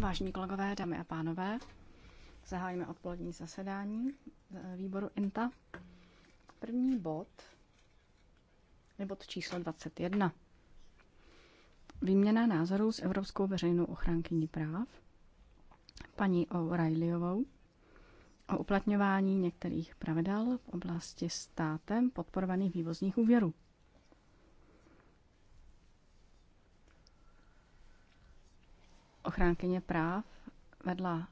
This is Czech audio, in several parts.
Vážení kolegové, dámy a pánové, zahájíme odpolední zasedání výboru INTA. První bod je bod číslo 21. Výměna názorů s Evropskou veřejnou ochránkyní práv, paní O'Reillyovou, o uplatňování některých pravidel v oblasti státem podporovaných vývozních úvěrů. ochránkyně práv vedla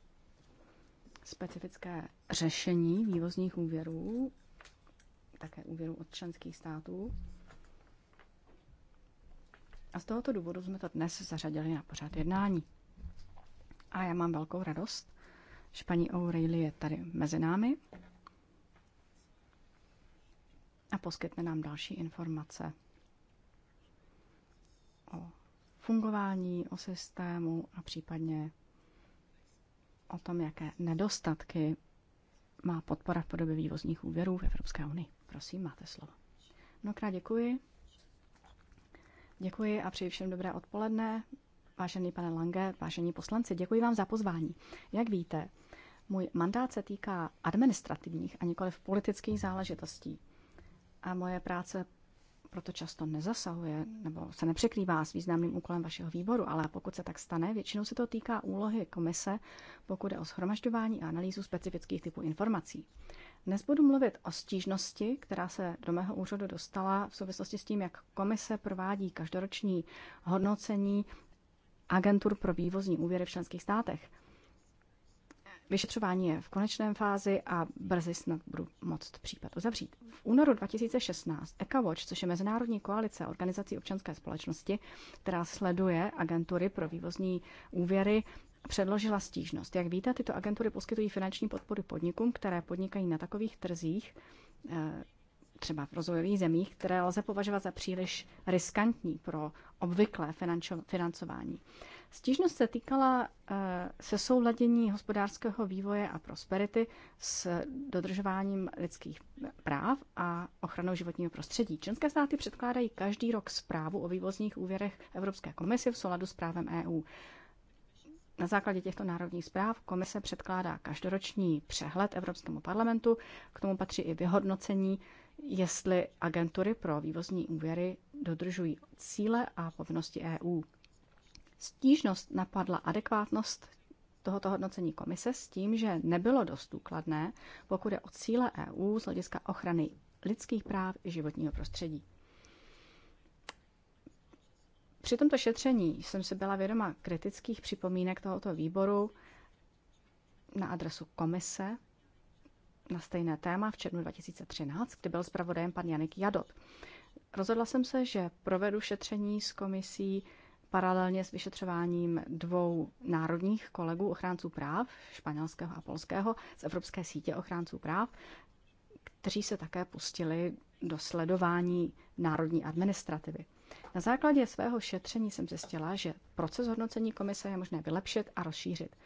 specifické řešení vývozních úvěrů, také úvěrů od členských států. A z tohoto důvodu jsme to dnes zařadili na pořád jednání. A já mám velkou radost, že paní O'Reilly je tady mezi námi a poskytne nám další informace o fungování, o systému a případně o tom, jaké nedostatky má podpora v podobě vývozních úvěrů v Evropské unii. Prosím, máte slovo. Mnohokrát děkuji. Děkuji a přeji všem dobré odpoledne. Vážený pane Lange, vážení poslanci, děkuji vám za pozvání. Jak víte, můj mandát se týká administrativních a v politických záležitostí. A moje práce proto často nezasahuje nebo se nepřekrývá s významným úkolem vašeho výboru, ale pokud se tak stane, většinou se to týká úlohy komise, pokud je o schromažďování a analýzu specifických typů informací. Dnes budu mluvit o stížnosti, která se do mého úřadu dostala v souvislosti s tím, jak komise provádí každoroční hodnocení agentur pro vývozní úvěry v členských státech. Vyšetřování je v konečném fázi a brzy snad budu moct případ uzavřít. V únoru 2016 ECAWatch, což je mezinárodní koalice organizací občanské společnosti, která sleduje agentury pro vývozní úvěry, předložila stížnost. Jak víte, tyto agentury poskytují finanční podporu podnikům, které podnikají na takových trzích, eh, třeba v rozvojových zemích, které lze považovat za příliš riskantní pro obvyklé financování. Stížnost se týkala eh, se souladění hospodářského vývoje a prosperity s dodržováním lidských práv a ochranou životního prostředí. Členské státy předkládají každý rok zprávu o vývozních úvěrech Evropské komisi v souladu s právem EU. Na základě těchto národních zpráv komise předkládá každoroční přehled Evropskému parlamentu. K tomu patří i vyhodnocení, jestli agentury pro vývozní úvěry dodržují cíle a povinnosti EU. Stížnost napadla adekvátnost tohoto hodnocení komise s tím, že nebylo dost důkladné, pokud je o cíle EU z hlediska ochrany lidských práv i životního prostředí. Při tomto šetření jsem si byla vědoma kritických připomínek tohoto výboru na adresu komise na stejné téma v červnu 2013, kdy byl zpravodajem pan Janik Jadot. Rozhodla jsem se, že provedu šetření s komisí paralelně s vyšetřováním dvou národních kolegů ochránců práv, španělského a polského, z Evropské sítě ochránců práv, kteří se také pustili do sledování národní administrativy. Na základě svého šetření jsem zjistila, že proces hodnocení komise je možné vylepšit a rozšířit.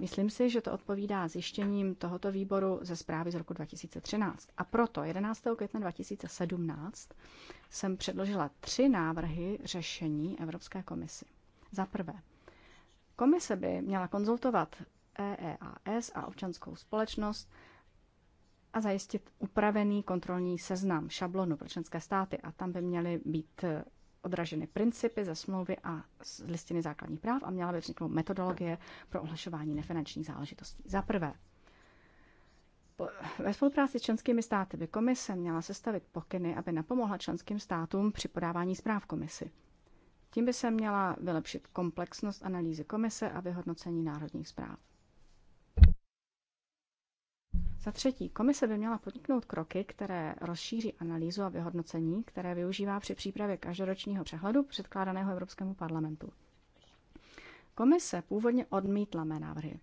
Myslím si, že to odpovídá zjištěním tohoto výboru ze zprávy z roku 2013. A proto 11. května 2017 jsem předložila tři návrhy řešení Evropské komisi. Za prvé, komise by měla konzultovat EEAS a občanskou společnost a zajistit upravený kontrolní seznam šablonu pro členské státy. A tam by měly být odraženy principy ze smlouvy a z listiny základních práv a měla by vzniknout metodologie pro ohlašování nefinančních záležitostí. Za prvé, ve spolupráci s členskými státy by komise měla sestavit pokyny, aby napomohla členským státům při podávání zpráv komisi. Tím by se měla vylepšit komplexnost analýzy komise a vyhodnocení národních zpráv. Za třetí, komise by měla podniknout kroky, které rozšíří analýzu a vyhodnocení, které využívá při přípravě každoročního přehledu předkládaného Evropskému parlamentu. Komise původně odmítla mé návrhy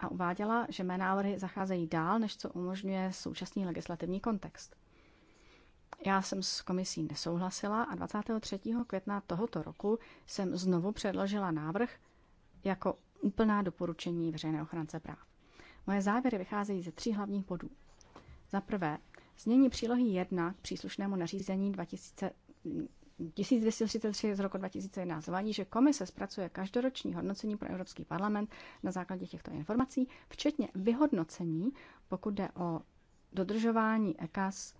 a uváděla, že mé návrhy zacházejí dál, než co umožňuje současný legislativní kontext. Já jsem s komisí nesouhlasila a 23. května tohoto roku jsem znovu předložila návrh jako úplná doporučení veřejné ochrance práv. Moje závěry vycházejí ze tří hlavních bodů. Za prvé, změní přílohy 1 k příslušnému nařízení 2000, 1233 z roku 2011 zavádí, že komise zpracuje každoroční hodnocení pro Evropský parlament na základě těchto informací, včetně vyhodnocení, pokud jde o dodržování ECAS,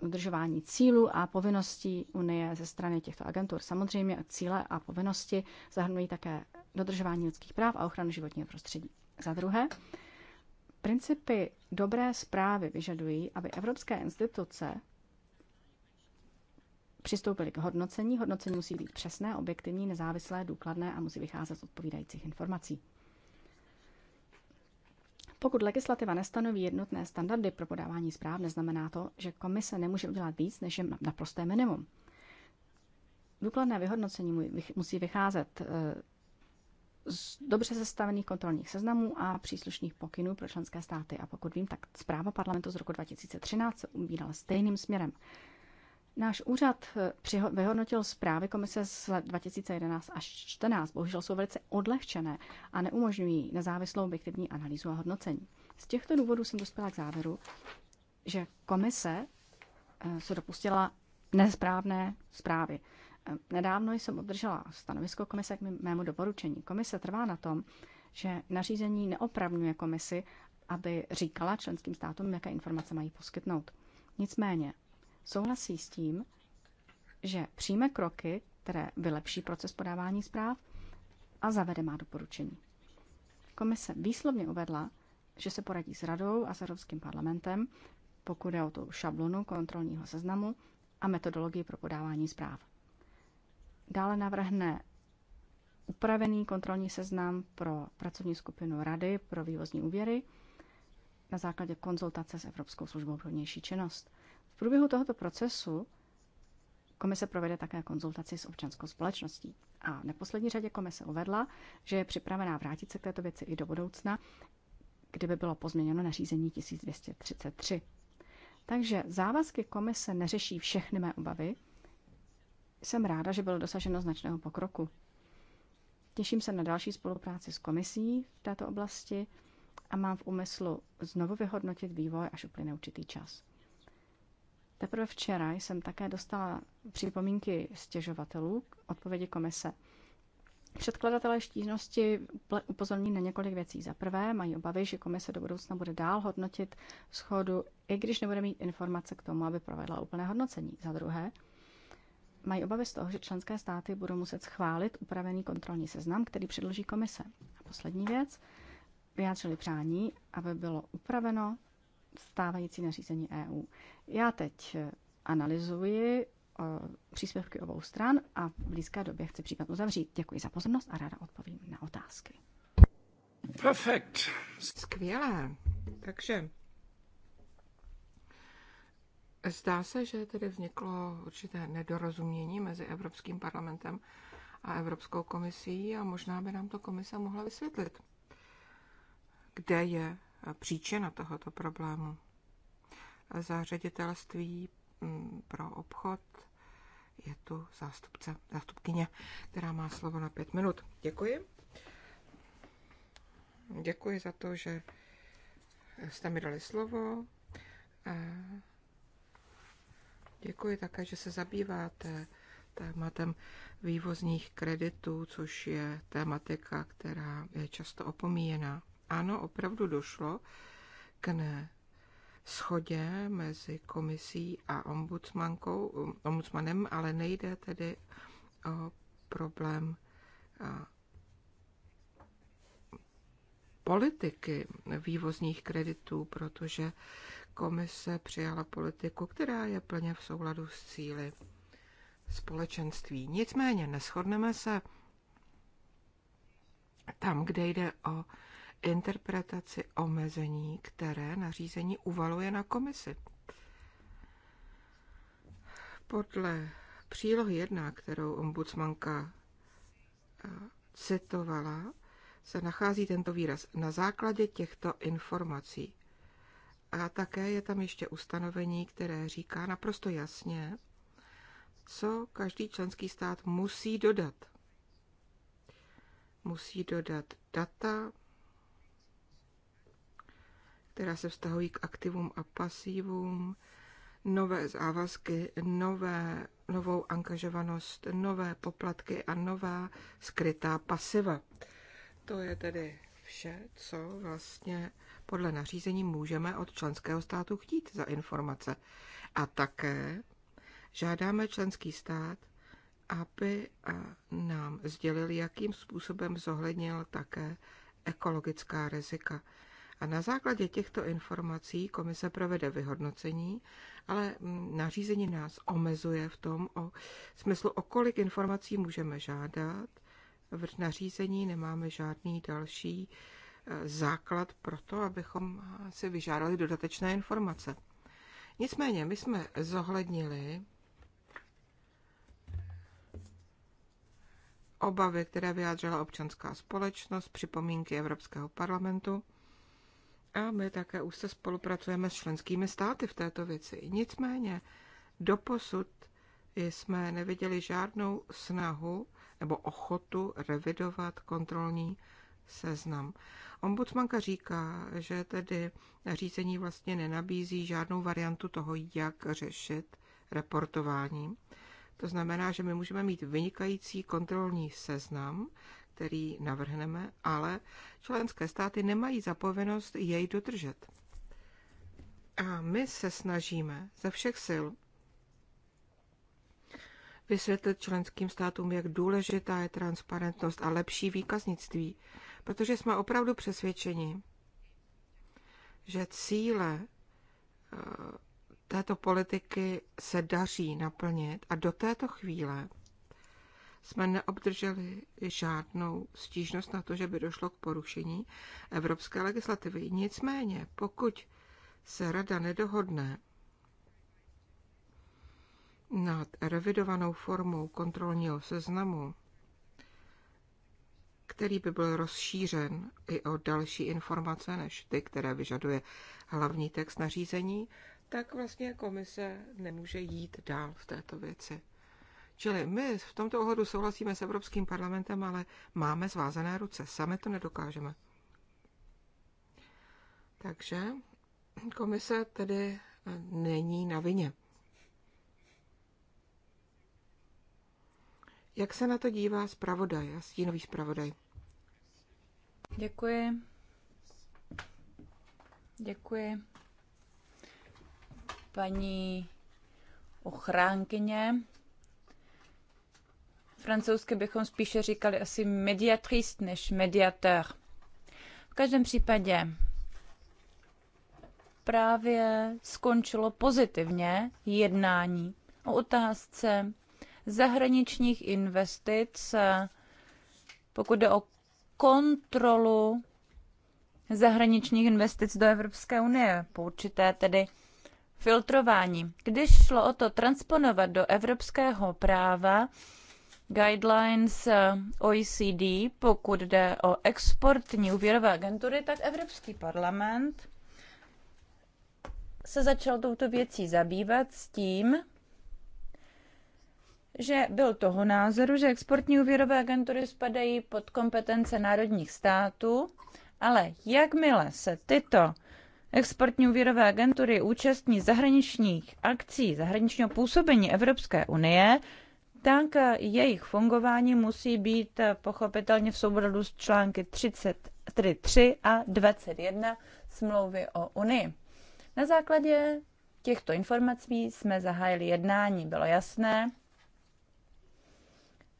dodržování cílů a povinností Unie ze strany těchto agentur. Samozřejmě cíle a povinnosti zahrnují také dodržování lidských práv a ochranu životního prostředí. Za druhé, principy dobré zprávy vyžadují, aby evropské instituce přistoupily k hodnocení. Hodnocení musí být přesné, objektivní, nezávislé, důkladné a musí vycházet z odpovídajících informací. Pokud legislativa nestanoví jednotné standardy pro podávání zpráv, neznamená to, že komise nemůže udělat víc, než je naprosté minimum. Důkladné vyhodnocení musí vycházet eh, z dobře zastavených kontrolních seznamů a příslušných pokynů pro členské státy. A pokud vím, tak zpráva parlamentu z roku 2013 se ubírala stejným směrem. Náš úřad eh, vyhodnotil zprávy komise z let 2011 až 2014. Bohužel jsou velice odlehčené a neumožňují nezávislou objektivní analýzu a hodnocení. Z těchto důvodů jsem dospěla k závěru, že komise eh, se dopustila nesprávné zprávy. Nedávno jsem obdržela stanovisko komise k mému doporučení. Komise trvá na tom, že nařízení neopravňuje komisi, aby říkala členským státům, jaké informace mají poskytnout. Nicméně souhlasí s tím, že přijme kroky, které vylepší proces podávání zpráv a zavede má doporučení. Komise výslovně uvedla, že se poradí s radou a s Evropským parlamentem, pokud je o tu šablonu kontrolního seznamu a metodologii pro podávání zpráv. Dále navrhne upravený kontrolní seznam pro pracovní skupinu Rady pro vývozní úvěry na základě konzultace s Evropskou službou pro vnější činnost. V průběhu tohoto procesu komise provede také konzultaci s občanskou společností. A v neposlední řadě komise uvedla, že je připravená vrátit se k této věci i do budoucna, kdyby bylo pozměněno nařízení 1233. Takže závazky komise neřeší všechny mé obavy, jsem ráda, že bylo dosaženo značného pokroku. Těším se na další spolupráci s komisí v této oblasti a mám v úmyslu znovu vyhodnotit vývoj, až uplyne určitý čas. Teprve včera jsem také dostala připomínky stěžovatelů k odpovědi komise. Předkladatelé štížnosti upozorní na několik věcí. Za prvé, mají obavy, že komise do budoucna bude dál hodnotit schodu, i když nebude mít informace k tomu, aby provedla úplné hodnocení. Za druhé, mají obavy z toho, že členské státy budou muset schválit upravený kontrolní seznam, který předloží komise. A poslední věc, vyjádřili přání, aby bylo upraveno stávající nařízení EU. Já teď eh, analyzuji eh, příspěvky obou stran a v blízké době chci případ uzavřít. Děkuji za pozornost a ráda odpovím na otázky. Perfekt. Skvělé. Takže Zdá se, že tedy vzniklo určité nedorozumění mezi Evropským parlamentem a Evropskou komisí a možná by nám to komise mohla vysvětlit, kde je příčina tohoto problému. Za ředitelství mm, pro obchod je tu zástupce, zástupkyně, která má slovo na pět minut. Děkuji. Děkuji za to, že jste mi dali slovo. Eh, Děkuji také, že se zabýváte tématem vývozních kreditů, což je tématika, která je často opomíjená. Ano, opravdu došlo k ne schodě mezi komisí a ombudsmankou, ombudsmanem, ale nejde tedy o problém politiky vývozních kreditů, protože komise přijala politiku, která je plně v souladu s cíly společenství. Nicméně neschodneme se tam, kde jde o interpretaci omezení, které nařízení uvaluje na komisi. Podle přílohy 1, kterou ombudsmanka eh, citovala, se nachází tento výraz. Na základě těchto informací a také je tam ještě ustanovení, které říká naprosto jasně, co každý členský stát musí dodat. Musí dodat data, která se vztahují k aktivům a pasivům, nové závazky, nové, novou angažovanost, nové poplatky a nová skrytá pasiva. To je tedy vše, co vlastně podle nařízení můžeme od členského státu chtít za informace. A také žádáme členský stát, aby eh, nám sdělil, jakým způsobem zohlednil také ekologická rizika. A na základě těchto informací komise provede vyhodnocení, ale mm, nařízení nás omezuje v tom o smyslu, o kolik informací můžeme žádat v nařízení nemáme žádný další eh, základ pro to, abychom si vyžádali dodatečné informace. Nicméně, my jsme zohlednili obavy, které vyjádřila občanská společnost, připomínky Evropského parlamentu a my také už se spolupracujeme s členskými státy v této věci. Nicméně, doposud jsme neviděli žádnou snahu nebo ochotu revidovat kontrolní seznam. Ombudsmanka říká, že tedy řízení vlastně nenabízí žádnou variantu toho, jak řešit reportování. To znamená, že my můžeme mít vynikající kontrolní seznam, který navrhneme, ale členské státy nemají zapovinnost jej dodržet. A my se snažíme ze všech sil vysvětlit členským státům, jak důležitá je transparentnost a lepší výkaznictví, protože jsme opravdu přesvědčeni, že cíle eh, této politiky se daří naplnit a do této chvíle jsme neobdrželi žádnou stížnost na to, že by došlo k porušení evropské legislativy. Nicméně, pokud se rada nedohodne nad revidovanou formou kontrolního seznamu, který by byl rozšířen i o další informace než ty, které vyžaduje hlavní text nařízení, tak vlastně komise nemůže jít dál v této věci. Čili my v tomto ohledu souhlasíme s Evropským parlamentem, ale máme zvázané ruce. Sami to nedokážeme. Takže komise tedy není na vině. Jak se na to dívá zpravodaj a stínový zpravodaj? Děkuji. Děkuji. Paní ochránkyně. Francouzsky bychom spíše říkali asi mediatrist než mediatér. V každém případě právě skončilo pozitivně jednání o otázce zahraničních investic, eh, pokud jde o kontrolu zahraničních investic do Evropské unie, po určité tedy filtrování. Když šlo o to transponovat do evropského práva guidelines eh, OECD, pokud jde o exportní úvěrové agentury, tak Evropský parlament se začal touto věcí zabývat s tím, že byl toho názoru, že exportní úvěrové agentury spadají pod kompetence národních států, ale jakmile se tyto exportní úvěrové agentury účastní zahraničních akcí, zahraničního působení Evropské unie, tak jejich fungování musí být pochopitelně v souboru s články 33 a 21 smlouvy o Unii. Na základě těchto informací jsme zahájili jednání. Bylo jasné,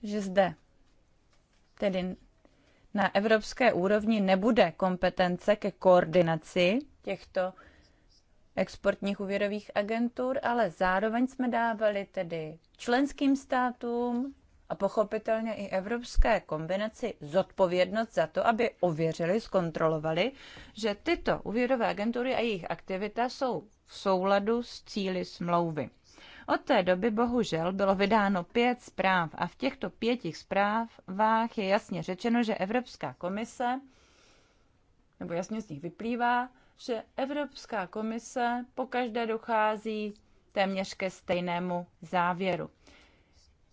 že zde, tedy na evropské úrovni, nebude kompetence ke koordinaci těchto exportních úvěrových agentur, ale zároveň jsme dávali tedy členským státům a pochopitelně i Evropské kombinaci zodpovědnost za to, aby ověřili, zkontrolovali, že tyto úvěrové agentury a jejich aktivita jsou v souladu s cíly smlouvy. Od té doby bohužel bylo vydáno pět zpráv a v těchto pěti zprávách je jasně řečeno, že Evropská komise, nebo jasně z nich vyplývá, že Evropská komise pokaždé dochází téměř ke stejnému závěru.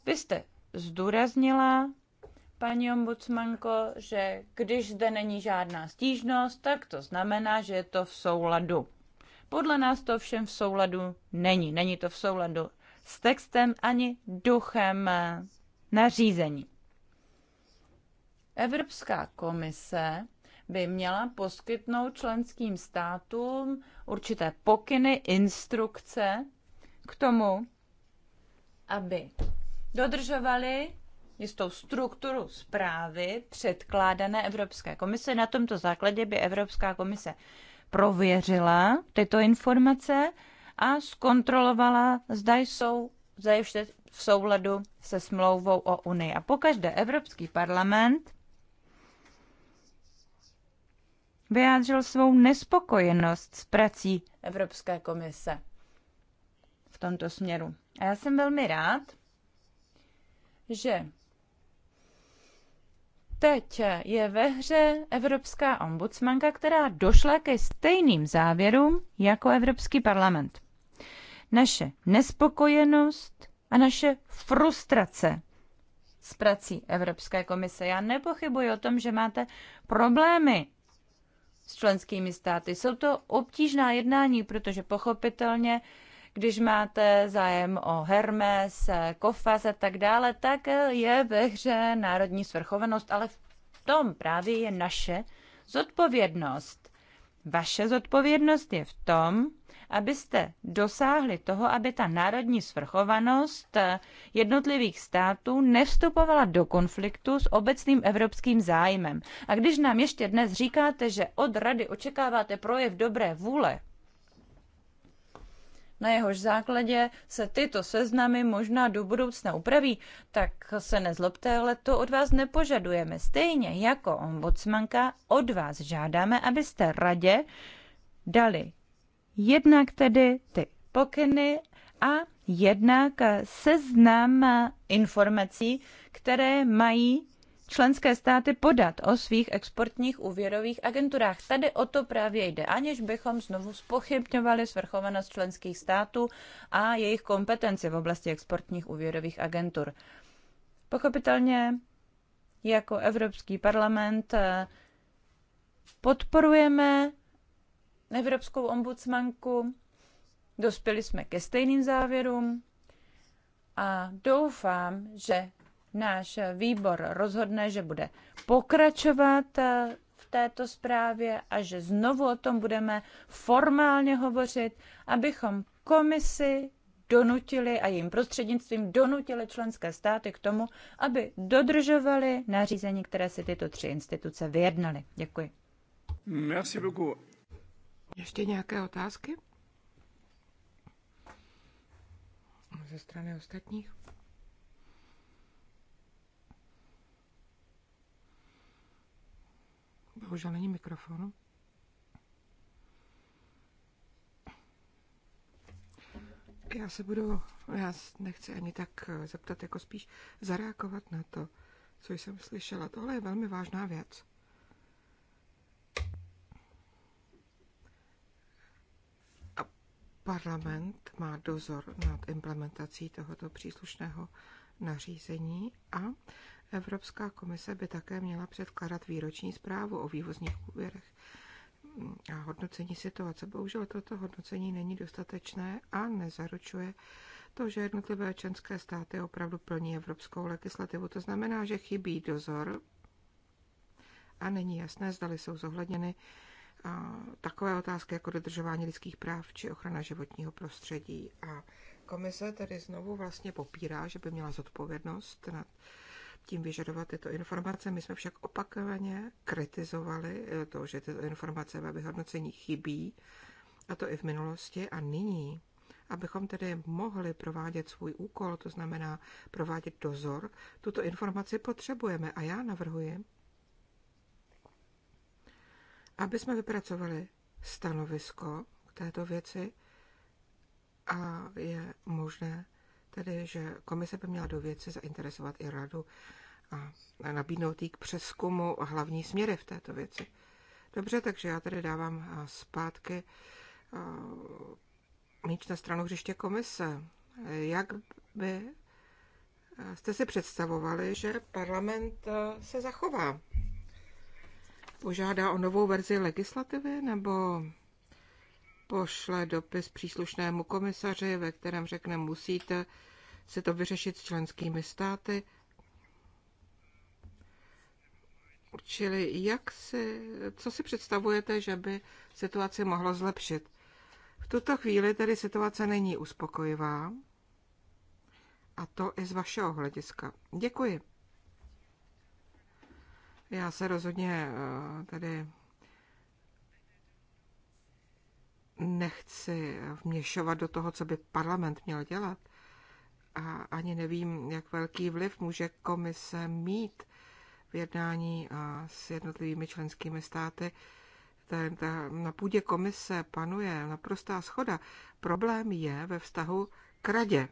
Vy jste zdůraznila, paní ombudsmanko, že když zde není žádná stížnost, tak to znamená, že je to v souladu. Podle nás to všem v souladu není. Není to v souladu s textem ani duchem eh, nařízení. Evropská komise by měla poskytnout členským státům určité pokyny, instrukce k tomu, aby dodržovali jistou strukturu zprávy předkládané Evropské komise. Na tomto základě by Evropská komise prověřila tyto informace a zkontrolovala, zda jsou zajiště v souladu se smlouvou o Unii. A pokaždé Evropský parlament vyjádřil svou nespokojenost s prací Evropské komise v tomto směru. A já jsem velmi rád, že teď je ve hře evropská ombudsmanka, která došla ke stejným závěrům jako Evropský parlament. Naše nespokojenost a naše frustrace s prací Evropské komise. Já nepochybuji o tom, že máte problémy s členskými státy. Jsou to obtížná jednání, protože pochopitelně když máte zájem o Hermes, Kofas a tak dále, tak je ve hře národní svrchovanost, ale v tom právě je naše zodpovědnost. Vaše zodpovědnost je v tom, abyste dosáhli toho, aby ta národní svrchovanost jednotlivých států nevstupovala do konfliktu s obecným evropským zájmem. A když nám ještě dnes říkáte, že od rady očekáváte projev dobré vůle na jehož základě se tyto seznamy možná do budoucna upraví, tak se nezlobte, ale to od vás nepožadujeme. Stejně jako ombudsmanka od vás žádáme, abyste radě dali jednak tedy ty pokyny a jednak seznam informací, které mají členské státy podat o svých exportních úvěrových agenturách. Tady o to právě jde, aniž bychom znovu spochybňovali svrchovanost členských států a jejich kompetenci v oblasti exportních úvěrových agentur. Pochopitelně jako Evropský parlament eh, podporujeme Evropskou ombudsmanku, dospěli jsme ke stejným závěrům a doufám, že náš výbor rozhodne, že bude pokračovat eh, v této zprávě a že znovu o tom budeme formálně hovořit, abychom komisi donutili a jejím prostřednictvím donutili členské státy k tomu, aby dodržovali nařízení, které si tyto tři instituce vyjednaly. Děkuji. Merci beaucoup. Ještě nějaké otázky? Ze strany ostatních? Bohužel není mikrofonu. Já se budu, já nechci ani tak eh, zeptat, jako spíš zareagovat na to, co jsem slyšela. Tohle je velmi vážná věc. A parlament má dozor nad implementací tohoto příslušného nařízení a Evropská komise by také měla předkládat výroční zprávu o vývozních úvěrech a hodnocení situace. Bohužel toto hodnocení není dostatečné a nezaručuje to, že jednotlivé členské státy opravdu plní evropskou legislativu. To znamená, že chybí dozor a není jasné, zdali jsou zohledněny takové otázky jako dodržování lidských práv či ochrana životního prostředí. A komise tedy znovu vlastně popírá, že by měla zodpovědnost nad tím vyžadovat tyto informace. My jsme však opakovaně kritizovali eh, to, že tyto informace ve vyhodnocení chybí, a to i v minulosti a nyní. Abychom tedy mohli provádět svůj úkol, to znamená provádět dozor, tuto informaci potřebujeme a já navrhuji, aby jsme vypracovali stanovisko k této věci a je možné tedy že komise by měla do věci zainteresovat i radu a nabídnout jí k přeskumu hlavní směry v této věci. Dobře, takže já tedy dávám eh, zpátky eh, míč na stranu hřiště komise. Jak by eh, jste si představovali, že parlament se zachová? Požádá o novou verzi legislativy nebo pošle dopis příslušnému komisaři, ve kterém řekne, musíte si to vyřešit s členskými státy. Čili jak si, co si představujete, že by situaci mohlo zlepšit? V tuto chvíli tedy situace není uspokojivá. A to i z vašeho hlediska. Děkuji. Já se rozhodně eh, tady nechci vměšovat do toho, co by parlament měl dělat. A ani nevím, jak velký vliv může komise mít v jednání s jednotlivými členskými státy. Ten, ta, na půdě komise panuje naprostá schoda. Problém je ve vztahu k radě.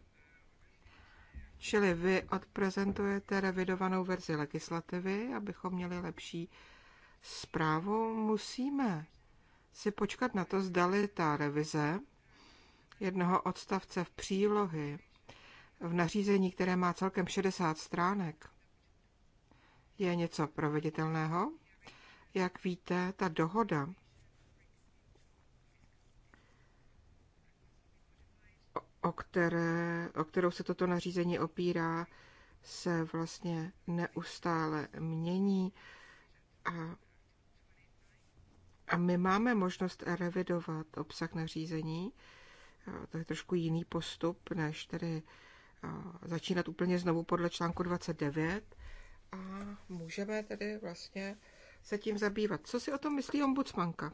Čili vy odprezentujete revidovanou verzi legislativy, abychom měli lepší zprávu. Musíme si počkat na to, zdali ta revize jednoho odstavce v přílohy v nařízení, které má celkem 60 stránek, je něco proveditelného. Jak víte, ta dohoda o, které, o kterou se toto nařízení opírá, se vlastně neustále mění a a my máme možnost revidovat obsah nařízení. Eh, to je trošku jiný postup, než tedy eh, začínat úplně znovu podle článku 29. A můžeme tedy vlastně se tím zabývat. Co si o tom myslí ombudsmanka?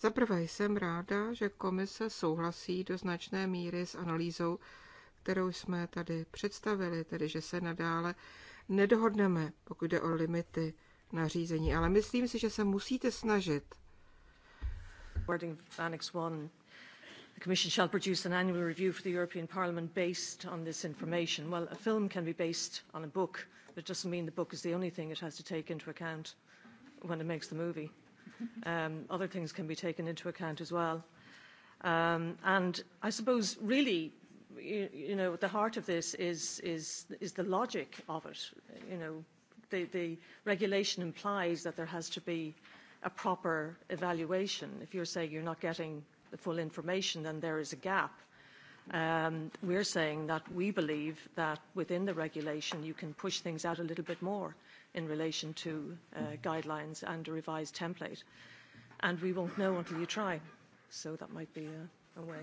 Za prvé jsem ráda, že komise souhlasí do značné míry s analýzou, kterou jsme tady představili, tedy že se nadále nedohodneme, pokud jde o limity nařízení, ale myslím si, že se musíte snažit. Wording Annex 1. The Commission shall produce an annual review for the European Parliament based on this information. Well, a film can be based on a book, but it doesn't mean the book is the only thing it has to take into account when it makes the movie. Um, other things can be taken into account as well. Um, and I suppose really, you, you know, at the heart of this is, is, is the logic of it. You know, the, the regulation implies that there has to be a proper evaluation. If you're saying you're not getting the full information, then there is a gap. Um, we're saying that we believe that within the regulation you can push things out a little bit more in relation to uh, guidelines and a revised template. And we won't know until you try. So that might be a, a way.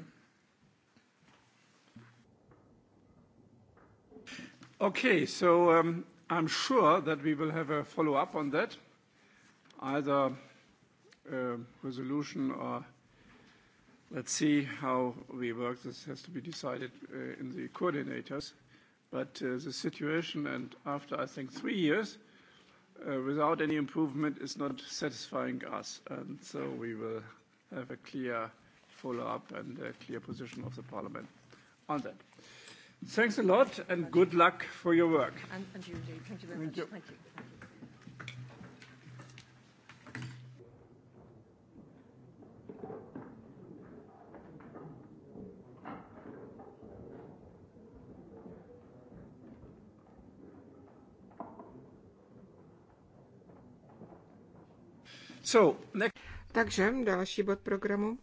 Okay, so um, I'm sure that we will have a follow-up on that, either a um, resolution or let's see how we work. This has to be decided uh, in the coordinators. But uh, the situation, and after, I think, three years, Uh, without any improvement is not satisfying us. And so we will have a clear follow-up and a clear position of the parliament on that. Thanks a lot and good luck for your work. And, and you, thank you very thank much. You. Thank you. So, next... Takže další bod programu.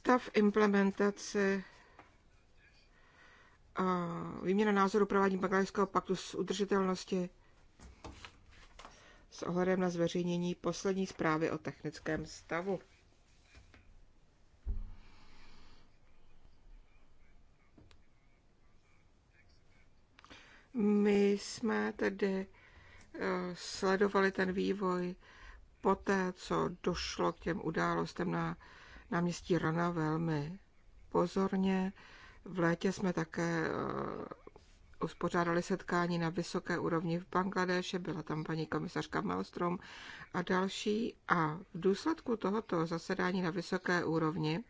Stav implementace a výměna názoru provádí Bangladeského paktu s udržitelnosti s ohledem na zveřejnění poslední zprávy o technickém stavu. My jsme tedy eh, sledovali ten vývoj poté, co došlo k těm událostem na náměstí Rana velmi pozorně. V létě jsme také eh, uspořádali setkání na vysoké úrovni v Bangladeše, byla tam paní komisařka Malstrom a další. A v důsledku tohoto zasedání na vysoké úrovni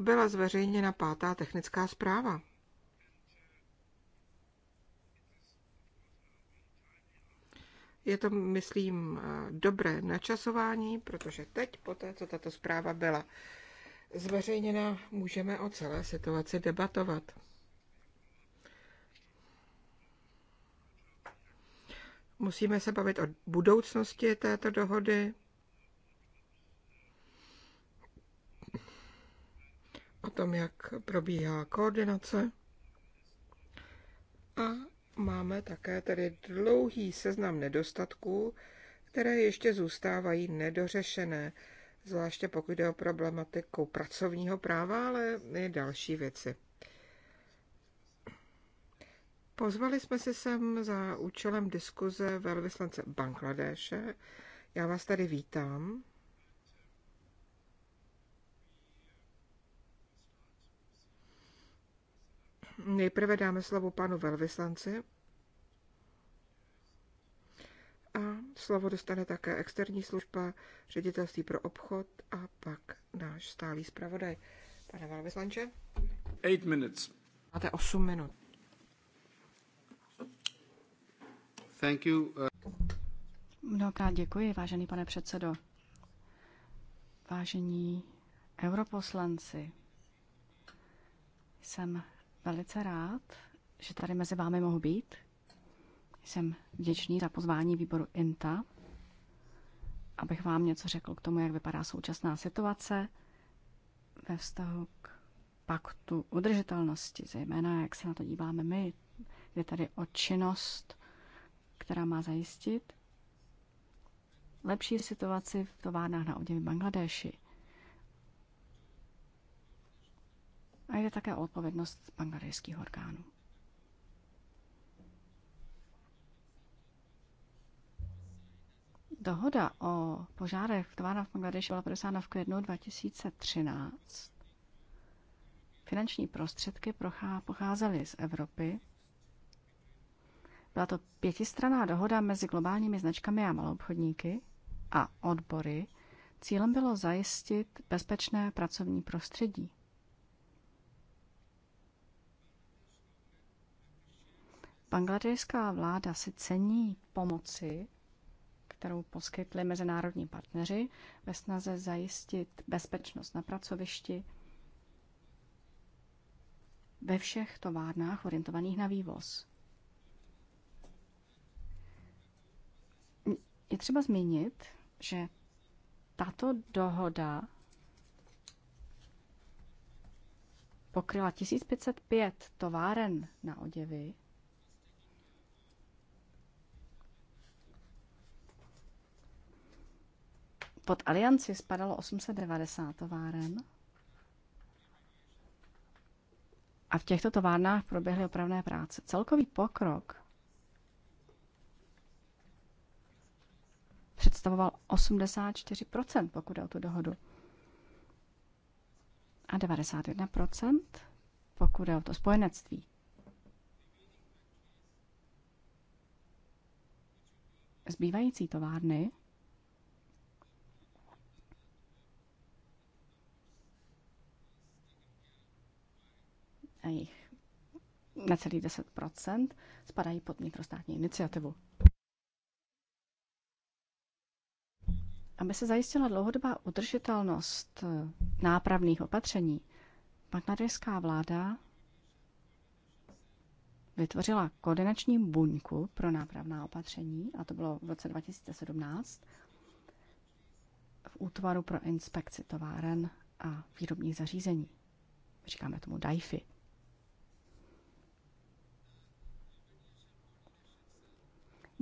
byla zveřejněna pátá technická zpráva. Je to, myslím, eh, dobré načasování, protože teď, po té, co tato zpráva byla zveřejněna, můžeme o celé situaci debatovat. Musíme se bavit o budoucnosti této dohody, o tom, jak probíhá koordinace. A máme také tady dlouhý seznam nedostatků, které ještě zůstávají nedořešené zvláště pokud jde o problematiku pracovního práva, ale i další věci. Pozvali jsme si sem za účelem diskuze velvyslance Bangladéše. Já vás tady vítám. Nejprve dáme slovo panu velvyslanci. Slovo dostane také externí služba, ředitelství pro obchod a pak náš stálý zpravodaj. Pane velvyslanče? Eight minutes. Máte 8 minut. Thank you. Uh, Mnohokrát děkuji, vážený pane předsedo. Vážení europoslanci, jsem velice rád, že tady mezi vámi mohu být. Jsem vděčný za pozvání výboru INTA, abych vám něco řekl k tomu, jak vypadá současná situace ve vztahu k paktu udržitelnosti, zejména jak se na to díváme my. Je tady o činnost, která má zajistit lepší situaci v továrnách na oděvy Bangladeši. A jde také o odpovědnost bangladejských orgánů. Dohoda o požárech v továrnách v Bangladeši byla podesána v květnu 2013. Finanční prostředky pocházely z Evropy. Byla to pětistraná dohoda mezi globálními značkami a maloobchodníky a odbory. Cílem bylo zajistit bezpečné pracovní prostředí. Bangladeská vláda si cení pomoci kterou poskytli mezinárodní partneři ve snaze zajistit bezpečnost na pracovišti ve všech továrnách orientovaných na vývoz. Je třeba zmínit, že tato dohoda pokryla 1505 továren na oděvy Pod alianci spadalo 890 továren. A v těchto továrnách proběhly opravné práce. Celkový pokrok představoval 84%, pokud jde o tu dohodu. A 91%, pokud jde o to spojenectví. Zbývající továrny a jich necelých 10 spadají pod vnitrostátní iniciativu. Aby se zajistila dlouhodobá udržitelnost eh, nápravných opatření, bangladeská vláda vytvořila koordinační buňku pro nápravná opatření, a to bylo v roce 2017, v útvaru pro inspekci továren a výrobních zařízení. Říkáme tomu DAIFI.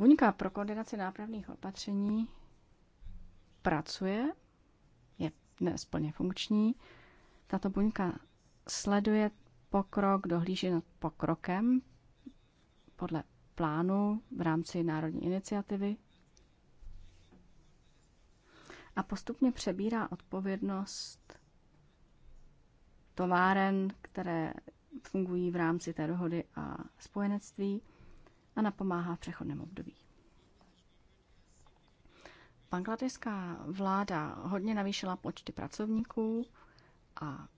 Buňka pro koordinaci nápravných opatření pracuje, je dnes plně funkční. Tato buňka sleduje pokrok, dohlíží nad pokrokem podle plánu v rámci národní iniciativy a postupně přebírá odpovědnost továren, které fungují v rámci té dohody a spojenectví a napomáhá v přechodném období. Bangladeská vláda hodně navýšila počty pracovníků a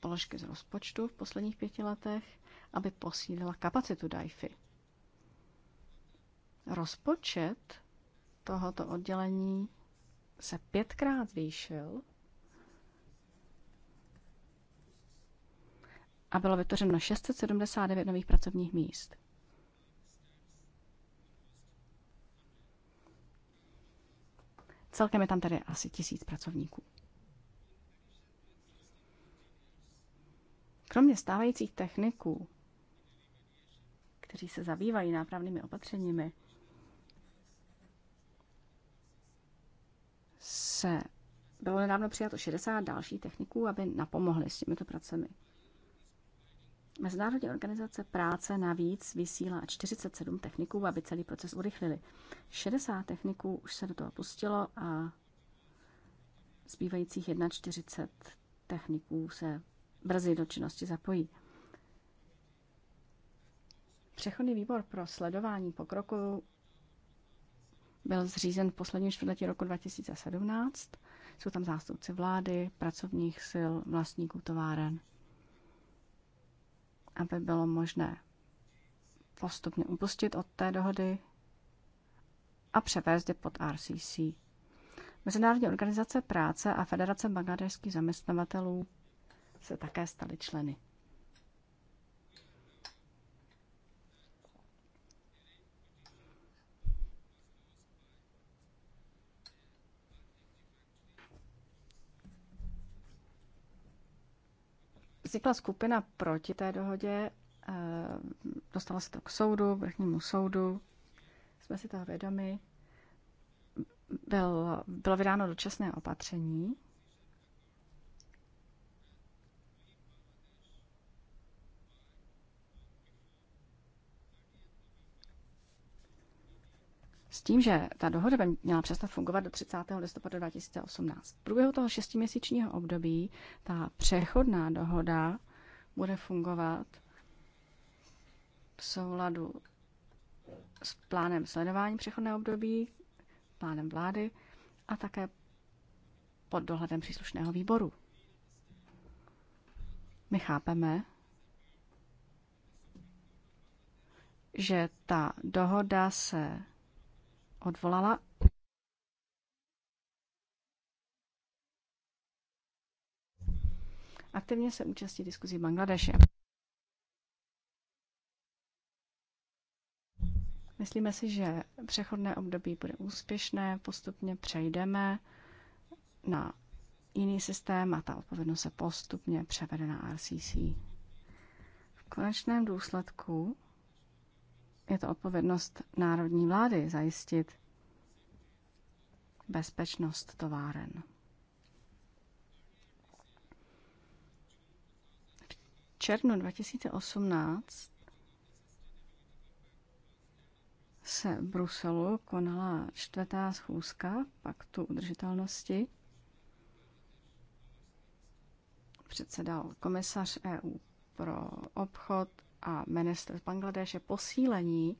položky z rozpočtu v posledních pěti letech, aby posílila kapacitu DAIFy. Rozpočet tohoto oddělení se pětkrát zvýšil a bylo vytvořeno 679 nových pracovních míst. Celkem je tam tedy asi tisíc pracovníků. Kromě stávajících techniků, kteří se zabývají nápravnými opatřeními, se bylo nedávno přijato 60 dalších techniků, aby napomohli s těmito pracemi. Mezinárodní organizace práce navíc vysílá 47 techniků, aby celý proces urychlili. 60 techniků už se do toho pustilo a zbývajících 41 techniků se brzy do činnosti zapojí. Přechodný výbor pro sledování pokroku byl zřízen v posledním čtvrtletí roku 2017. Jsou tam zástupci vlády, pracovních sil, vlastníků továren aby bylo možné postupně upustit od té dohody a převést je pod RCC. Mezinárodní organizace práce a Federace bangladeských zaměstnavatelů se také staly členy. vznikla skupina proti té dohodě, eh, dostala se to k soudu, vrchnímu soudu, jsme si toho vědomi, bylo, bylo vydáno dočasné opatření s tím, že ta dohoda by měla přestat fungovat do 30. listopadu 2018. V průběhu toho šestiměsíčního období ta přechodná dohoda bude fungovat v souladu s plánem sledování přechodného období, plánem vlády a také pod dohledem příslušného výboru. My chápeme, že ta dohoda se odvolala. Aktivně se účastní diskuzí v Bangladeše. Myslíme si, že přechodné období bude úspěšné, postupně přejdeme na jiný systém a ta odpovědnost se postupně převede na RCC. V konečném důsledku je to odpovědnost národní vlády zajistit bezpečnost továren. V červnu 2018 se v Bruselu konala čtvrtá schůzka Paktu udržitelnosti. Předsedal komisař EU pro obchod a ministr z Bangladeše posílení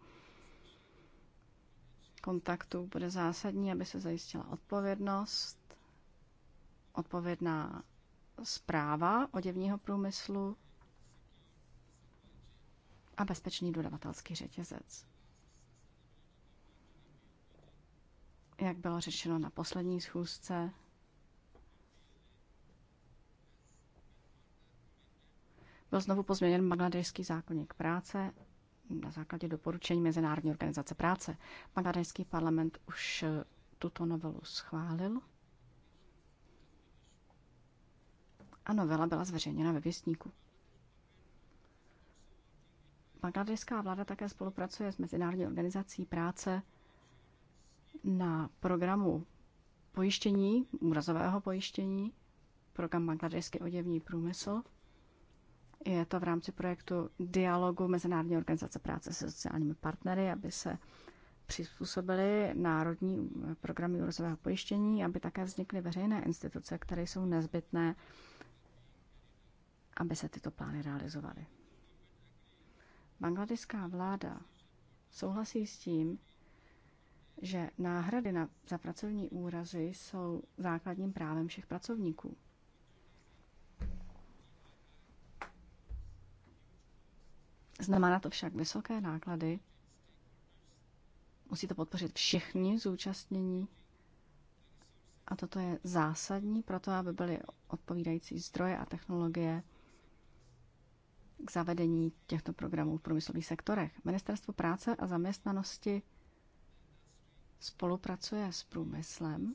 kontaktu bude zásadní, aby se zajistila odpovědnost, odpovědná zpráva oděvního průmyslu a bezpečný dodavatelský řetězec. Jak bylo řečeno na poslední schůzce, byl znovu pozměněn bangladežský zákonník práce na základě doporučení Mezinárodní organizace práce. Bangladežský parlament už eh, tuto novelu schválil a novela byla zveřejněna ve věstníku. Bangladežská vláda také spolupracuje s Mezinárodní organizací práce na programu pojištění, úrazového pojištění, program Bangladežský oděvní průmysl – je to v rámci projektu dialogu Mezinárodní organizace práce se sociálními partnery, aby se přizpůsobili národní programy úrazového pojištění, aby také vznikly veřejné instituce, které jsou nezbytné, aby se tyto plány realizovaly. Bangladeská vláda souhlasí s tím, že náhrady na, za pracovní úrazy jsou základním právem všech pracovníků. Znamená to však vysoké náklady. Musí to podpořit všichni zúčastnění. A toto je zásadní pro to, aby byly odpovídající zdroje a technologie k zavedení těchto programů v průmyslových sektorech. Ministerstvo práce a zaměstnanosti spolupracuje s průmyslem,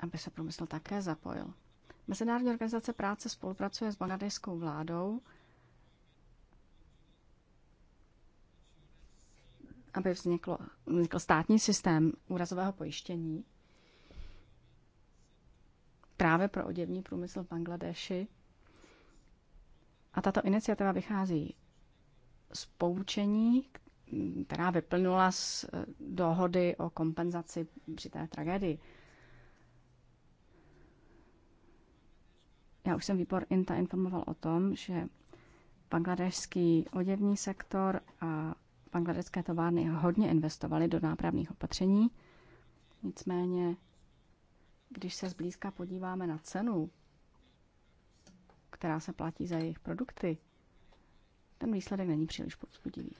aby se průmysl také zapojil. Mezinárodní organizace práce spolupracuje s bangladeskou vládou, aby vzniklo, vznikl státní systém úrazového pojištění právě pro oděvní průmysl v Bangladeši. A tato iniciativa vychází z poučení, která vyplnula z dohody o kompenzaci při té tragédii. Já už jsem výbor INTA informoval o tom, že bangladešský oděvní sektor a bangladeské továrny hodně investovaly do nápravných opatření. Nicméně, když se zblízka podíváme na cenu, která se platí za jejich produkty, ten výsledek není příliš povzbudivý.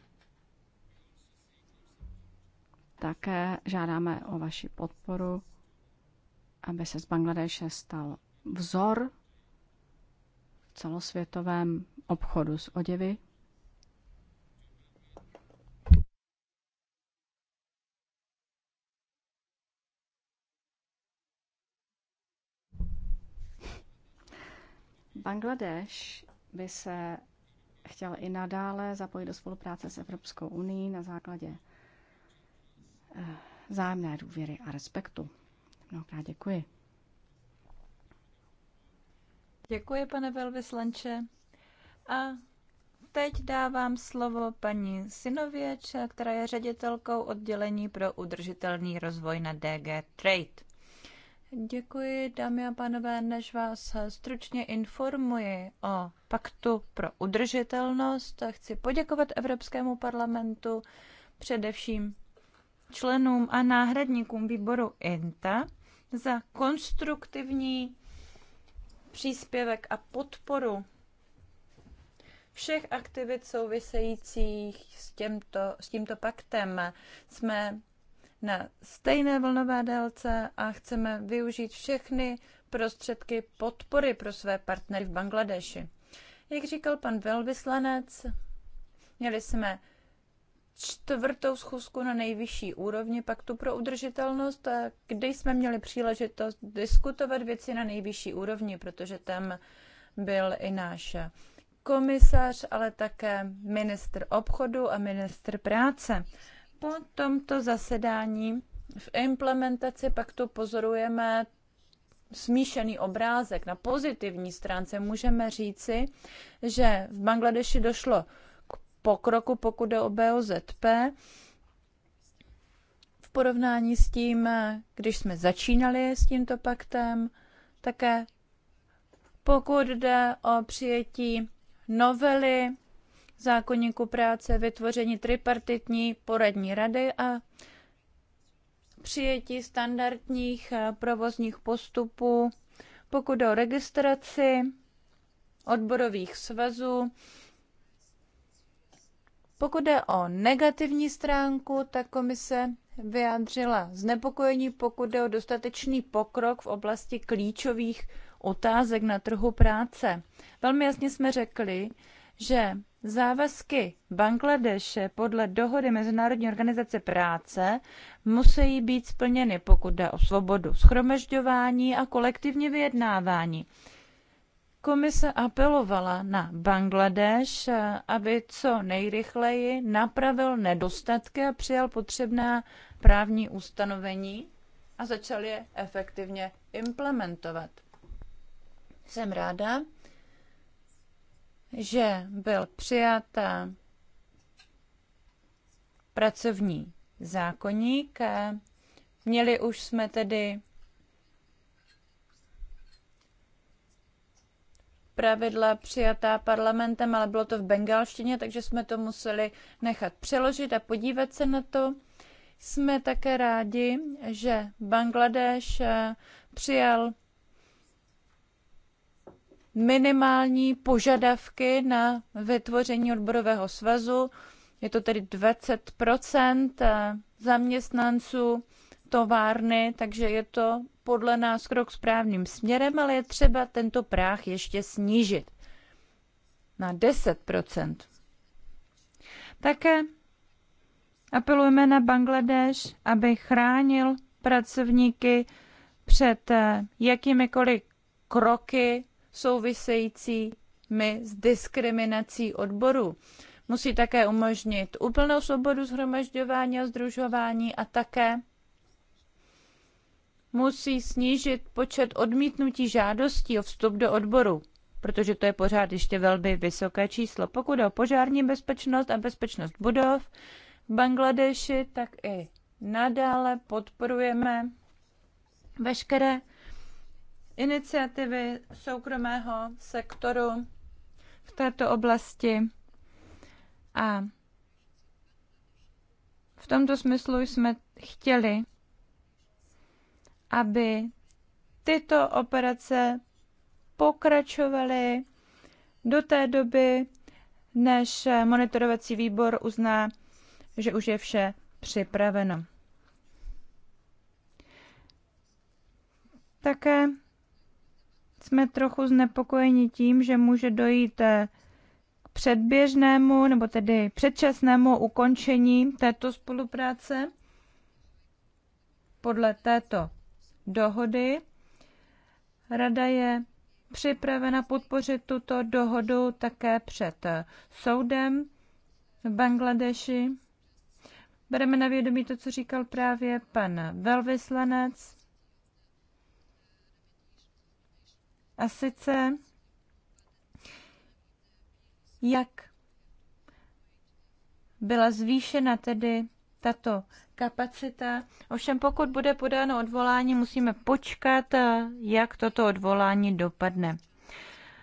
Také žádáme o vaši podporu, aby se z Bangladeše stal vzor celosvětovém obchodu s oděvy. Bangladeš by se chtěl i nadále zapojit do spolupráce s Evropskou unii na základě eh, zájemné důvěry a respektu. Mnohokrát děkuji. Děkuji, pane velvyslanče. A teď dávám slovo paní Sinověč, která je ředitelkou oddělení pro udržitelný rozvoj na DG Trade. Děkuji, dámy a pánové, než vás stručně informuji o Paktu pro udržitelnost. Chci poděkovat Evropskému parlamentu, především členům a náhradníkům výboru INTA za konstruktivní příspěvek a podporu všech aktivit souvisejících s, těmto, s tímto paktem. Jsme na stejné vlnové délce a chceme využít všechny prostředky podpory pro své partnery v Bangladeši. Jak říkal pan velvyslanec, měli jsme čtvrtou schůzku na nejvyšší úrovni paktu pro udržitelnost, eh, kde jsme měli příležitost diskutovat věci na nejvyšší úrovni, protože tam byl i náš komisař, ale také ministr obchodu a ministr práce. Po tomto zasedání v implementaci paktu pozorujeme smíšený obrázek. Na pozitivní stránce můžeme říci, že v Bangladeši došlo pokroku, pokud jde o BOZP, v porovnání s tím, když jsme začínali s tímto paktem, také pokud jde o přijetí novely zákonníku práce, vytvoření tripartitní poradní rady a přijetí standardních provozních postupů, pokud jde o registraci odborových svazů, pokud jde o negativní stránku, tak komise vyjádřila znepokojení, pokud jde o dostatečný pokrok v oblasti klíčových otázek na trhu práce. Velmi jasně jsme řekli, že závazky Bangladeše podle dohody Mezinárodní organizace práce musí být splněny, pokud jde o svobodu schromažďování a kolektivní vyjednávání. Komise apelovala na Bangladeš, eh, aby co nejrychleji napravil nedostatky a přijal potřebná právní ustanovení a začal je efektivně implementovat. Jsem ráda, že byl přijata eh, pracovní zákoník. Eh, měli už jsme tedy pravidla přijatá parlamentem, ale bylo to v bengalštině, takže jsme to museli nechat přeložit a podívat se na to. Jsme také rádi, že Bangladeš eh, přijal minimální požadavky na vytvoření odborového svazu. Je to tedy 20 eh, zaměstnanců továrny, takže je to podle nás krok správným směrem, ale je třeba tento práh ještě snížit na 10 Také apelujeme na Bangladeš, aby chránil pracovníky před eh, jakýmikoliv kroky souvisejícími s diskriminací odboru. Musí také umožnit úplnou svobodu zhromažďování a združování a také musí snížit počet odmítnutí žádostí o vstup do odboru, protože to je pořád ještě velmi vysoké číslo. Pokud o požární bezpečnost a bezpečnost budov v Bangladeši, tak i nadále podporujeme veškeré iniciativy soukromého sektoru v této oblasti. A v tomto smyslu jsme chtěli aby tyto operace pokračovaly do té doby, než monitorovací výbor uzná, že už je vše připraveno. Také jsme trochu znepokojeni tím, že může dojít k předběžnému nebo tedy předčasnému ukončení této spolupráce podle této dohody. Rada je připravena podpořit tuto dohodu také před eh, soudem v Bangladeši. Bereme na vědomí to, co říkal právě pan velvyslanec. A sice, jak byla zvýšena tedy tato kapacita. Ovšem pokud bude podáno odvolání, musíme počkat, jak toto odvolání dopadne.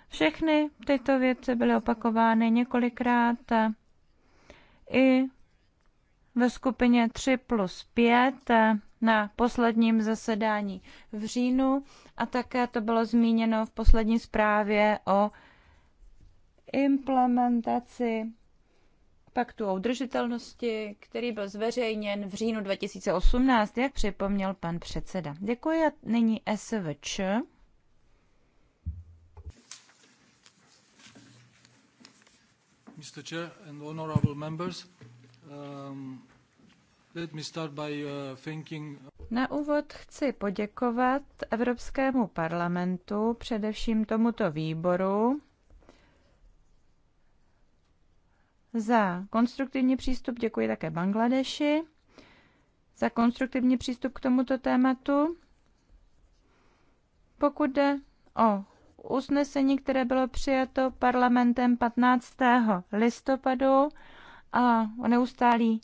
Všechny tyto věci byly opakovány několikrát i ve skupině 3 plus 5 na posledním zasedání v říjnu a také to bylo zmíněno v poslední zprávě o implementaci paktu o udržitelnosti, který byl zveřejněn v říjnu 2018, jak připomněl pan předseda. Děkuji a nyní SVČ. Mr. Chair and honorable members, um, let me start by uh, thanking... Na úvod chci poděkovat Evropskému parlamentu, především tomuto výboru, za konstruktivní přístup, děkuji také Bangladeši za konstruktivní přístup k tomuto tématu. Pokud jde o usnesení, které bylo přijato parlamentem 15. listopadu a o neustálý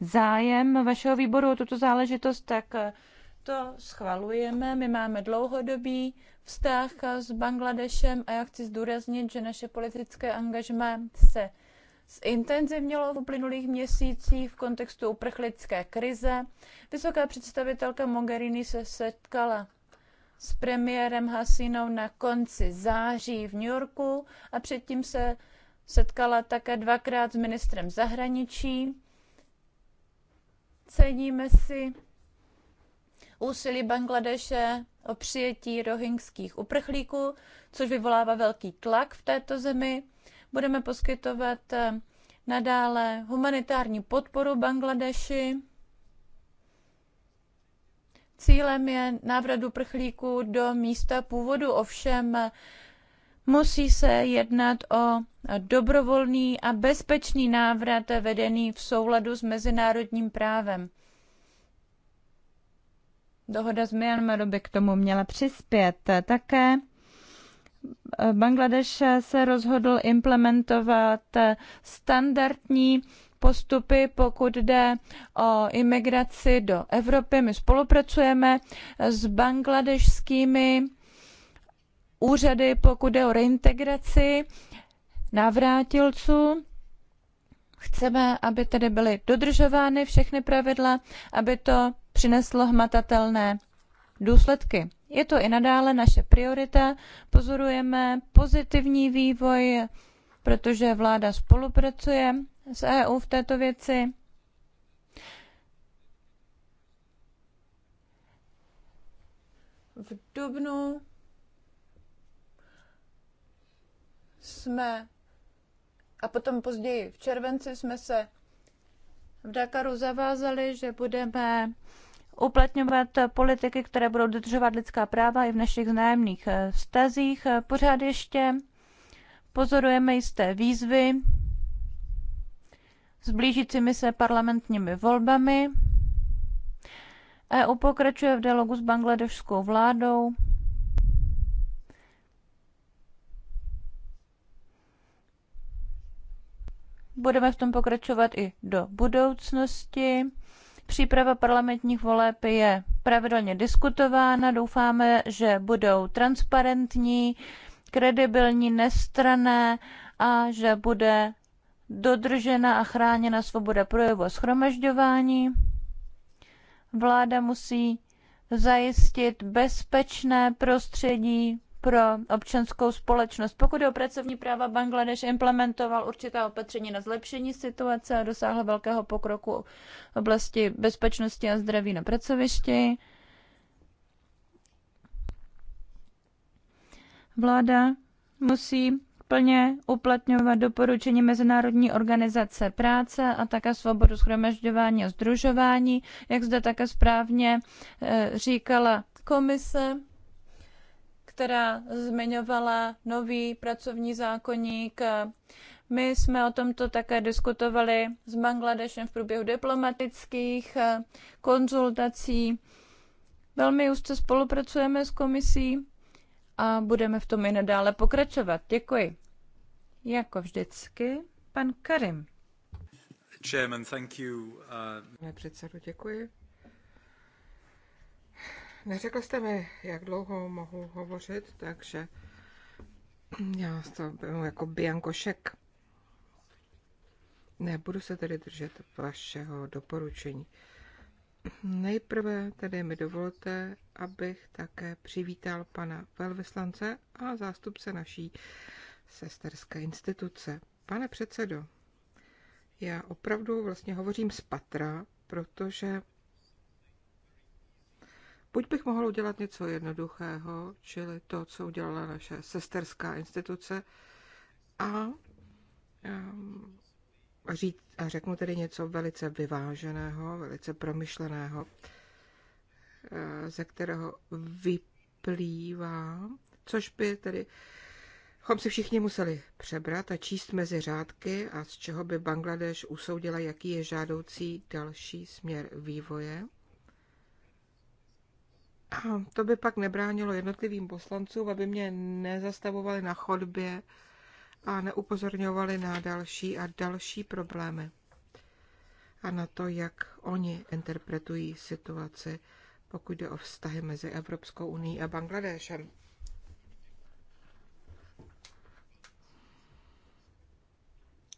zájem vašeho výboru o tuto záležitost, tak eh, to schvalujeme. My máme dlouhodobý vztah s Bangladešem a já chci zdůraznit, že naše politické angažma se zintenzivnilo v uplynulých měsících v kontextu uprchlické krize. Vysoká představitelka Mogherini se setkala s premiérem Hasinou na konci září v New Yorku a předtím se setkala také dvakrát s ministrem zahraničí. Ceníme si úsilí Bangladeše o přijetí rohingských uprchlíků, což vyvolává velký tlak v této zemi. Budeme poskytovat eh, nadále humanitární podporu Bangladeši. Cílem je návratu prchlíků do místa původu, ovšem eh, musí se jednat o dobrovolný a bezpečný návrat vedený v souladu s mezinárodním právem. Dohoda s Myanmaru by k tomu měla přispět. Také Bangladeš se rozhodl implementovat standardní postupy, pokud jde o imigraci do Evropy. My spolupracujeme s bangladešskými úřady, pokud jde o reintegraci navrátilců. Chceme, aby tedy byly dodržovány všechny pravidla, aby to přineslo hmatatelné důsledky. Je to i nadále naše priorita. Pozorujeme pozitivní vývoj, protože vláda spolupracuje s EU v této věci. V dubnu jsme a potom později v červenci jsme se v Dakaru zavázali, že budeme uplatňovat politiky, které budou dodržovat lidská práva i v našich vzájemných eh, vztazích. Eh, pořád ještě pozorujeme jisté výzvy s blížícími se parlamentními volbami. EU pokračuje v dialogu s bangladešskou vládou. Budeme v tom pokračovat i do budoucnosti. Příprava parlamentních voleb je pravidelně diskutována. Doufáme, že budou transparentní, kredibilní, nestrané a že bude dodržena a chráněna svoboda projevu a schromažďování. Vláda musí zajistit bezpečné prostředí pro občanskou společnost. Pokud je o pracovní práva, Bangladeš implementoval určitá opatření na zlepšení situace a dosáhl velkého pokroku v oblasti bezpečnosti a zdraví na pracovišti. Vláda musí plně uplatňovat doporučení Mezinárodní organizace práce a také svobodu schromažďování a združování, jak zde také správně eh, říkala komise která zmiňovala nový pracovní zákoník. My jsme o tomto také diskutovali s Bangladešem v průběhu diplomatických eh, konzultací. Velmi úzce spolupracujeme s komisí a budeme v tom i nadále pokračovat. Děkuji. Jako vždycky, pan Karim. Chairman, thank you. Uh... Pane předsedo, děkuji. Neřekl jste mi, jak dlouho mohu hovořit, takže já to byl jako biankošek. Nebudu se tedy držet vašeho doporučení. Nejprve tedy mi dovolte, abych také přivítal pana velvyslance a zástupce naší sesterské instituce. Pane předsedo, já opravdu vlastně hovořím z patra, protože Buď bych mohl udělat něco jednoduchého, čili to, co udělala naše sesterská instituce, a a, ehm, říct, a řeknu tedy něco velice vyváženého, velice promyšleného, eh, ze kterého vyplývá, což by tedy Chom si všichni museli přebrat a číst mezi řádky a z čeho by Bangladeš usoudila, jaký je žádoucí další směr vývoje to by pak nebránilo jednotlivým poslancům, aby mě nezastavovali na chodbě a neupozorňovali na další a další problémy a na to, jak oni interpretují situaci, pokud jde o vztahy mezi Evropskou uní a Bangladéšem.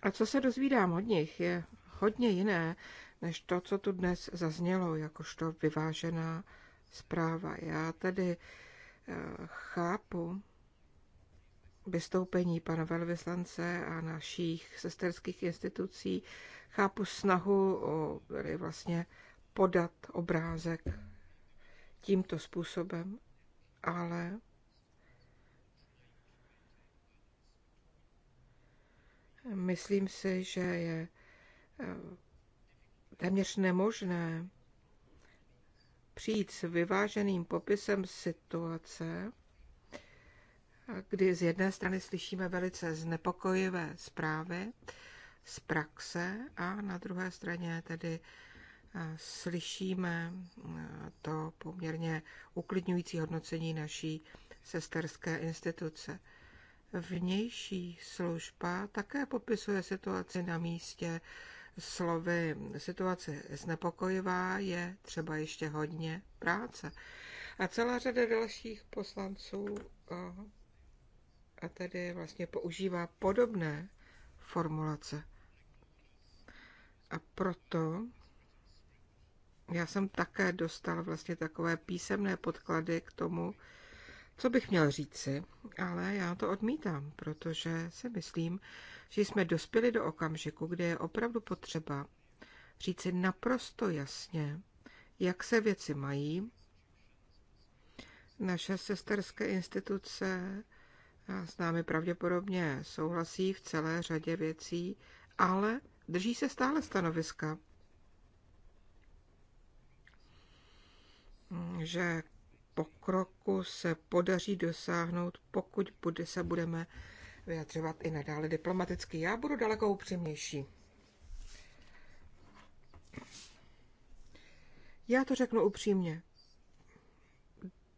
A co se dozvídám od nich, je hodně jiné, než to, co tu dnes zaznělo, jakožto vyvážená zpráva. Já tedy eh, chápu vystoupení pana velvyslance a našich sesterských institucí, chápu snahu o vlastně podat obrázek tímto způsobem, ale myslím si, že je eh, téměř nemožné přijít s vyváženým popisem situace, kdy z jedné strany slyšíme velice znepokojivé zprávy z praxe a na druhé straně tedy eh, slyšíme eh, to poměrně uklidňující hodnocení naší sesterské instituce. Vnější služba také popisuje situaci na místě, Slovy, situace znepokojivá, je třeba ještě hodně práce. A celá řada dalších poslanců eh, a tedy vlastně používá podobné formulace. A proto já jsem také dostal vlastně takové písemné podklady k tomu, co bych měl říci, ale já to odmítám, protože si myslím, že jsme dospěli do okamžiku, kde je opravdu potřeba říci naprosto jasně, jak se věci mají. Naše sesterské instituce s námi pravděpodobně souhlasí v celé řadě věcí, ale drží se stále stanoviska, že pokroku se podaří dosáhnout, pokud bude, se budeme vyjadřovat i nadále diplomaticky. Já budu daleko upřímnější. Já to řeknu upřímně.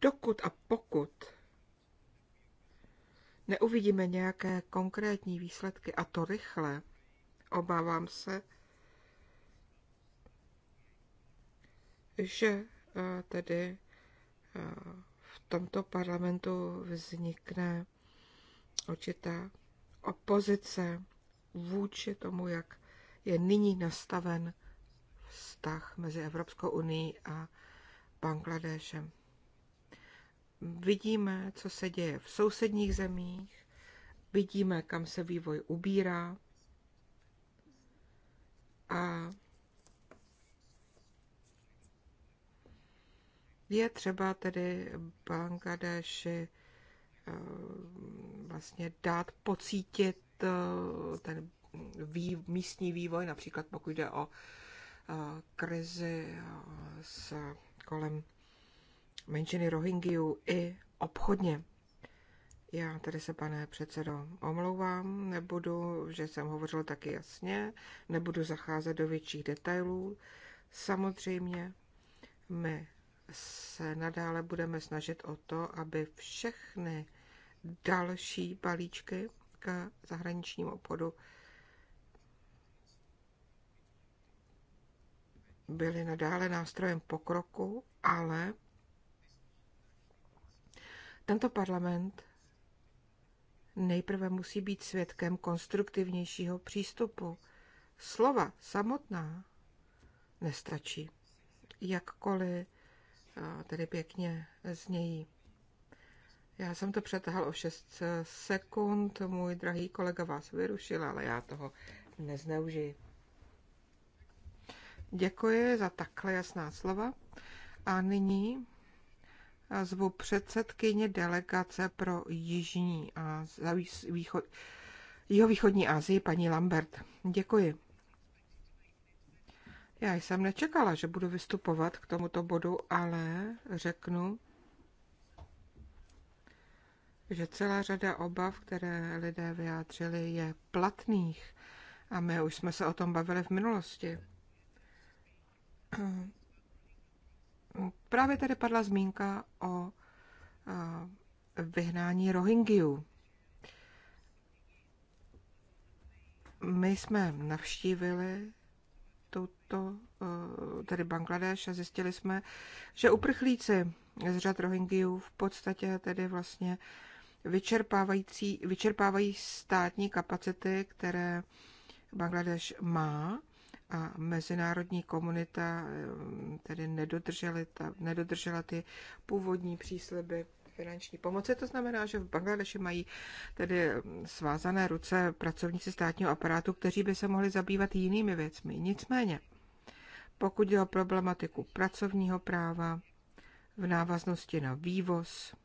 Dokud a pokud neuvidíme nějaké konkrétní výsledky, a to rychle, obávám se, že eh, tedy eh, v tomto parlamentu vznikne očité opozice vůči tomu, jak je nyní nastaven vztah mezi Evropskou unii a Bangladéšem. Vidíme, co se děje v sousedních zemích, vidíme, kam se vývoj ubírá a je třeba tedy Bangladeši Eh, vlastně dát pocítit eh, ten vý, místní vývoj, například pokud jde o eh, krizi s kolem menšiny Rohingyů i obchodně. Já tady se, pane předsedo, omlouvám, nebudu, že jsem hovořil taky jasně, nebudu zacházet do větších detailů. Samozřejmě my se nadále budeme snažit o to, aby všechny další balíčky k zahraničnímu obchodu byly nadále nástrojem pokroku, ale tento parlament nejprve musí být svědkem konstruktivnějšího přístupu. Slova samotná nestačí. Jakkoliv tedy pěkně znějí. Já jsem to přetáhl o 6 sekund, můj drahý kolega vás vyrušil, ale já toho nezneužiji. Děkuji za takhle jasná slova. A nyní zvu předsedkyně delegace pro Jižní a východ, Jihovýchodní Asii, paní Lambert. Děkuji. Já jsem nečekala, že budu vystupovat k tomuto bodu, ale řeknu, že celá řada obav, které lidé vyjádřili, je platných. A my už jsme se o tom bavili v minulosti. Právě tady padla zmínka o vyhnání Rohingyů. My jsme navštívili to, eh, tedy Bangladeš, a zjistili jsme, že uprchlíci z řad Rohingyů v podstatě tedy vlastně vyčerpávající, vyčerpávají státní kapacity, které Bangladeš má a mezinárodní komunita eh, tedy nedodržela, ta, nedodržela ty původní přísliby finanční pomoci. To znamená, že v Bangladeši mají tedy hm, svázané ruce pracovníci státního aparátu, kteří by se mohli zabývat jinými věcmi. Nicméně, pokud je o problematiku pracovního práva v návaznosti na vývoz.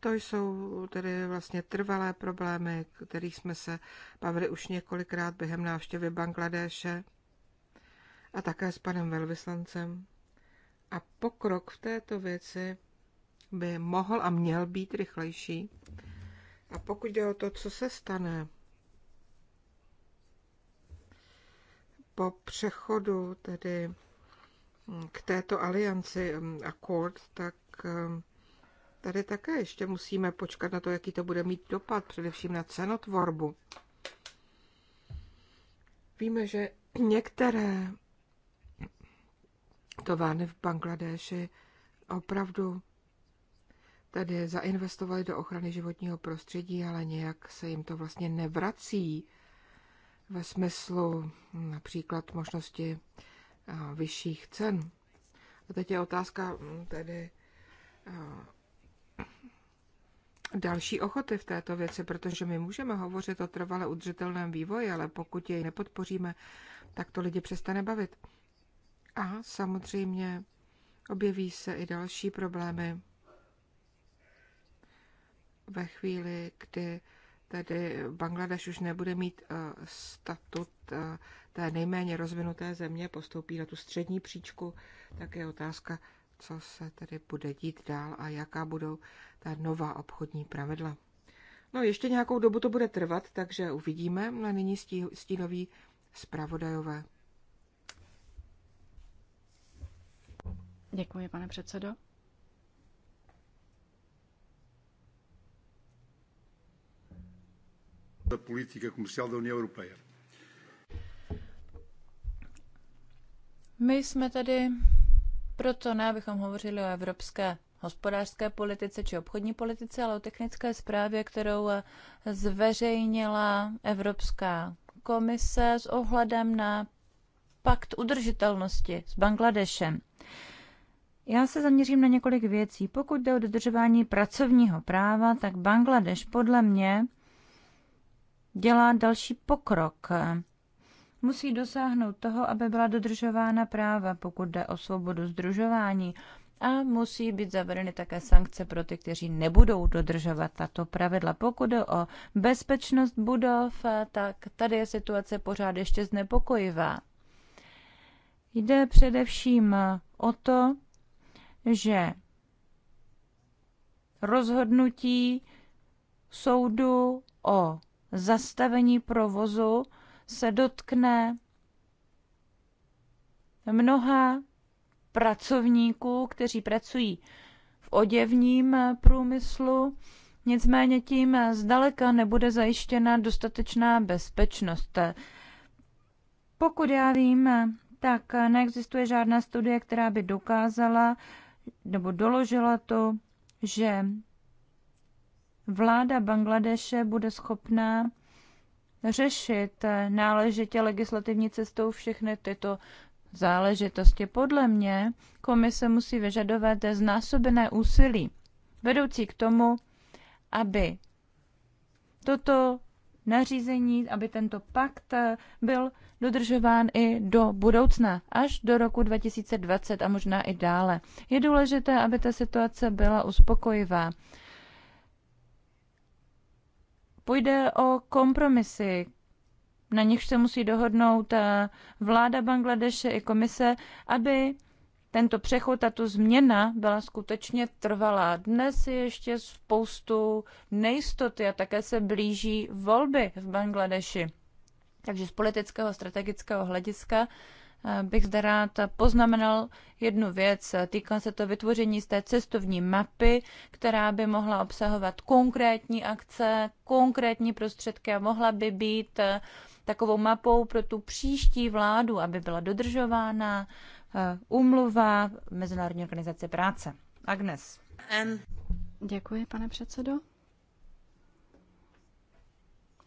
To jsou tedy vlastně trvalé problémy, kterých jsme se bavili už několikrát během návštěvy Bangladéše a také s panem velvyslancem. A pokrok v této věci by mohl a měl být rychlejší. A pokud jde o to, co se stane po přechodu tedy mm, k této alianci mm, Accord, tak mm, tady také ještě musíme počkat na to, jaký to bude mít dopad, především na cenotvorbu. Víme, že některé továrny v Bangladeši opravdu tedy zainvestovali do ochrany životního prostředí, ale nějak se jim to vlastně nevrací ve smyslu například možnosti vyšších cen. A teď je otázka mm, tedy další ochoty v této věci, protože my můžeme hovořit o trvale udržitelném vývoji, ale pokud jej nepodpoříme, tak to lidi přestane bavit. A samozřejmě objeví se i další problémy ve chvíli, kdy tedy Bangladeš už nebude mít eh, statut eh, té nejméně rozvinuté země, postoupí na tu střední příčku, tak je otázka, co se tedy bude dít dál a jaká budou ta nová obchodní pravidla. No, ještě nějakou dobu to bude trvat, takže uvidíme. Na no, nyní stí, stínoví zpravodajové. Děkuji, pane předsedo. da política comercial da União Europeia. My jsme tady proto ne, abychom hovořili o evropské hospodářské politice či obchodní politice, ale o technické zprávě, kterou zveřejnila Evropská komise s ohledem na pakt udržitelnosti s Bangladešem. Já se zaměřím na několik věcí. Pokud jde o dodržování pracovního práva, tak Bangladeš podle mě dělá další pokrok. Musí dosáhnout toho, aby byla dodržována práva, pokud jde o svobodu združování, a musí být zavedeny také sankce pro ty, kteří nebudou dodržovat tato pravidla. Pokud jde o bezpečnost budov, tak tady je situace pořád ještě znepokojivá. Jde především o to, že rozhodnutí soudu o zastavení provozu se dotkne mnoha pracovníků, kteří pracují v oděvním průmyslu, nicméně tím zdaleka nebude zajištěna dostatečná bezpečnost. Pokud já vím, tak neexistuje žádná studie, která by dokázala nebo doložila to, že vláda Bangladeše bude schopná řešit náležitě legislativní cestou všechny tyto záležitosti. Podle mě komise musí vyžadovat znásobené úsilí, vedoucí k tomu, aby toto nařízení, aby tento pakt byl dodržován i do budoucna, až do roku 2020 a možná i dále. Je důležité, aby ta situace byla uspokojivá. Půjde o kompromisy, na nich se musí dohodnout eh, vláda Bangladeše i komise, aby tento přechod, tato změna byla skutečně trvalá. Dnes je ještě spoustu nejistoty a také se blíží volby v Bangladeši. Takže z politického strategického hlediska Eh, bych zde rád poznamenal jednu věc. Týká se to vytvoření z té cestovní mapy, která by mohla obsahovat konkrétní akce, konkrétní prostředky a mohla by být eh, takovou mapou pro tu příští vládu, aby byla dodržována umluva eh, Mezinárodní organizace práce. Agnes. Děkuji, pane předsedo.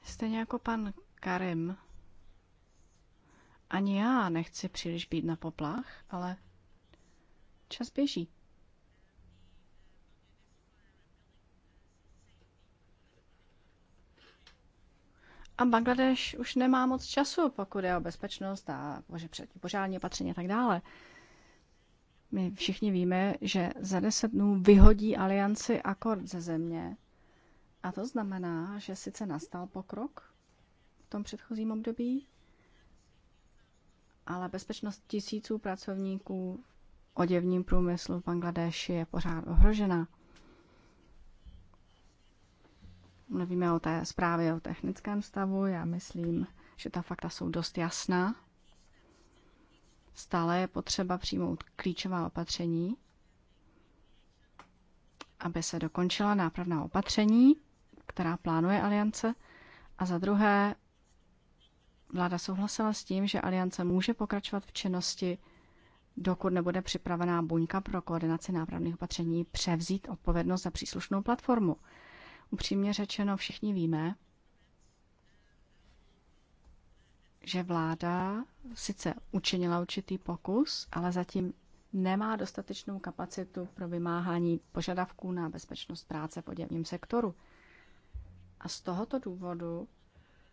Stejně jako pan Karim, ani já nechci příliš být na poplach, ale čas běží. A Bangladeš už nemá moc času, pokud je o bezpečnost a bože protipožární opatření a tak dále. My všichni víme, že za deset dnů vyhodí alianci akord ze země. A to znamená, že sice nastal pokrok v tom předchozím období, ale bezpečnost tisíců pracovníků v oděvním průmyslu v Bangladeši je pořád ohrožena. Mluvíme o té zprávě o technickém stavu. Já myslím, že ta fakta jsou dost jasná. Stále je potřeba přijmout klíčová opatření, aby se dokončila nápravná opatření, která plánuje aliance, a za druhé Vláda souhlasila s tím, že aliance může pokračovat v činnosti, dokud nebude připravená buňka pro koordinaci nápravných opatření převzít odpovědnost za příslušnou platformu. Upřímně řečeno, všichni víme, že vláda sice učinila určitý pokus, ale zatím nemá dostatečnou kapacitu pro vymáhání požadavků na bezpečnost práce v oděvním sektoru. A z tohoto důvodu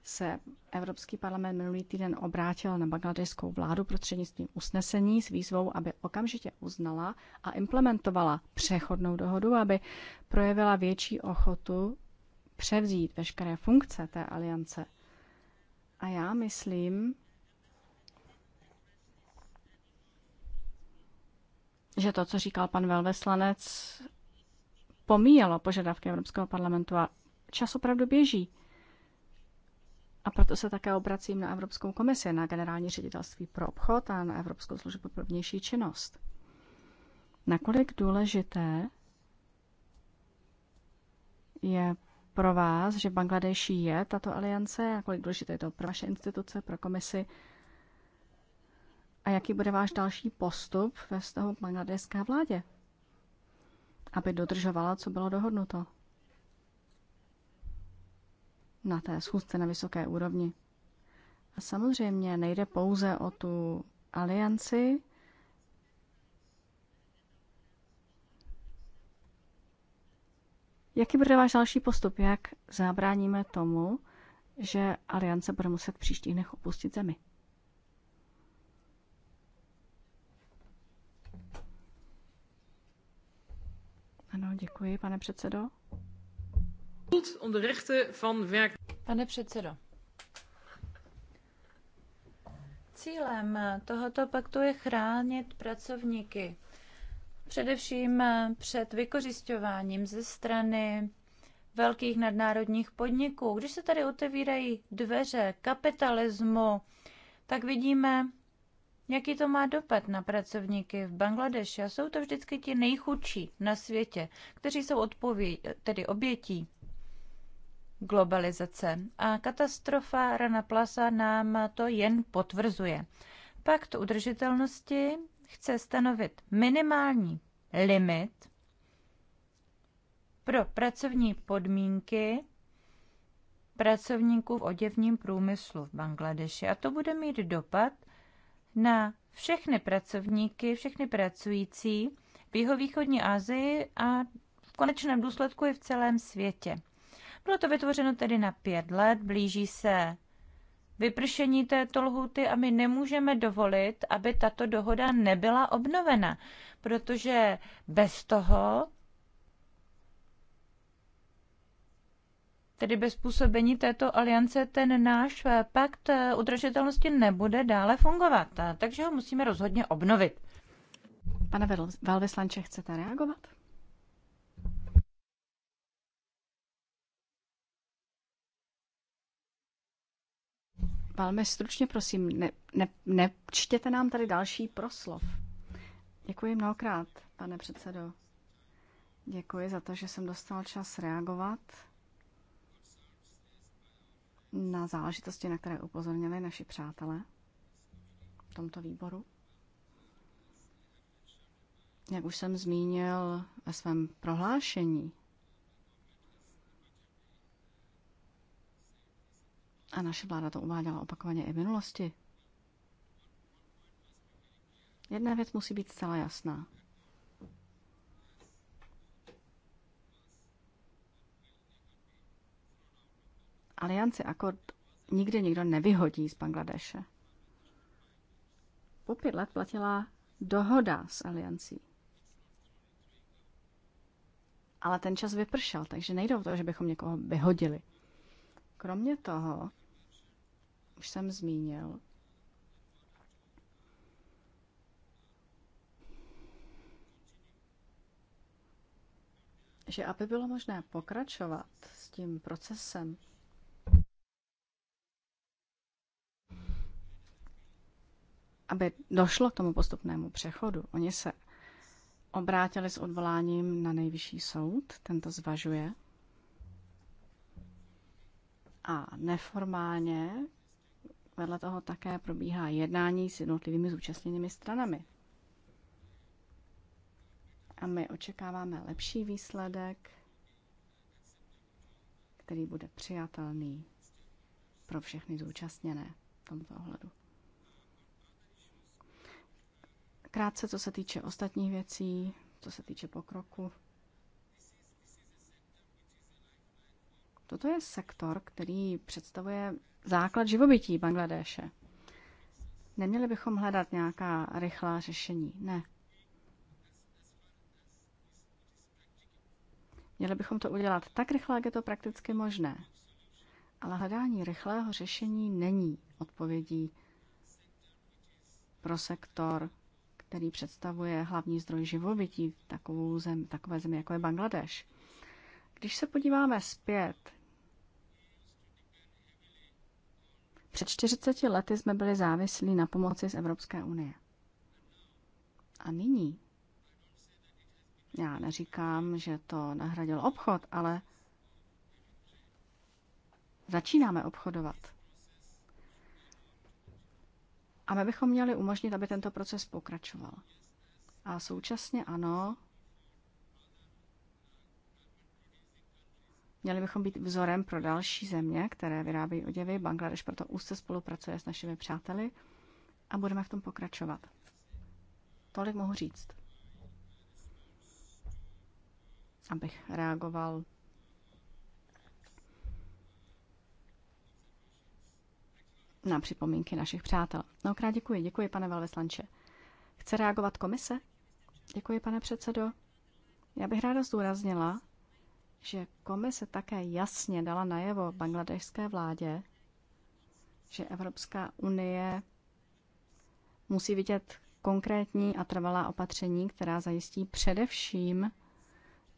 se Evropský parlament minulý týden obrátil na bangladeskou vládu prostřednictvím usnesení s výzvou, aby okamžitě uznala a implementovala přechodnou dohodu, aby projevila větší ochotu převzít veškeré funkce té aliance. A já myslím, že to, co říkal pan velveslanec, pomíjelo požadavky Evropského parlamentu a čas opravdu běží. A proto se také obracím na Evropskou komisi, na Generální ředitelství pro obchod a na Evropskou službu pro vnější činnost. Nakolik důležité je pro vás, že v Bangladeši je tato aliance, kolik důležité je to pro vaše instituce, pro komisi a jaký bude váš další postup ve vztahu k bangladeské vládě, aby dodržovala, co bylo dohodnuto? na té schůzce na vysoké úrovni. A samozřejmě nejde pouze o tu alianci, Jaký bude váš další postup? Jak zabráníme tomu, že aliance bude muset příští dnech opustit zemi? Ano, děkuji, pane předsedo. Pane předsedo, cílem eh, tohoto paktu je chránit pracovníky především eh, před vykořišťováním ze strany velkých nadnárodních podniků. Když se tady otevírají dveře kapitalismu, tak vidíme, jaký to má dopad na pracovníky v Bangladeši. A jsou to vždycky ti nejchudší na světě, kteří jsou odpověd, tedy obětí globalizace. A katastrofa Rana Plaza nám to jen potvrzuje. Pakt udržitelnosti chce stanovit minimální limit pro pracovní podmínky pracovníků v oděvním průmyslu v Bangladeši. A to bude mít dopad na všechny pracovníky, všechny pracující v jihovýchodní Asii a v konečném důsledku i v celém světě. Bylo to vytvořeno tedy na pět let, blíží se vypršení této lhuty a my nemůžeme dovolit, aby tato dohoda nebyla obnovena, protože bez toho, tedy bez působení této aliance, ten náš pakt udržitelnosti nebude dále fungovat. Takže ho musíme rozhodně obnovit. Pane velvyslanče, chcete reagovat? Velmi stručně, prosím, ne, ne, nečtěte nám tady další proslov. Děkuji mnohokrát, pane předsedo. Děkuji za to, že jsem dostal čas reagovat na záležitosti, na které upozornili naši přátelé v tomto výboru. Jak už jsem zmínil ve svém prohlášení, A naše vláda to uváděla opakovaně i v minulosti. Jedna věc musí být zcela jasná. Alianci Akord nikdy nikdo nevyhodí z Bangladeše. Po pět let platila dohoda s Aliancí. Ale ten čas vypršel, takže nejde o to, že bychom někoho vyhodili. Kromě toho, už jsem zmínil. že aby bylo možné pokračovat s tím procesem, aby došlo k tomu postupnému přechodu, oni se obrátili s odvoláním na nejvyšší soud, tento zvažuje. A neformálně vedle toho také probíhá jednání s jednotlivými zúčastněnými stranami. A my očekáváme lepší výsledek, který bude přijatelný pro všechny zúčastněné v tomto ohledu. Krátce, co se týče ostatních věcí, co se týče pokroku. Toto je sektor, který představuje základ živobytí Bangladéše. Neměli bychom hledat nějaká rychlá řešení. Ne. Měli bychom to udělat tak rychle, jak je to prakticky možné. Ale hledání rychlého řešení není odpovědí pro sektor, který představuje hlavní zdroj živobytí v takovou zem, takové zemi, jako je Bangladeš. Když se podíváme zpět Před 40 lety jsme byli závislí na pomoci z Evropské unie. A nyní, já neříkám, že to nahradil obchod, ale začínáme obchodovat. A my bychom měli umožnit, aby tento proces pokračoval. A současně ano, Měli bychom být vzorem pro další země, které vyrábějí oděvy. Bangladeš proto úzce spolupracuje s našimi přáteli a budeme v tom pokračovat. Tolik mohu říct. Abych reagoval na připomínky našich přátel. Mnohokrát děkuji. Děkuji, pane velvyslanče. Chce reagovat komise? Děkuji, pane předsedo. Já bych ráda zdůraznila, že komise také jasně dala najevo bangladešské vládě, že Evropská unie musí vidět konkrétní a trvalá opatření, která zajistí především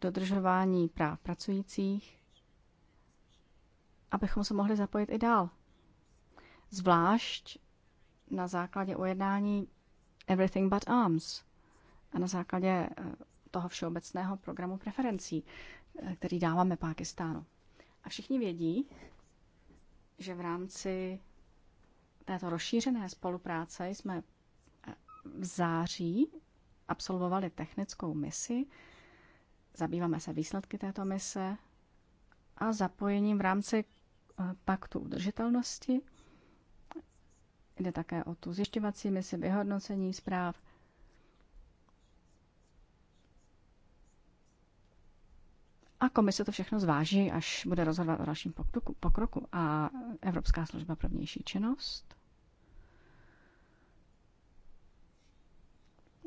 dodržování práv pracujících, abychom se mohli zapojit i dál. Zvlášť na základě ujednání Everything but Arms a na základě eh, toho všeobecného programu preferencí. Eh, který dáváme Pákistánu. A všichni vědí, že v rámci této rozšířené spolupráce jsme eh, v září absolvovali technickou misi, zabýváme se výsledky této mise a zapojením v rámci eh, paktu udržitelnosti. Jde také o tu zjišťovací misi, vyhodnocení zpráv – A komise to všechno zváží, až bude rozhodovat o dalším pokroku. A Evropská služba pro vnější činnost?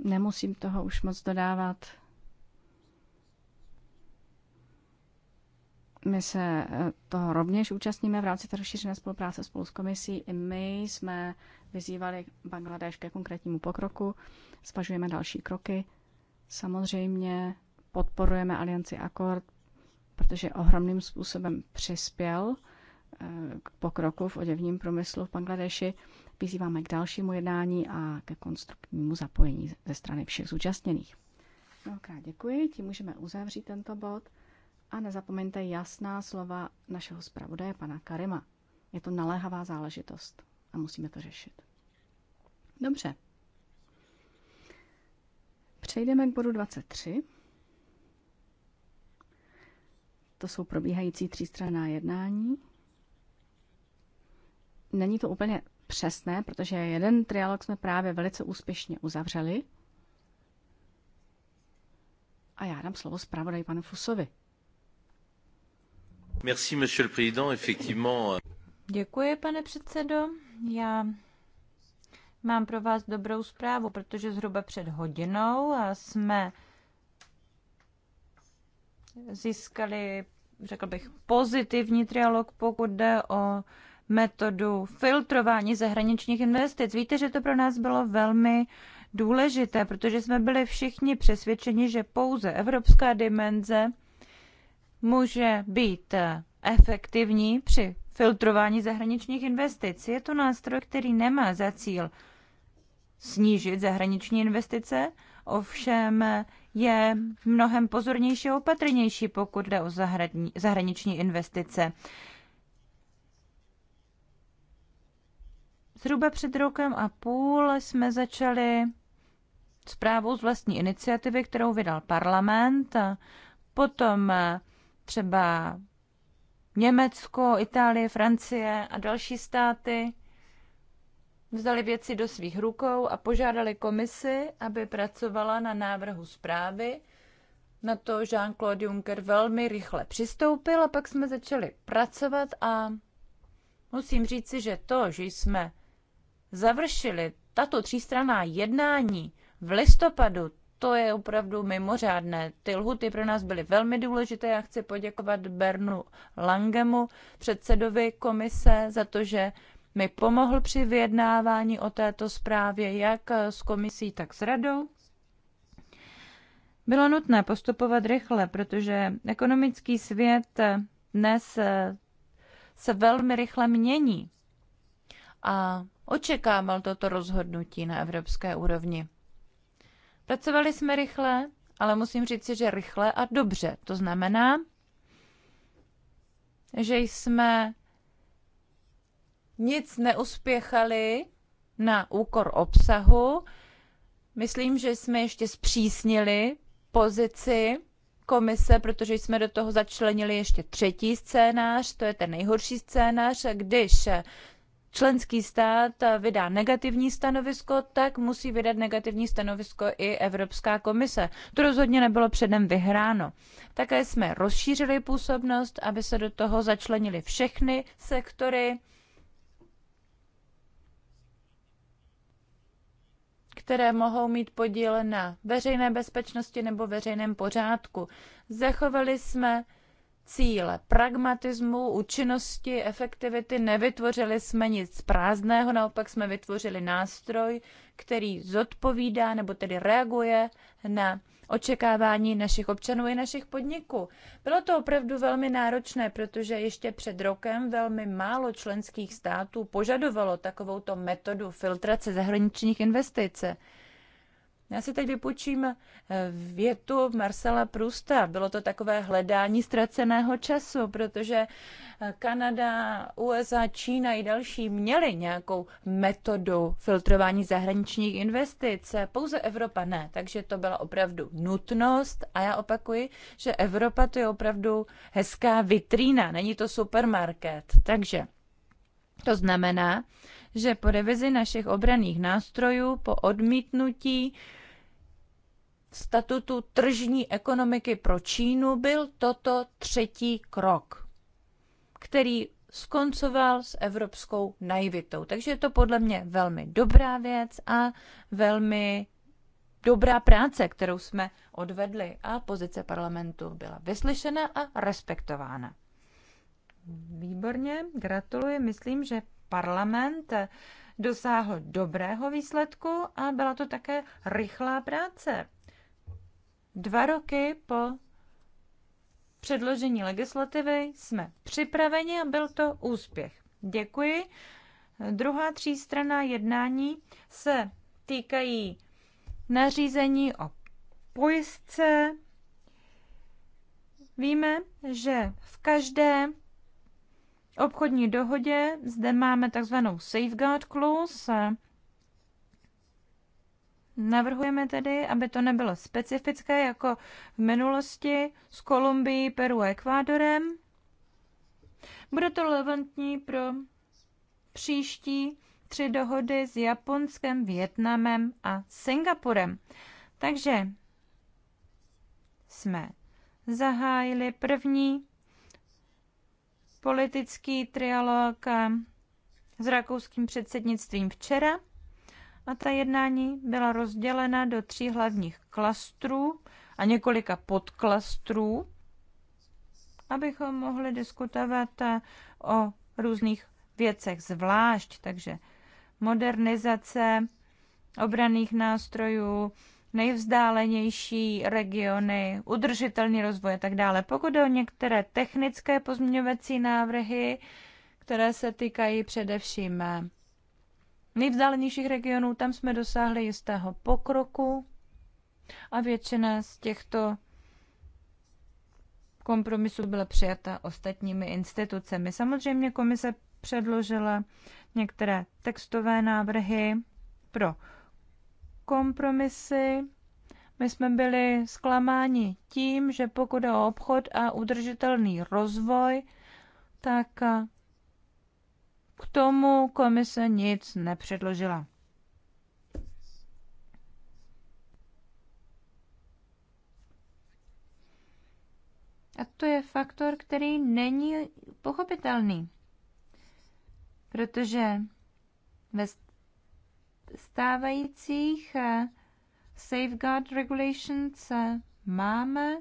Nemusím toho už moc dodávat. My se eh, toho rovněž účastníme v rámci té rozšířené spolupráce spolu s komisí. I my jsme vyzývali Bangladeš ke konkrétnímu pokroku, Spažujeme další kroky. Samozřejmě podporujeme alianci Akord protože ohromným způsobem přispěl eh, k pokroku v oděvním průmyslu v Bangladeši. Vyzýváme k dalšímu jednání a ke konstruktivnímu zapojení ze strany všech zúčastněných. Mnohokrát děkuji, tím můžeme uzavřít tento bod a nezapomeňte jasná slova našeho zpravodaje, pana Karima. Je to naléhavá záležitost a musíme to řešit. Dobře. Přejdeme k bodu 23. To jsou probíhající třístranná jednání. Není to úplně přesné, protože jeden trialog jsme právě velice úspěšně uzavřeli. A já dám slovo zpravodaj panu Fusovi. Merci, monsieur le président. Effectivement. Euh, Děkuji, pane předsedo. Já mám pro vás dobrou zprávu, protože zhruba před hodinou jsme získali, řekl bych, pozitivní trialog, pokud jde o metodu filtrování zahraničních investic. Víte, že to pro nás bylo velmi důležité, protože jsme byli všichni přesvědčeni, že pouze evropská dimenze může být efektivní při filtrování zahraničních investic. Je to nástroj, který nemá za cíl snížit zahraniční investice, ovšem je mnohem pozornější a opatrnější, pokud jde o zahradní, zahraniční investice. Zhruba před rokem a půl jsme začali zprávou z vlastní iniciativy, kterou vydal parlament. Potom třeba Německo, Itálie, Francie a další státy vzali věci do svých rukou a požádali komisi, aby pracovala na návrhu zprávy. Na to Jean-Claude Juncker velmi rychle přistoupil a pak jsme začali pracovat a musím říci, že to, že jsme završili tato třístranná jednání v listopadu, to je opravdu mimořádné. Ty lhuty pro nás byly velmi důležité. Já chci poděkovat Bernu Langemu, předsedovi komise, za to, že mi pomohl při vyjednávání o této zprávě, jak s komisí, tak s radou. Bylo nutné postupovat rychle, protože ekonomický svět dnes se velmi rychle mění a očekával toto rozhodnutí na evropské úrovni. Pracovali jsme rychle, ale musím říct, že rychle a dobře. To znamená, že jsme nic neuspěchali na úkor obsahu. Myslím, že jsme ještě zpřísnili pozici komise, protože jsme do toho začlenili ještě třetí scénář, to je ten nejhorší scénář, když členský stát vydá negativní stanovisko, tak musí vydat negativní stanovisko i Evropská komise. To rozhodně nebylo předem vyhráno. Také jsme rozšířili působnost, aby se do toho začlenili všechny sektory, které mohou mít podíl na veřejné bezpečnosti nebo veřejném pořádku. Zachovali jsme cíle pragmatismu, účinnosti, efektivity, nevytvořili jsme nic prázdného, naopak jsme vytvořili nástroj, který zodpovídá nebo tedy reaguje na očekávání našich občanů i našich podniků. Bylo to opravdu velmi náročné, protože ještě před rokem velmi málo členských států požadovalo takovouto metodu filtrace zahraničních investic. Já si teď vypočím eh, větu Marcela Prusta. Bylo to takové hledání ztraceného času, protože eh, Kanada, USA, Čína i další měli nějakou metodu filtrování zahraničních investic. Pouze Evropa ne, takže to byla opravdu nutnost a já opakuji, že Evropa to je opravdu hezká vitrína, není to supermarket. Takže to znamená, že po revizi našich obraných nástrojů, po odmítnutí statutu tržní ekonomiky pro Čínu byl toto třetí krok, který skoncoval s evropskou naivitou. Takže je to podle mě velmi dobrá věc a velmi dobrá práce, kterou jsme odvedli a pozice parlamentu byla vyslyšena a respektována. Výborně, gratuluji. Myslím, že parlament dosáhl dobrého výsledku a byla to také rychlá práce dva roky po předložení legislativy jsme připraveni a byl to úspěch. Děkuji. Druhá třístrana jednání se týkají nařízení o pojistce. Víme, že v každé obchodní dohodě zde máme takzvanou safeguard clause, Navrhujeme tedy, aby to nebylo specifické jako v minulosti s Kolumbií, Peru a Ekvádorem. Bude to relevantní pro příští tři dohody s Japonskem, Větnamem a Singapurem. Takže jsme zahájili první politický trialog eh, s rakouským předsednictvím včera. A ta jednání byla rozdělena do tří hlavních klastrů a několika podklastrů, abychom mohli diskutovat o různých věcech zvlášť, takže modernizace obraných nástrojů, nejvzdálenější regiony, udržitelný rozvoj a tak dále. Pokud o některé technické pozměňovací návrhy, které se týkají především nejvzdálenějších regionů, tam jsme dosáhli jistého pokroku a většina z těchto kompromisů byla přijata ostatními institucemi. Samozřejmě komise předložila některé textové návrhy pro kompromisy. My jsme byli zklamáni tím, že pokud je o obchod a udržitelný rozvoj, tak k tomu komise nic nepředložila. A to je faktor, který není pochopitelný. Protože ve stávajících eh, safeguard regulations eh, máme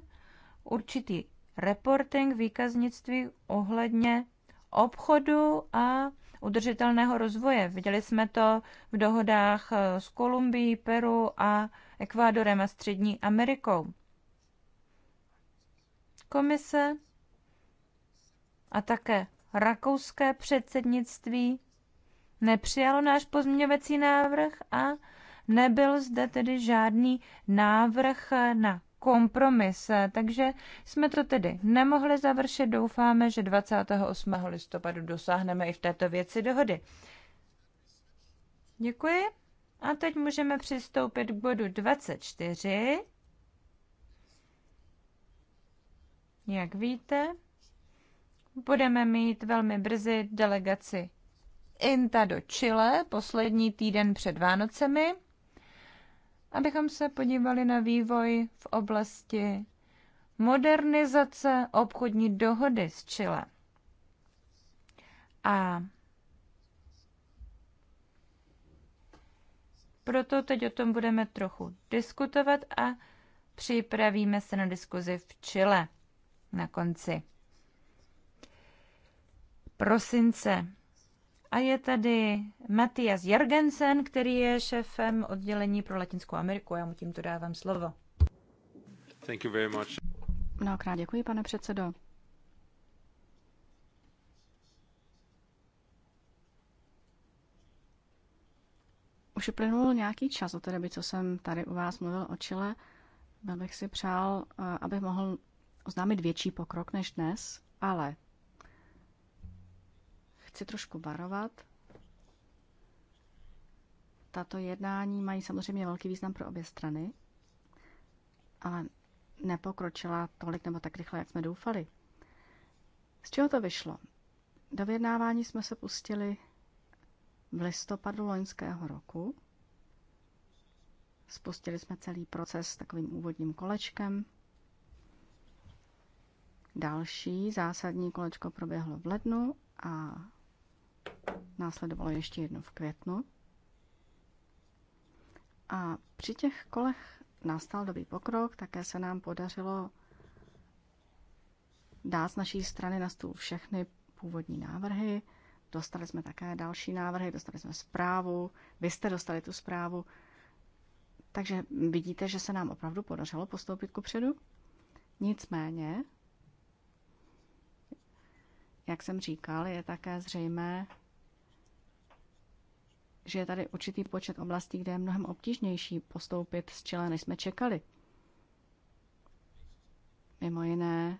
určitý reporting výkaznictví ohledně obchodu a udržitelného rozvoje. Viděli jsme to v dohodách eh, s Kolumbií, Peru a Ekvádorem a Střední Amerikou. Komise a také rakouské předsednictví nepřijalo náš pozměňovací návrh a nebyl zde tedy žádný návrh na kompromis, takže jsme to tedy nemohli završit. Doufáme, že 28. listopadu dosáhneme i v této věci dohody. Děkuji. A teď můžeme přistoupit k bodu 24. Jak víte, budeme mít velmi brzy delegaci INTA do Chile, poslední týden před Vánocemi abychom se podívali na vývoj v oblasti modernizace obchodní dohody s Chile. A proto teď o tom budeme trochu diskutovat a připravíme se na diskuzi v Chile na konci prosince. A je tady Matias Jergensen, který je šéfem oddělení pro Latinskou Ameriku. Já mu tímto dávám slovo. Thank you very much. Mnohokrát děkuji, pane předsedo. Už uplynul nějaký čas od té doby, co jsem tady u vás mluvil o Chile. Byl bych si přál, eh, abych mohl oznámit větší pokrok než dnes, ale chci trošku varovat. Tato jednání mají samozřejmě velký význam pro obě strany, ale nepokročila tolik nebo tak rychle, jak jsme doufali. Z čeho to vyšlo? Do vyjednávání jsme se pustili v listopadu loňského roku. Spustili jsme celý proces takovým úvodním kolečkem. Další zásadní kolečko proběhlo v lednu a následovalo ještě jedno v květnu. A při těch kolech nastal dobrý pokrok, také se nám podařilo dát z naší strany na stůl všechny původní návrhy. Dostali jsme také další návrhy, dostali jsme zprávu, vy jste dostali tu zprávu. Takže vidíte, že se nám opravdu podařilo postoupit ku předu. Nicméně, jak jsem říkal, je také zřejmé, že je tady určitý počet oblastí, kde je mnohem obtížnější postoupit z čela, než jsme čekali. Mimo jiné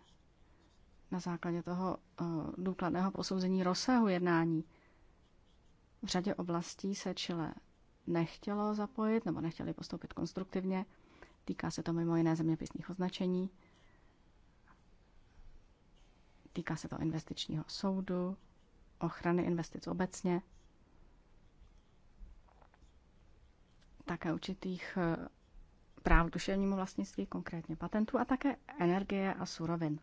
na základě toho eh, důkladného posouzení rozsahu jednání. V řadě oblastí se Chile nechtělo zapojit nebo nechtěli postoupit konstruktivně. Týká se to mimo jiné zeměpisných označení. Týká se to investičního soudu, ochrany investic obecně. také určitých eh, práv duševnímu vlastnictví, konkrétně patentů, a také energie a surovin.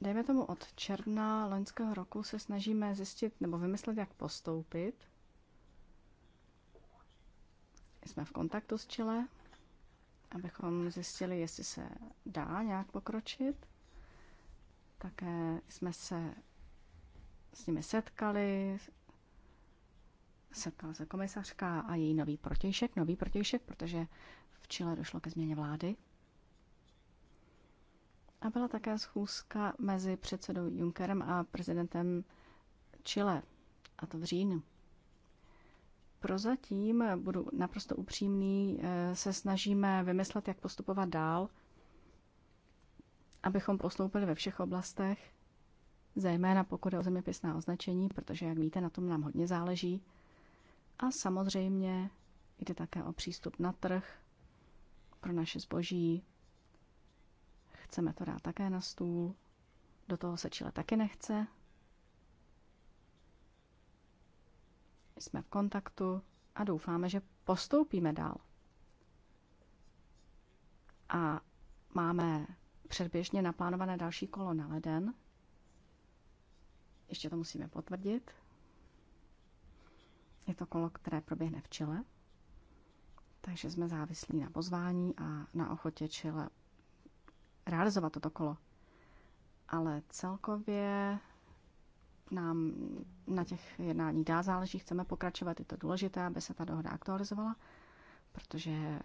Dejme tomu od června loňského roku se snažíme zjistit nebo vymyslet, jak postoupit. Jsme v kontaktu s Chile, abychom zjistili, jestli se dá nějak pokročit. Také jsme se s nimi setkali, setkala se komisařka a její nový protějšek, nový protějšek, protože v Chile došlo ke změně vlády. A byla také schůzka mezi předsedou Junckerem a prezidentem Chile, a to v říjnu. Prozatím, budu naprosto upřímný, eh, se snažíme vymyslet, jak postupovat dál, abychom postoupili ve všech oblastech, zejména pokud je o zeměpisná označení, protože, jak víte, na tom nám hodně záleží. A samozřejmě jde také o přístup na trh pro naše zboží. Chceme to dát také na stůl. Do toho se Chile taky nechce. Jsme v kontaktu a doufáme, že postoupíme dál. A máme předběžně naplánované další kolo na leden, ještě to musíme potvrdit. Je to kolo, které proběhne v Chile, takže jsme závislí na pozvání a na ochotě Chile realizovat toto kolo. Ale celkově nám na těch jednání dá záleží, chceme pokračovat, je to důležité, aby se ta dohoda aktualizovala, protože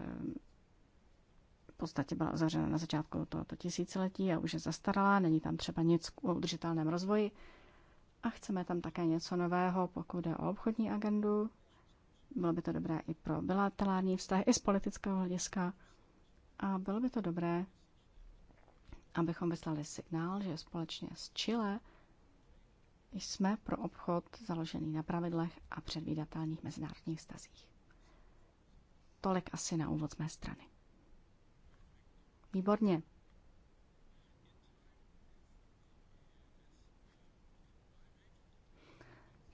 v podstatě byla zařena na začátku tohoto tisíciletí a už je zastarala, není tam třeba nic o udržitelném rozvoji. A chceme tam také něco nového, pokud jde o obchodní agendu. Bylo by to dobré i pro bilaterální vztahy, i z politického hlediska. A bylo by to dobré, abychom vyslali signál, že společně s Chile jsme pro obchod založený na pravidlech a předvídatelných mezinárodních stazích. Tolik asi na úvod z mé strany. Výborně.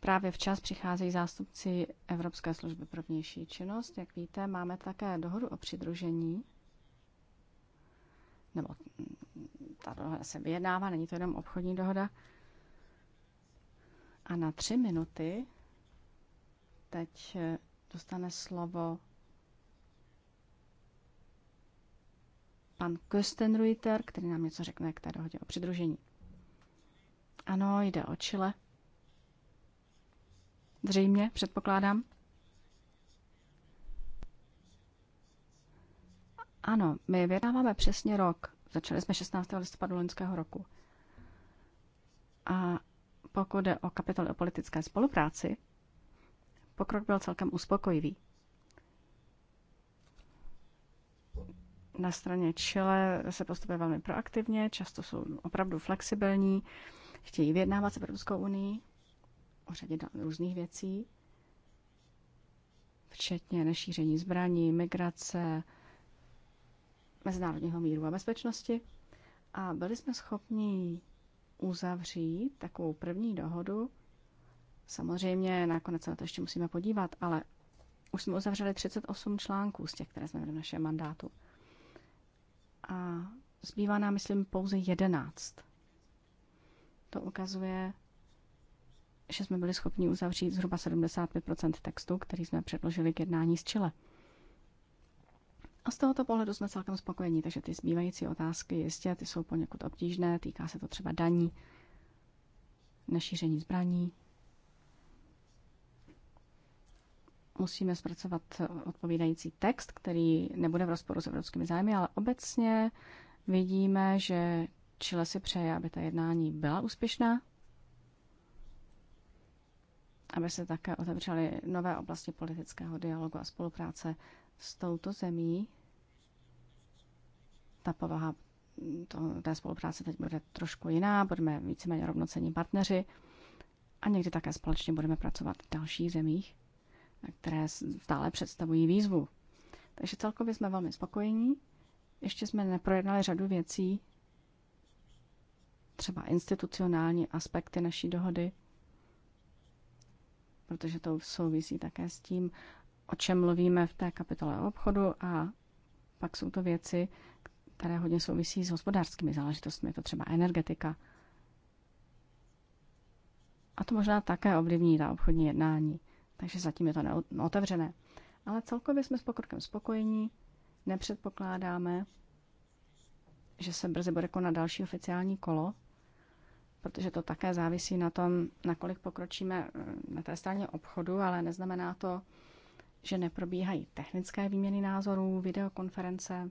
Právě včas přicházejí zástupci Evropské služby pro vnější činnost. Jak víte, máme také dohodu o přidružení, nebo mm, ta dohoda se vyjednává, není to jenom obchodní dohoda. A na tři minuty teď eh, dostane slovo pan Köstenreuter, který nám něco řekne k té dohodě o přidružení. Ano, jde o Chile. Zřejmě, předpokládám. Ano, my vyjednáváme přesně rok. Začali jsme 16. listopadu loňského roku. A pokud jde o kapitoly o politické spolupráci, pokrok byl celkem uspokojivý. Na straně Chile se postupuje velmi proaktivně, často jsou opravdu flexibilní, chtějí vyjednávat s Evropskou unii o řadě různých věcí, včetně nešíření zbraní, migrace, mezinárodního míru a bezpečnosti. A byli jsme schopni uzavřít takovou první dohodu. Samozřejmě nakonec se na to ještě musíme podívat, ale už jsme uzavřeli 38 článků z těch, které jsme měli v našem mandátu. A zbývá nám, myslím, pouze 11. To ukazuje, že jsme byli schopni uzavřít zhruba 75 textu, který jsme předložili k jednání z Chile. A z tohoto pohledu jsme celkem spokojení, takže ty zbývající otázky jistě ty jsou poněkud obtížné, týká se to třeba daní, nešíření zbraní. Musíme zpracovat odpovídající text, který nebude v rozporu s evropskými zájmy, ale obecně vidíme, že Chile si přeje, aby ta jednání byla úspěšná, aby se také otevřely nové oblasti politického dialogu a spolupráce s touto zemí. Ta povaha to, té spolupráce teď bude trošku jiná, budeme víceméně rovnocení partneři a někdy také společně budeme pracovat v dalších zemích, které stále představují výzvu. Takže celkově jsme velmi spokojení. Ještě jsme neprojednali řadu věcí, třeba institucionální aspekty naší dohody – protože to souvisí také s tím, o čem mluvíme v té kapitole o obchodu a pak jsou to věci, které hodně souvisí s hospodářskými záležitostmi, je to třeba energetika. A to možná také ovlivní ta obchodní jednání, takže zatím je to neotevřené. Ale celkově jsme s pokrokem spokojení, nepředpokládáme, že se brzy bude konat další oficiální kolo, protože to také závisí na tom, nakolik pokročíme eh, na té straně obchodu, ale neznamená to, že neprobíhají technické výměny názorů, videokonference.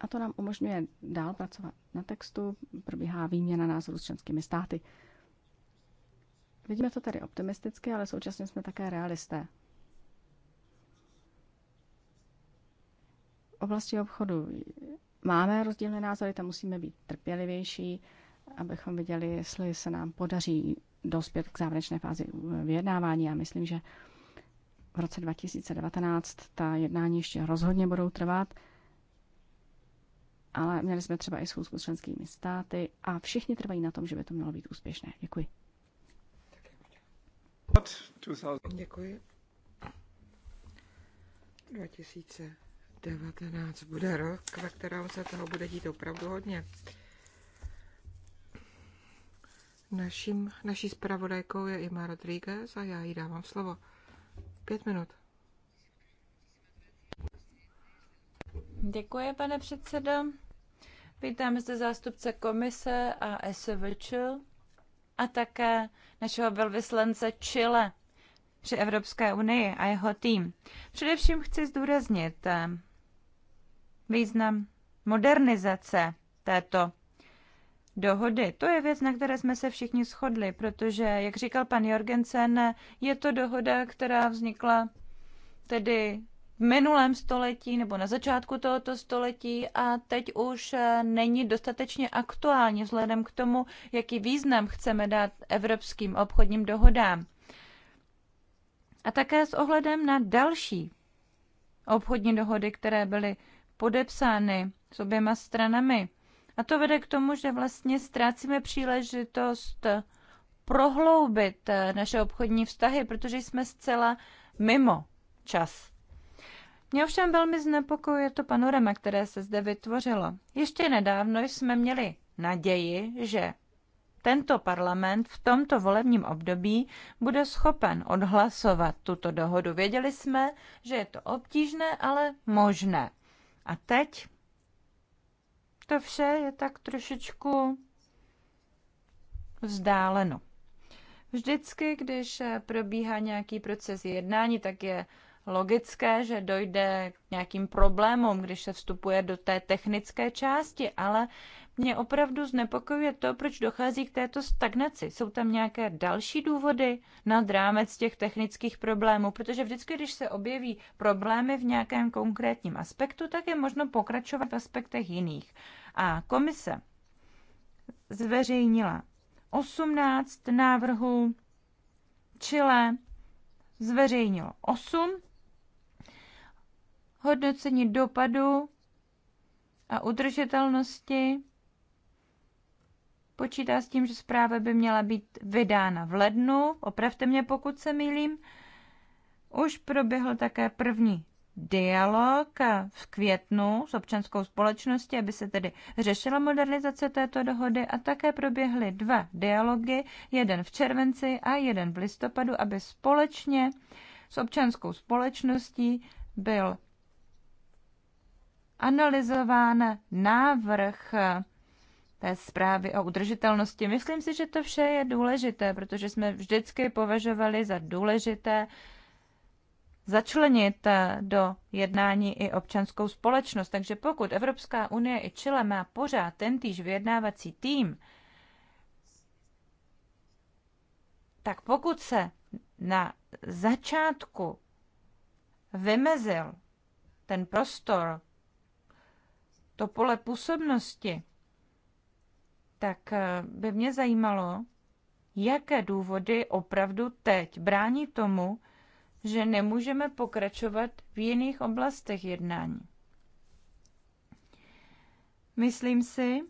A to nám umožňuje dál pracovat na textu, probíhá výměna názorů s členskými státy. Vidíme to tady optimisticky, ale současně jsme také realisté. V oblasti obchodu máme rozdílné názory, tam musíme být trpělivější, abychom viděli, jestli se nám podaří dospět k závěrečné fázi vyjednávání. Já myslím, že v roce 2019 ta jednání ještě rozhodně budou trvat, ale měli jsme třeba i schůzku s členskými státy a všichni trvají na tom, že by to mělo být úspěšné. Děkuji. Děkuji. 2000. 2019 bude rok, ve kterém se toho bude dít opravdu hodně. Naším, naší zpravodajkou je Ima Rodriguez a já jí dávám slovo. Pět minut. Děkuji, pane předsedo. Vítám zde zástupce komise a SVČ a také našeho velvyslance Chile při Evropské unii a jeho tým. Především chci zdůraznit, eh, význam modernizace této dohody. To je věc, na které jsme se všichni shodli, protože, jak říkal pan Jorgensen, je to dohoda, která vznikla tedy v minulém století nebo na začátku tohoto století a teď už není dostatečně aktuální vzhledem k tomu, jaký význam chceme dát evropským obchodním dohodám. A také s ohledem na další obchodní dohody, které byly podepsány s oběma stranami. A to vede k tomu, že vlastně ztrácíme příležitost prohloubit naše obchodní vztahy, protože jsme zcela mimo čas. Mě ovšem velmi znepokojuje to panorama, které se zde vytvořilo. Ještě nedávno jsme měli naději, že tento parlament v tomto volebním období bude schopen odhlasovat tuto dohodu. Věděli jsme, že je to obtížné, ale možné. A teď to vše je tak trošičku vzdáleno. Vždycky, když probíhá nějaký proces jednání, tak je logické, že dojde k nějakým problémům, když se vstupuje do té technické části, ale mě opravdu znepokojuje to, proč dochází k této stagnaci. Jsou tam nějaké další důvody nad rámec těch technických problémů, protože vždycky, když se objeví problémy v nějakém konkrétním aspektu, tak je možno pokračovat v aspektech jiných. A komise zveřejnila 18 návrhů Chile zveřejnilo 8 hodnocení dopadu a udržitelnosti počítá s tím, že zpráva by měla být vydána v lednu, opravte mě, pokud se mýlím. Už proběhl také první dialog v květnu s občanskou společností, aby se tedy řešila modernizace této dohody a také proběhly dva dialogy, jeden v červenci a jeden v listopadu, aby společně s občanskou společností byl analyzován návrh té zprávy o udržitelnosti. Myslím si, že to vše je důležité, protože jsme vždycky považovali za důležité začlenit do jednání i občanskou společnost. Takže pokud Evropská unie i Chile má pořád tentýž vyjednávací tým, tak pokud se na začátku vymezil ten prostor to pole působnosti, tak eh, by mě zajímalo, jaké důvody opravdu teď brání tomu, že nemůžeme pokračovat v jiných oblastech jednání. Myslím si,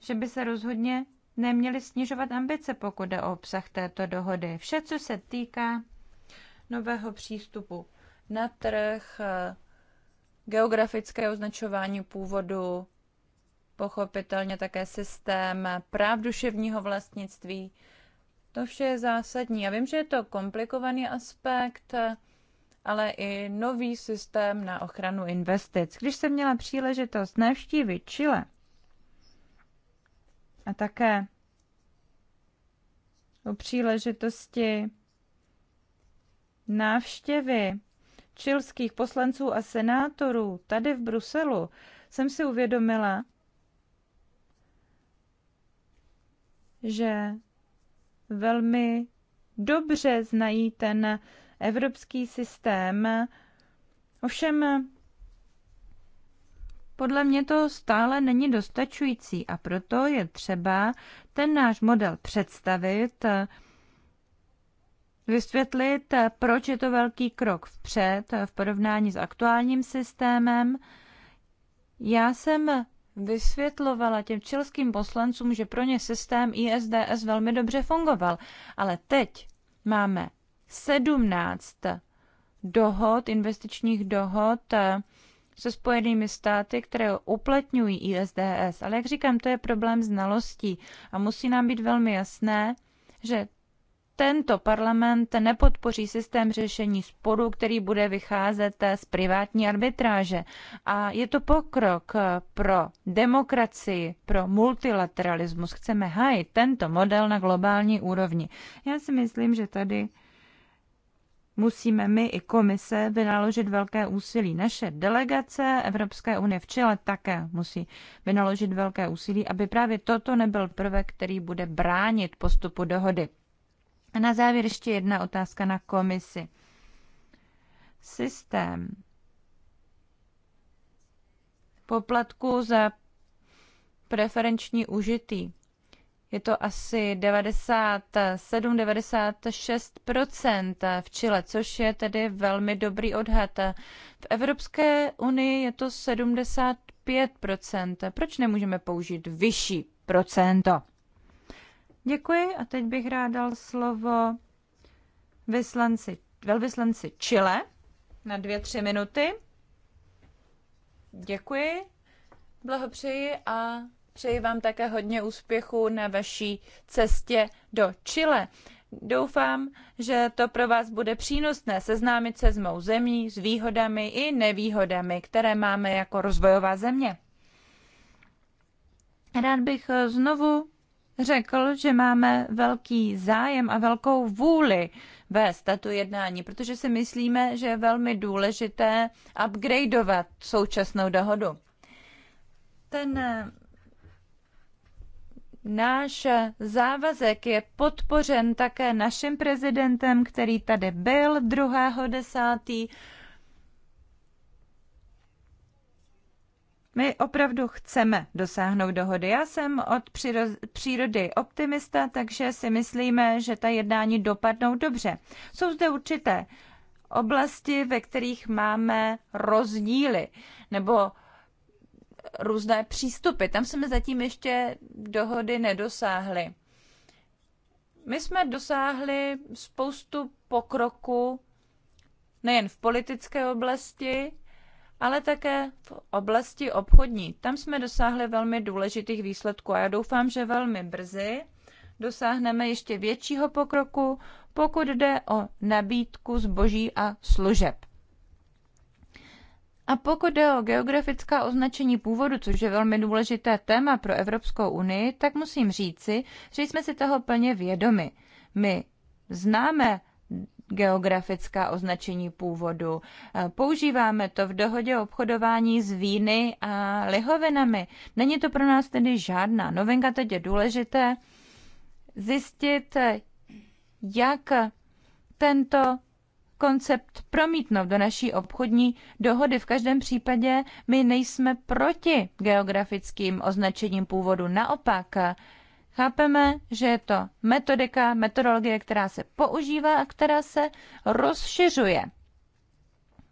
že by se rozhodně neměly snižovat ambice, pokud jde o obsah této dohody. Vše, co se týká nového přístupu na trh, eh, geografické označování původu, pochopitelně také systém práv duševního vlastnictví. To vše je zásadní. Já vím, že je to komplikovaný aspekt, ale i nový systém na ochranu investic. Když jsem měla příležitost navštívit Chile a také u příležitosti návštěvy čilských poslanců a senátorů tady v Bruselu jsem si uvědomila, že velmi dobře znají ten evropský systém. Ovšem, podle mě to stále není dostačující a proto je třeba ten náš model představit vysvětlit, eh, proč je to velký krok vpřed eh, v porovnání s aktuálním systémem. Já jsem vysvětlovala těm čilským poslancům, že pro ně systém ISDS velmi dobře fungoval, ale teď máme 17 dohod, investičních dohod eh, se spojenými státy, které uplatňují ISDS. Ale jak říkám, to je problém znalostí a musí nám být velmi jasné, že tento parlament nepodpoří systém řešení sporu, který bude vycházet z privátní arbitráže. A je to pokrok pro demokracii, pro multilateralismus. Chceme hájit tento model na globální úrovni. Já si myslím, že tady musíme my i komise vynaložit velké úsilí. Naše delegace Evropské unie v Chile také musí vynaložit velké úsilí, aby právě toto nebyl prvek, který bude bránit postupu dohody. A na závěr ještě jedna otázka na komisi. Systém poplatku za preferenční užitý. Je to asi 97-96% v Chile, což je tedy velmi dobrý odhad. V Evropské unii je to 75%. Proč nemůžeme použít vyšší procento? Děkuji a teď bych rád dal slovo vyslanci, velvyslanci Chile na dvě, tři minuty. Děkuji, blahopřeji a přeji vám také hodně úspěchu na vaší cestě do Chile. Doufám, že to pro vás bude přínosné seznámit se s mou zemí, s výhodami i nevýhodami, které máme jako rozvojová země. Rád bych znovu řekl, že máme velký zájem a velkou vůli vést tato jednání, protože si myslíme, že je velmi důležité upgradeovat současnou dohodu. Ten eh, náš závazek je podpořen také naším prezidentem, který tady byl 10. My opravdu chceme dosáhnout dohody. Já jsem od přírody optimista, takže si myslíme, že ta jednání dopadnou dobře. Jsou zde určité oblasti, ve kterých máme rozdíly nebo různé přístupy. Tam jsme zatím ještě dohody nedosáhli. My jsme dosáhli spoustu pokroku nejen v politické oblasti, ale také v oblasti obchodní. Tam jsme dosáhli velmi důležitých výsledků a já doufám, že velmi brzy dosáhneme ještě většího pokroku, pokud jde o nabídku zboží a služeb. A pokud jde o geografická označení původu, což je velmi důležité téma pro Evropskou unii, tak musím říci, že jsme si toho plně vědomi. My známe geografická označení původu. Eh, používáme to v dohodě o obchodování s víny a lihovinami. Není to pro nás tedy žádná novinka, teď je důležité zjistit, eh, jak tento koncept promítnout do naší obchodní dohody. V každém případě my nejsme proti geografickým označením původu. Naopak, Chápeme, že je to metodika, metodologie, která se používá a která se rozšiřuje.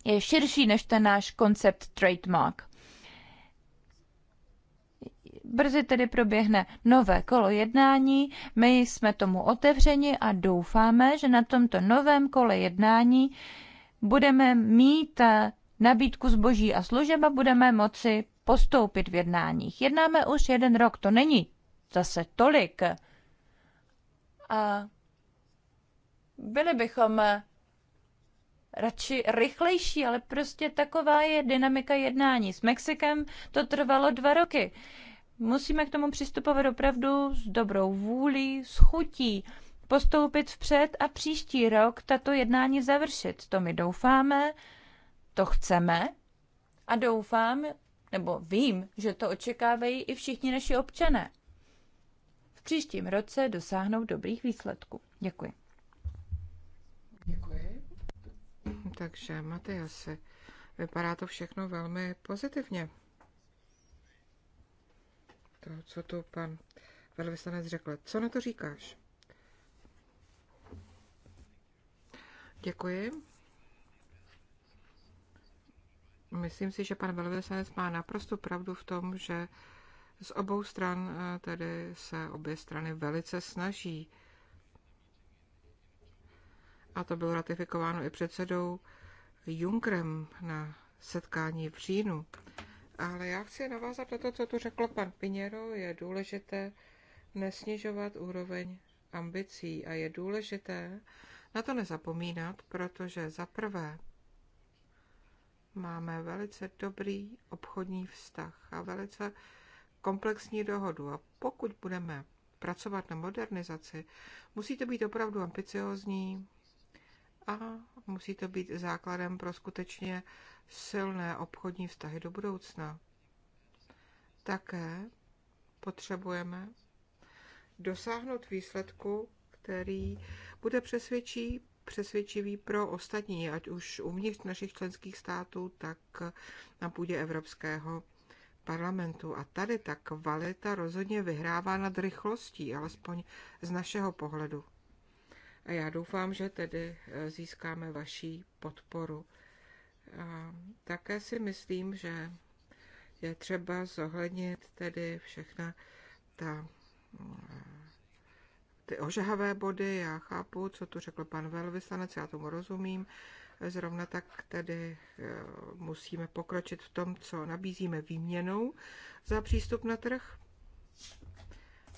Je širší než ten náš koncept trademark. Brzy tedy proběhne nové kolo jednání. My jsme tomu otevřeni a doufáme, že na tomto novém kole jednání budeme mít eh, nabídku zboží a služeb a budeme moci postoupit v jednáních. Jednáme už jeden rok, to není zase tolik. A byli bychom radši rychlejší, ale prostě taková je dynamika jednání. S Mexikem to trvalo dva roky. Musíme k tomu přistupovat opravdu s dobrou vůlí, s chutí, postoupit vpřed a příští rok tato jednání završit. To my doufáme, to chceme a doufám, nebo vím, že to očekávají i všichni naši občané příštím roce dosáhnout dobrých výsledků. Děkuji. Děkuji. Takže, asi vypadá to všechno velmi pozitivně. To, co tu pan velvyslanec řekl. Co na to říkáš? Děkuji. Myslím si, že pan velvyslanec má naprosto pravdu v tom, že z obou stran eh, tedy se obě strany velice snaží. A to bylo ratifikováno i předsedou Junkrem na setkání v říjnu. Ale já chci navázat na to, co tu řekl pan Piněro. Je důležité nesnižovat úroveň ambicí a je důležité na to nezapomínat, protože za prvé máme velice dobrý obchodní vztah a velice komplexní dohodu. A pokud budeme pracovat na modernizaci, musí to být opravdu ambiciozní a musí to být základem pro skutečně silné obchodní vztahy do budoucna. Také potřebujeme dosáhnout výsledku, který bude přesvědčí, přesvědčivý pro ostatní, ať už uvnitř našich členských států, tak na půdě Evropského parlamentu. A tady ta kvalita rozhodně vyhrává nad rychlostí, alespoň z našeho pohledu. A já doufám, že tedy eh, získáme vaší podporu. A také si myslím, že je třeba zohlednit tedy všechna ta, eh, ty ožahavé body. Já chápu, co tu řekl pan velvyslanec, já tomu rozumím. Zrovna tak tedy eh, musíme pokročit v tom, co nabízíme výměnou za přístup na trh.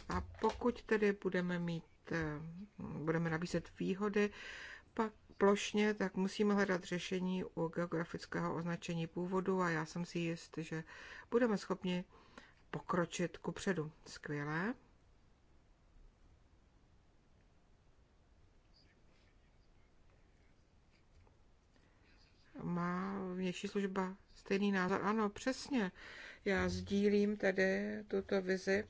A pokud tedy budeme mít, eh, budeme nabízet výhody, pak plošně, tak musíme hledat řešení u geografického označení původu a já jsem si jist, že budeme schopni pokročit ku předu. Skvělé. má vnější služba stejný názor? Ano, přesně. Já sdílím tady tuto vizi.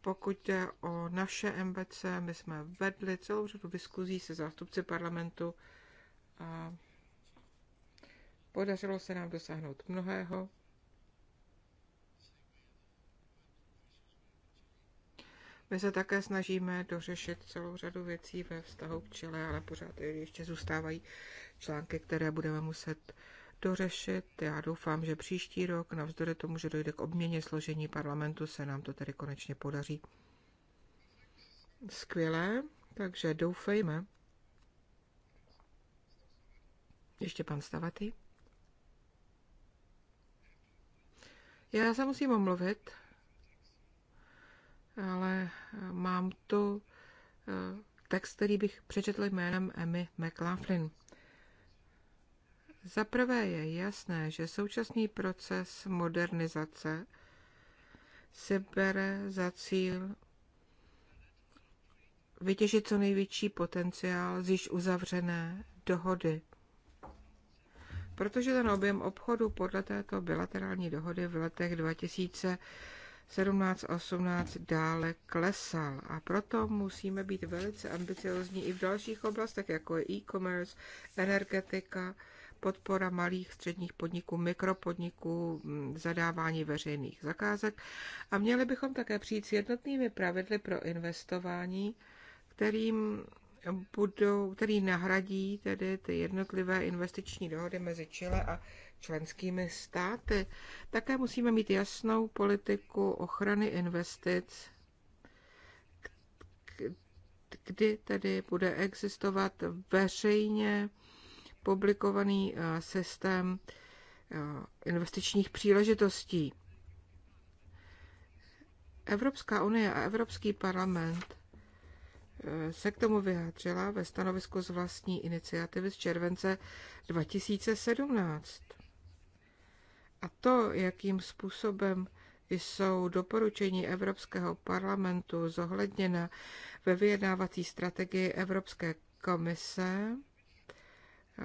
Pokud jde o naše MBC, my jsme vedli celou řadu diskuzí se zástupci parlamentu a podařilo se nám dosáhnout mnohého. My se také snažíme dořešit celou řadu věcí ve vztahu k čele, ale pořád ještě zůstávají články, které budeme muset dořešit. Já doufám, že příští rok, navzdory tomu, že dojde k obměně složení parlamentu, se nám to tedy konečně podaří. Skvělé, takže doufejme. Ještě pan Stavaty. Já se musím omluvit ale eh, mám tu eh, text, který bych přečetl jménem Emmy McLaughlin. Za prvé je jasné, že současný proces modernizace si bere za cíl vytěžit co největší potenciál z již uzavřené dohody. Protože ten objem obchodu podle této bilaterální dohody v letech 2000 17-18 dále klesal a proto musíme být velice ambiciozní i v dalších oblastech, jako je e-commerce, energetika, podpora malých středních podniků, mikropodniků, mm, zadávání veřejných zakázek a měli bychom také přijít s jednotnými pravidly pro investování, kterým budou, který nahradí tedy ty jednotlivé investiční dohody mezi Chile a členskými státy. Také musíme mít jasnou politiku ochrany investic, kdy tedy bude existovat veřejně publikovaný eh, systém eh, investičních příležitostí. Evropská unie a Evropský parlament eh, se k tomu vyjádřila ve stanovisku z vlastní iniciativy z července 2017. A to, jakým způsobem jsou doporučení Evropského parlamentu zohledněna ve vyjednávací strategii Evropské komise, eh,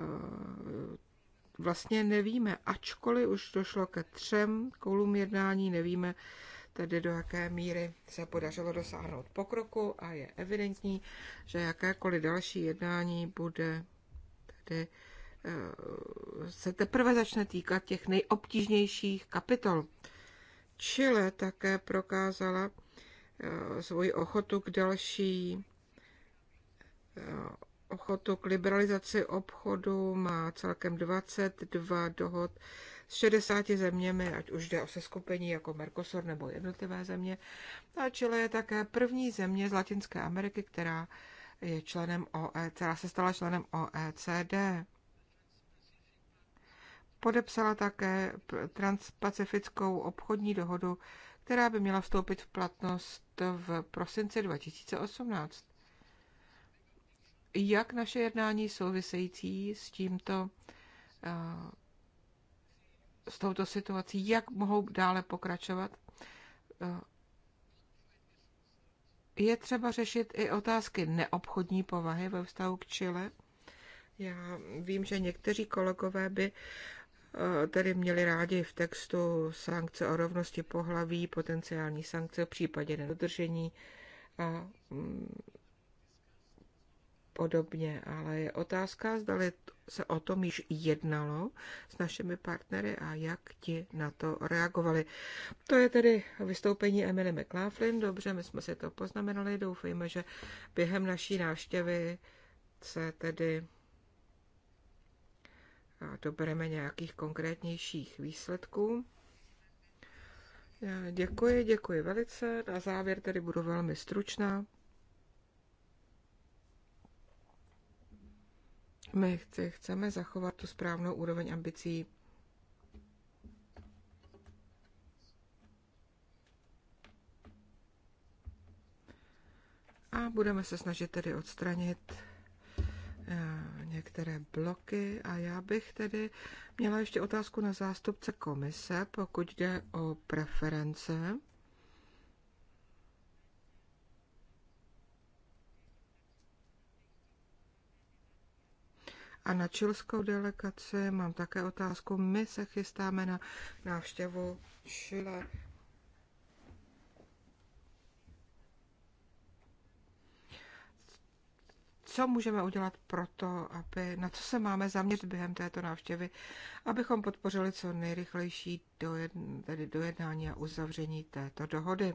vlastně nevíme, ačkoliv už došlo ke třem kolům jednání, nevíme tedy do jaké míry se podařilo dosáhnout pokroku a je evidentní, že jakékoliv další jednání bude tedy Eh, se teprve začne týkat těch nejobtížnějších kapitol. Chile také prokázala eh, svoji ochotu k další eh, ochotu k liberalizaci obchodu, má celkem 22 dohod s 60 zeměmi, ať už jde o seskupení jako Mercosur nebo jednotlivé země. A Chile je také první země z Latinské Ameriky, která je členem OE, která se stala členem OECD. Podepsala také transpacifickou obchodní dohodu, která by měla vstoupit v platnost v prosinci 2018. Jak naše jednání související s tímto eh, s touto situací, jak mohou dále pokračovat. Eh, je třeba řešit i otázky neobchodní povahy ve vztahu k Chile. Já vím, že někteří kolegové by tedy měli rádi v textu sankce o rovnosti pohlaví, potenciální sankce v případě nedodržení a mm, podobně. Ale je otázka, zda se o tom již jednalo s našimi partnery a jak ti na to reagovali. To je tedy vystoupení Emily McLaughlin. Dobře, my jsme si to poznamenali. Doufejme, že během naší návštěvy se tedy dobereme nějakých konkrétnějších výsledků. Děkuji, děkuji velice. Na závěr tedy budu velmi stručná. My chci, chceme zachovat tu správnou úroveň ambicí. A budeme se snažit tedy odstranit eh, některé bloky a já bych tedy měla ještě otázku na zástupce komise, pokud jde o preference. A na čilskou delegaci mám také otázku. My se chystáme na návštěvu Chile co můžeme udělat pro to, aby, na co se máme zaměřit během této návštěvy, abychom podpořili co nejrychlejší dojed, tedy dojednání a uzavření této dohody.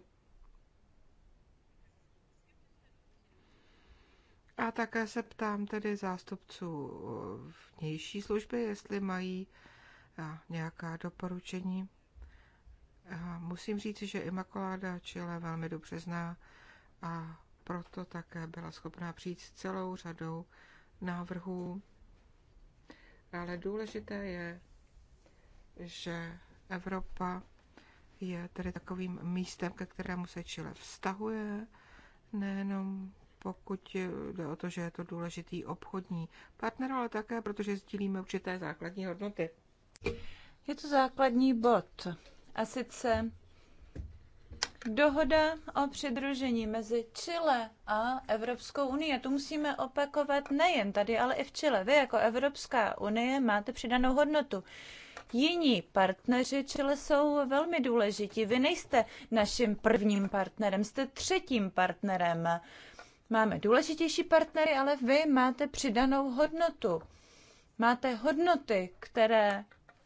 A také se ptám tedy zástupců vnější služby, jestli mají eh, nějaká doporučení. A eh, musím říct, že Imakoláda Chile velmi dobře zná a proto také byla schopná přijít s celou řadou návrhů. Ale důležité je, že Evropa je tedy takovým místem, ke kterému se Chile vztahuje, nejenom pokud jde o to, že je to důležitý obchodní partner, ale také protože sdílíme určité základní hodnoty. Je to základní bod. A sice Dohoda o přidružení mezi Chile a Evropskou unii, a to musíme opakovat nejen tady, ale i v Chile. Vy jako Evropská unie máte přidanou hodnotu. Jiní partneři Chile jsou velmi důležití. Vy nejste naším prvním partnerem, jste třetím partnerem. Máme důležitější partnery, ale vy máte přidanou hodnotu. Máte hodnoty, které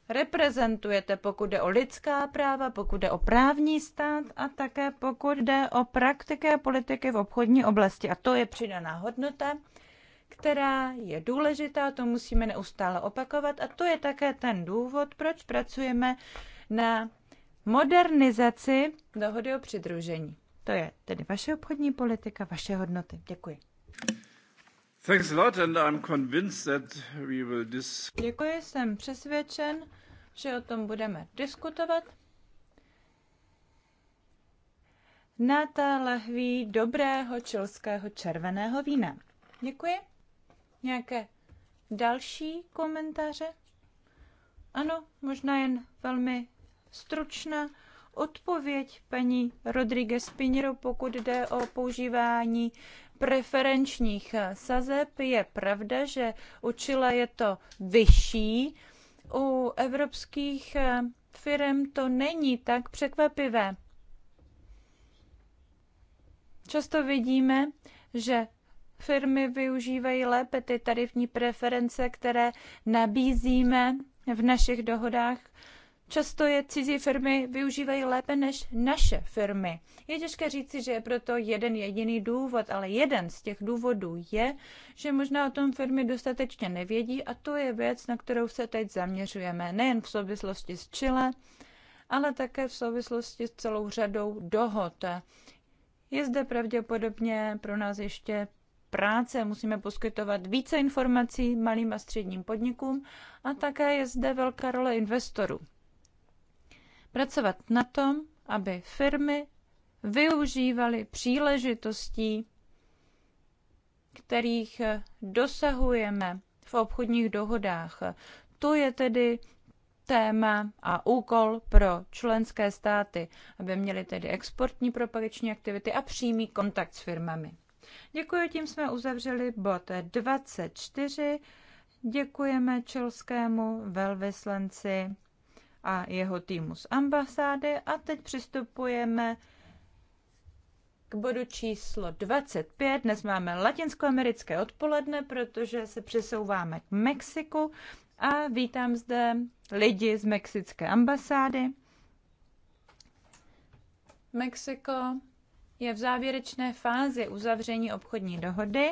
reprezentujete, pokud jde o lidská práva, pokud jde o právní stát a také pokud jde o praktiky a politiky v obchodní oblasti. A to je přidaná hodnota, která je důležitá, to musíme neustále opakovat a to je také ten důvod, proč pracujeme na modernizaci dohody o přidružení. To je tedy vaše obchodní politika, vaše hodnoty. Děkuji. Thanks a lot and I'm convinced that we will dis- Děkuji, jsem přesvědčen, že o tom budeme diskutovat. Na ta lahví dobrého čilského červeného vína. Děkuji. Nějaké další komentáře? Ano, možná jen velmi stručná odpověď paní Rodriguez Pinheiro, pokud jde o používání preferenčních sazeb. Je pravda, že u Chile je to vyšší, u evropských firm to není tak překvapivé. Často vidíme, že firmy využívají lépe ty tarifní preference, které nabízíme v našich dohodách Často je cizí firmy využívají lépe než naše firmy. Je těžké říci, že je proto jeden jediný důvod, ale jeden z těch důvodů je, že možná o tom firmy dostatečně nevědí a to je věc, na kterou se teď zaměřujeme, nejen v souvislosti s Chile, ale také v souvislosti s celou řadou dohod. Je zde pravděpodobně pro nás ještě práce, musíme poskytovat více informací malým a středním podnikům a také je zde velká role investorů pracovat na tom, aby firmy využívaly příležitostí, kterých dosahujeme v obchodních dohodách. To je tedy téma a úkol pro členské státy, aby měly tedy exportní propagační aktivity a přímý kontakt s firmami. Děkuji, tím jsme uzavřeli bod 24. Děkujeme čilskému velvyslanci a jeho týmu z ambasády. A teď přistupujeme k bodu číslo 25. Dnes máme latinskoamerické odpoledne, protože se přesouváme k Mexiku a vítám zde lidi z mexické ambasády. Mexiko je v závěrečné fázi uzavření obchodní dohody.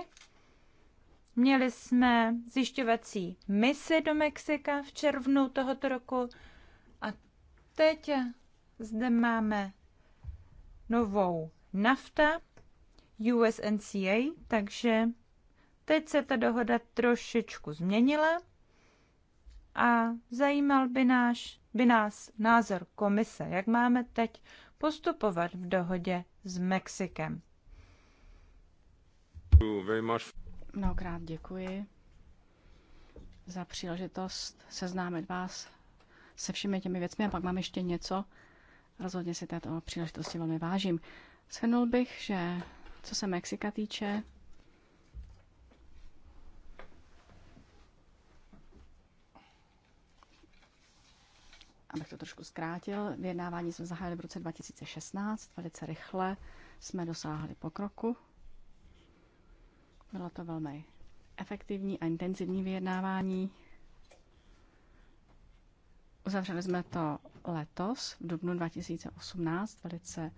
Měli jsme zjišťovací misi do Mexika v červnu tohoto roku Teď zde máme novou NAFTA, USNCA, takže teď se ta dohoda trošičku změnila a zajímal by, náš, by nás názor komise, jak máme teď postupovat v dohodě s Mexikem. Mnohokrát děkuji za příležitost seznámit vás se všemi těmi věcmi. A pak mám ještě něco. Rozhodně si této příležitosti velmi vážím. Shrnul bych, že co se Mexika týče, abych to trošku zkrátil, vyjednávání jsme zahájili v roce 2016, velice rychle jsme dosáhli pokroku. Bylo to velmi efektivní a intenzivní vyjednávání. Uzavřeli jsme to letos, v dubnu 2018, velice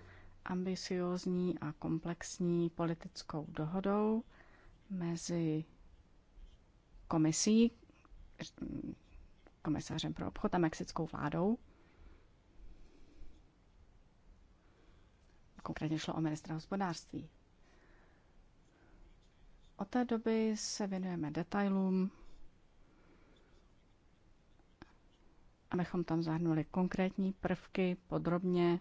ambiciozní a komplexní politickou dohodou mezi komisí, komisařem pro obchod a mexickou vládou. Konkrétně šlo o ministra hospodářství. Od té doby se věnujeme detailům abychom tam zahrnuli konkrétní prvky podrobně,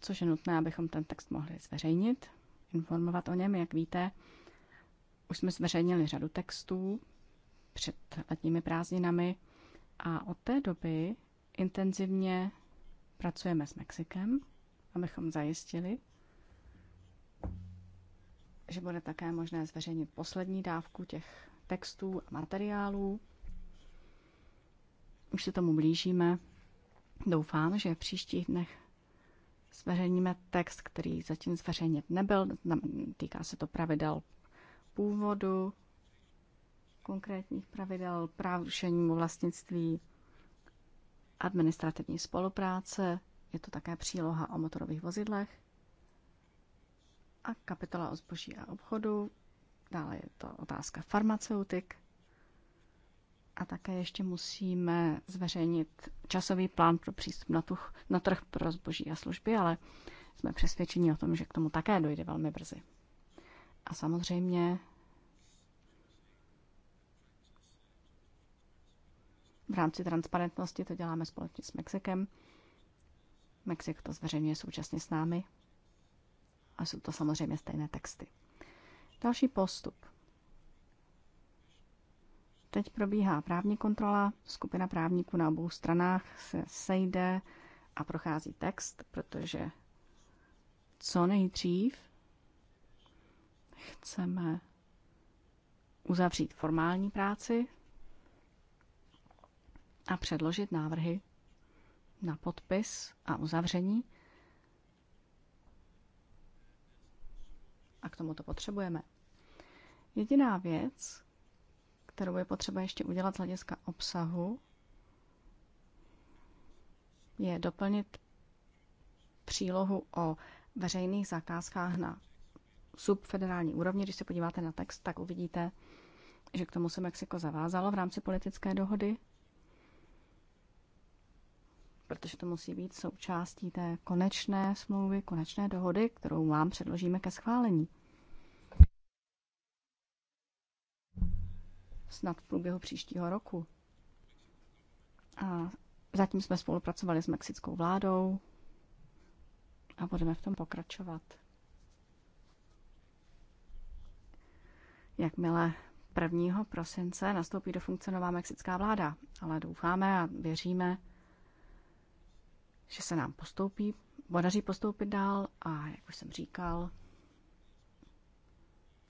což je nutné, abychom ten text mohli zveřejnit, informovat o něm, jak víte. Už jsme zveřejnili řadu textů před letními prázdninami a od té doby intenzivně pracujeme s Mexikem, abychom zajistili, že bude také možné zveřejnit poslední dávku těch textů a materiálů. Už se tomu blížíme. Doufám, že v příštích dnech zveřejníme text, který zatím zveřejněn nebyl. Týká se to pravidel původu, konkrétních pravidel práv rušenímu vlastnictví, administrativní spolupráce, je to také příloha o motorových vozidlech a kapitola o zboží a obchodu. Dále je to otázka farmaceutik a také ještě musíme zveřejnit časový plán pro přístup na, tuch, na trh pro zboží a služby, ale jsme přesvědčeni o tom, že k tomu také dojde velmi brzy. A samozřejmě v rámci transparentnosti to děláme společně s Mexikem. Mexik to zveřejňuje současně s námi. A jsou to samozřejmě stejné texty. Další postup. Teď probíhá právní kontrola, skupina právníků na obou stranách se sejde a prochází text, protože co nejdřív chceme uzavřít formální práci a předložit návrhy na podpis a uzavření. A k tomu to potřebujeme. Jediná věc, kterou je potřeba ještě udělat z hlediska obsahu, je doplnit přílohu o veřejných zakázkách na subfederální úrovni. Když se podíváte na text, tak uvidíte, že k tomu se Mexiko zavázalo v rámci politické dohody, protože to musí být součástí té konečné smlouvy, konečné dohody, kterou vám předložíme ke schválení. snad v průběhu příštího roku. A zatím jsme spolupracovali s mexickou vládou a budeme v tom pokračovat. Jakmile 1. prosince nastoupí do funkce nová mexická vláda, ale doufáme a věříme, že se nám postoupí, podaří postoupit dál a, jak už jsem říkal,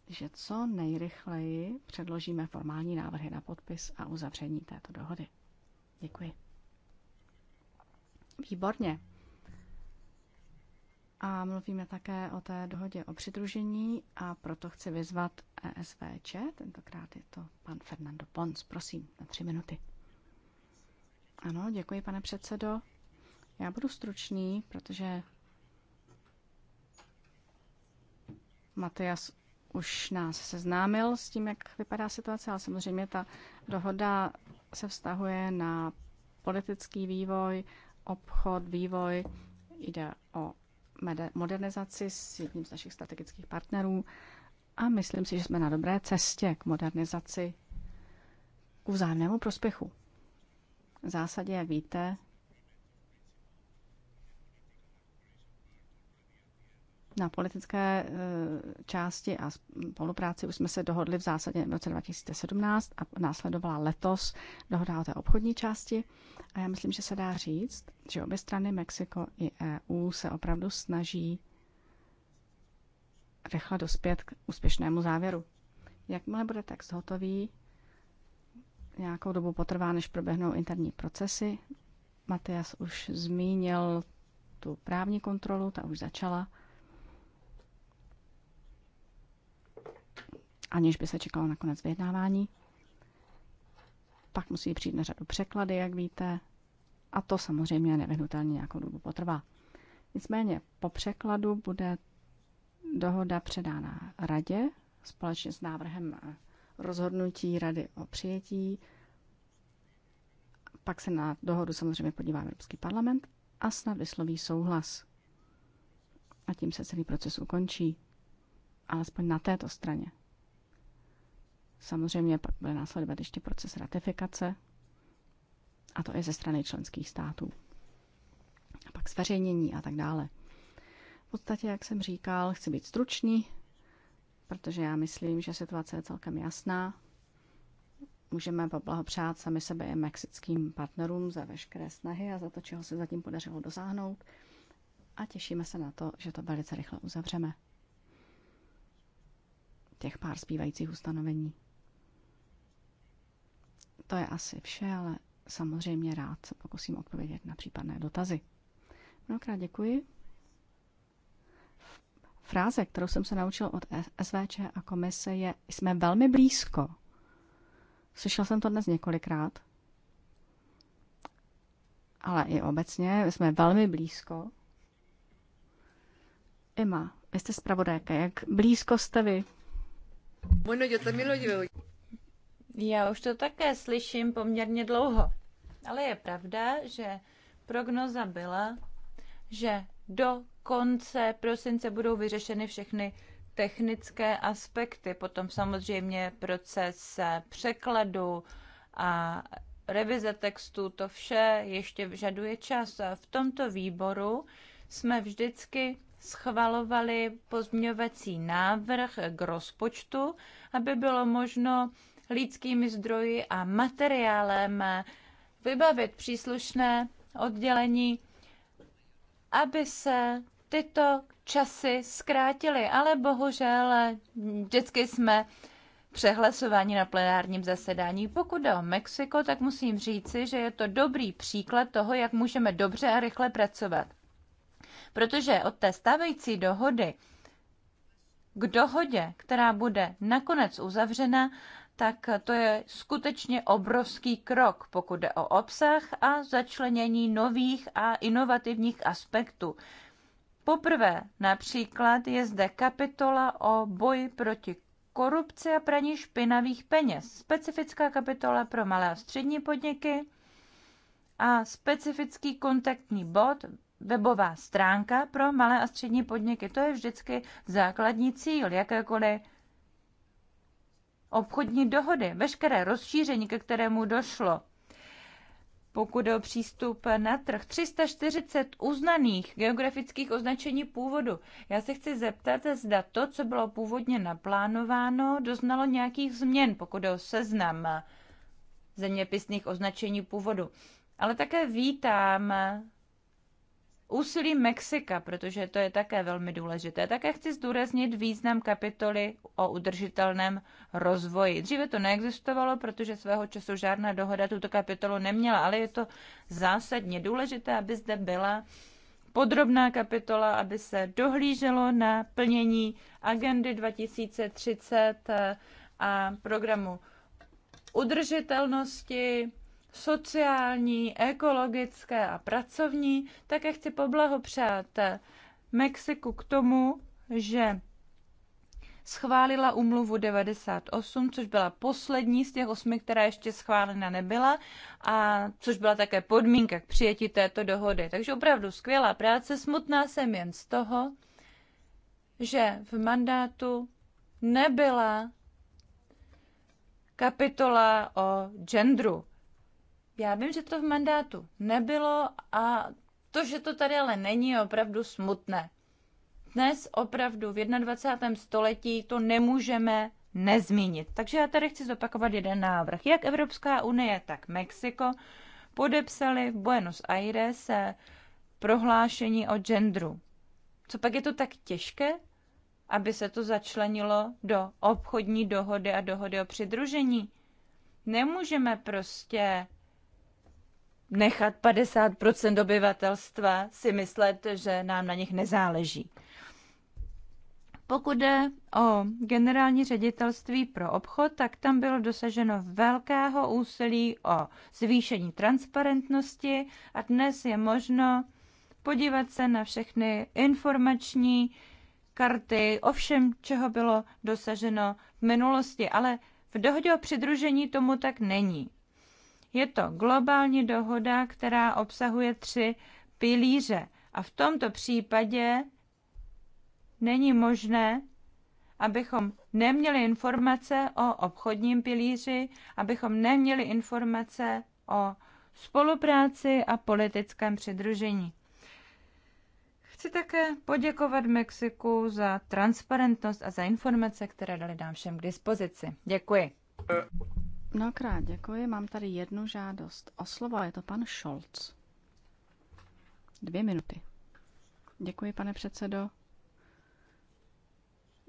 že co nejrychleji předložíme formální návrhy na podpis a uzavření této dohody. Děkuji. Výborně. A mluvíme také o té dohodě o přidružení a proto chci vyzvat ESVČ, tentokrát je to pan Fernando Pons, prosím, na tři minuty. Ano, děkuji, pane předsedo. Já budu stručný, protože Matias už nás seznámil s tím, jak vypadá situace, ale samozřejmě ta dohoda se vztahuje na politický vývoj, obchod, vývoj, jde o modernizaci s jedním z našich strategických partnerů a myslím si, že jsme na dobré cestě k modernizaci, k vzájemnému prospěchu. V zásadě, jak víte, Na politické e, části a spolupráci už jsme se dohodli v zásadě v roce 2017 a následovala letos dohoda o té obchodní části. A já myslím, že se dá říct, že obě strany, Mexiko i EU, se opravdu snaží rychle dospět k úspěšnému závěru. Jakmile bude text hotový, nějakou dobu potrvá, než proběhnou interní procesy. Matias už zmínil tu právní kontrolu, ta už začala. aniž by se čekalo na konec vyjednávání. Pak musí přijít na řadu překlady, jak víte, a to samozřejmě nevyhnutelně nějakou dobu potrvá. Nicméně po překladu bude dohoda předána radě společně s návrhem rozhodnutí rady o přijetí. Pak se na dohodu samozřejmě podívá Evropský parlament a snad vysloví souhlas. A tím se celý proces ukončí, alespoň na této straně. Samozřejmě pak bude následovat ještě proces ratifikace, a to je ze strany členských států. A pak zveřejnění a tak dále. V podstatě, jak jsem říkal, chci být stručný, protože já myslím, že situace je celkem jasná. Můžeme poblahopřát sami sebe i mexickým partnerům za veškeré snahy a za to, čeho se zatím podařilo dosáhnout. A těšíme se na to, že to velice rychle uzavřeme. Těch pár zbývajících ustanovení. To je asi vše, ale samozřejmě rád se pokusím odpovědět na případné dotazy. Mnohokrát děkuji. Fráze, kterou jsem se naučil od SVČ a komise, je jsme velmi blízko. Slyšel jsem to dnes několikrát, ale i obecně jsme velmi blízko. Ima, vy jste zpravodajka, jak blízko jste vy? Bueno, yo también lo llevo. Já už to také slyším poměrně dlouho. Ale je pravda, že prognoza byla, že do konce prosince budou vyřešeny všechny technické aspekty. Potom samozřejmě proces překladu a revize textu, to vše ještě vyžaduje čas. A v tomto výboru jsme vždycky schvalovali pozměňovací návrh k rozpočtu, aby bylo možno lidskými zdroji a materiálem vybavit příslušné oddělení, aby se tyto časy zkrátily, ale bohužel vždycky jsme přehlasování na plenárním zasedání. Pokud jde o Mexiko, tak musím říci, že je to dobrý příklad toho, jak můžeme dobře a rychle pracovat. Protože od té stávající dohody k dohodě, která bude nakonec uzavřena, tak to je skutečně obrovský krok, pokud jde o obsah a začlenění nových a inovativních aspektů. Poprvé například je zde kapitola o boji proti korupci a praní špinavých peněz, specifická kapitola pro malé a střední podniky a specifický kontaktní bod, webová stránka pro malé a střední podniky. To je vždycky základní cíl jakékoliv obchodní dohody. Veškeré rozšíření, ke kterému došlo, pokud je o přístup na trh. 340 uznaných geografických označení původu. Já se chci zeptat, zda to, co bylo původně naplánováno, doznalo nějakých změn, pokud je o seznam zeměpisných označení původu. Ale také vítám úsilí Mexika, protože to je také velmi důležité. Také chci zdůraznit význam kapitoly o udržitelném rozvoji. Dříve to neexistovalo, protože svého času žádná dohoda tuto kapitolu neměla, ale je to zásadně důležité, aby zde byla podrobná kapitola, aby se dohlíželo na plnění agendy 2030 eh, a programu udržitelnosti sociální, ekologické a pracovní, také chci poblahopřát Mexiku k tomu, že schválila umluvu 98, což byla poslední z těch osmi, která ještě schválena nebyla, a což byla také podmínka k přijetí této dohody. Takže opravdu skvělá práce. Smutná jsem jen z toho, že v mandátu nebyla kapitola o genderu. Já vím, že to v mandátu nebylo a to, že to tady ale není, je opravdu smutné. Dnes opravdu v 21. století to nemůžeme nezmínit. Takže já tady chci zopakovat jeden návrh. Jak Evropská unie, tak Mexiko podepsali v Buenos Aires prohlášení o genderu. Co pak je to tak těžké, aby se to začlenilo do obchodní dohody a dohody o přidružení? Nemůžeme prostě nechat 50% obyvatelstva si myslet, že nám na nich nezáleží. Pokud jde o generální ředitelství pro obchod, tak tam bylo dosaženo velkého úsilí o zvýšení transparentnosti a dnes je možno podívat se na všechny informační karty o všem, čeho bylo dosaženo v minulosti, ale v dohodě o přidružení tomu tak není. Je to globální dohoda, která obsahuje tři pilíře. A v tomto případě není možné, abychom neměli informace o obchodním pilíři, abychom neměli informace o spolupráci a politickém přidružení. Chci také poděkovat Mexiku za transparentnost a za informace, které dali nám všem k dispozici. Děkuji. Mnohokrát děkuji. Mám tady jednu žádost o slovo, je to pan Scholz. Dvě minuty. Děkuji, pane předsedo.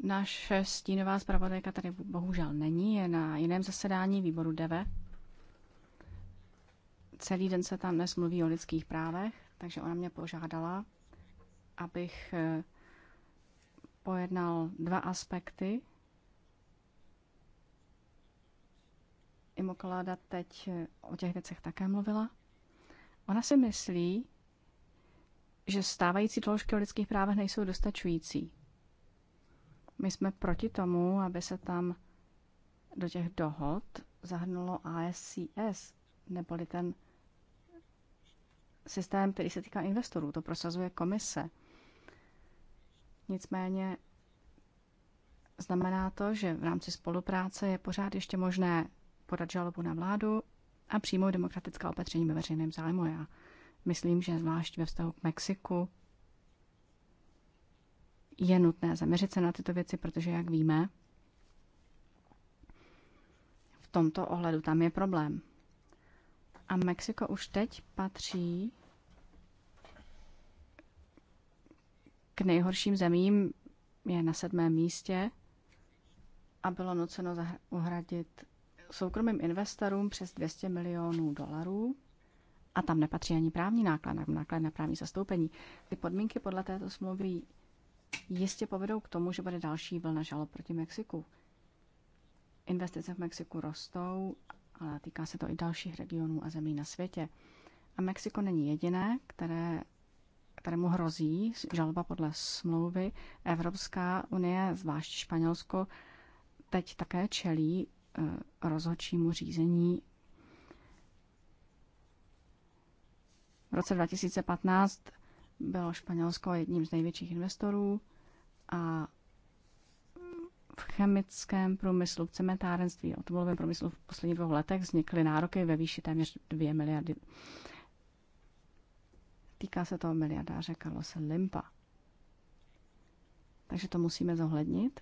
Naše stínová zpravodajka tady bohužel není, je na jiném zasedání výboru DEVE. Celý den se tam dnes mluví o lidských právech, takže ona mě požádala, abych eh, pojednal dva aspekty Imokoláda teď eh, o těch věcech také mluvila. Ona si myslí, že stávající doložky o lidských právech nejsou dostačující. My jsme proti tomu, aby se tam do těch dohod zahrnulo ASCS, neboli ten systém, který se týká investorů. To prosazuje komise. Nicméně znamená to, že v rámci spolupráce je pořád ještě možné podat žalobu na vládu a přijmout demokratická opatření ve veřejném zájmu. Já myslím, že zvlášť ve vztahu k Mexiku je nutné zaměřit se na tyto věci, protože, jak víme, v tomto ohledu tam je problém. A Mexiko už teď patří k nejhorším zemím, je na sedmém místě a bylo nuceno uhradit soukromým investorům přes 200 milionů dolarů a tam nepatří ani právní náklad, náklad na právní zastoupení. Ty podmínky podle této smlouvy jistě povedou k tomu, že bude další vlna žalob proti Mexiku. Investice v Mexiku rostou, ale týká se to i dalších regionů a zemí na světě. A Mexiko není jediné, které, kterému hrozí žalba podle smlouvy. Evropská unie, zvlášť Španělsko, teď také čelí Eh, rozhodčímu řízení. V roce 2015 bylo Španělsko jedním z největších investorů a v chemickém průmyslu, v cementárenství, automobilovém průmyslu v posledních dvou letech vznikly nároky ve výši téměř 2 miliardy. Týká se toho miliardáře Carlos Limpa. Takže to musíme zohlednit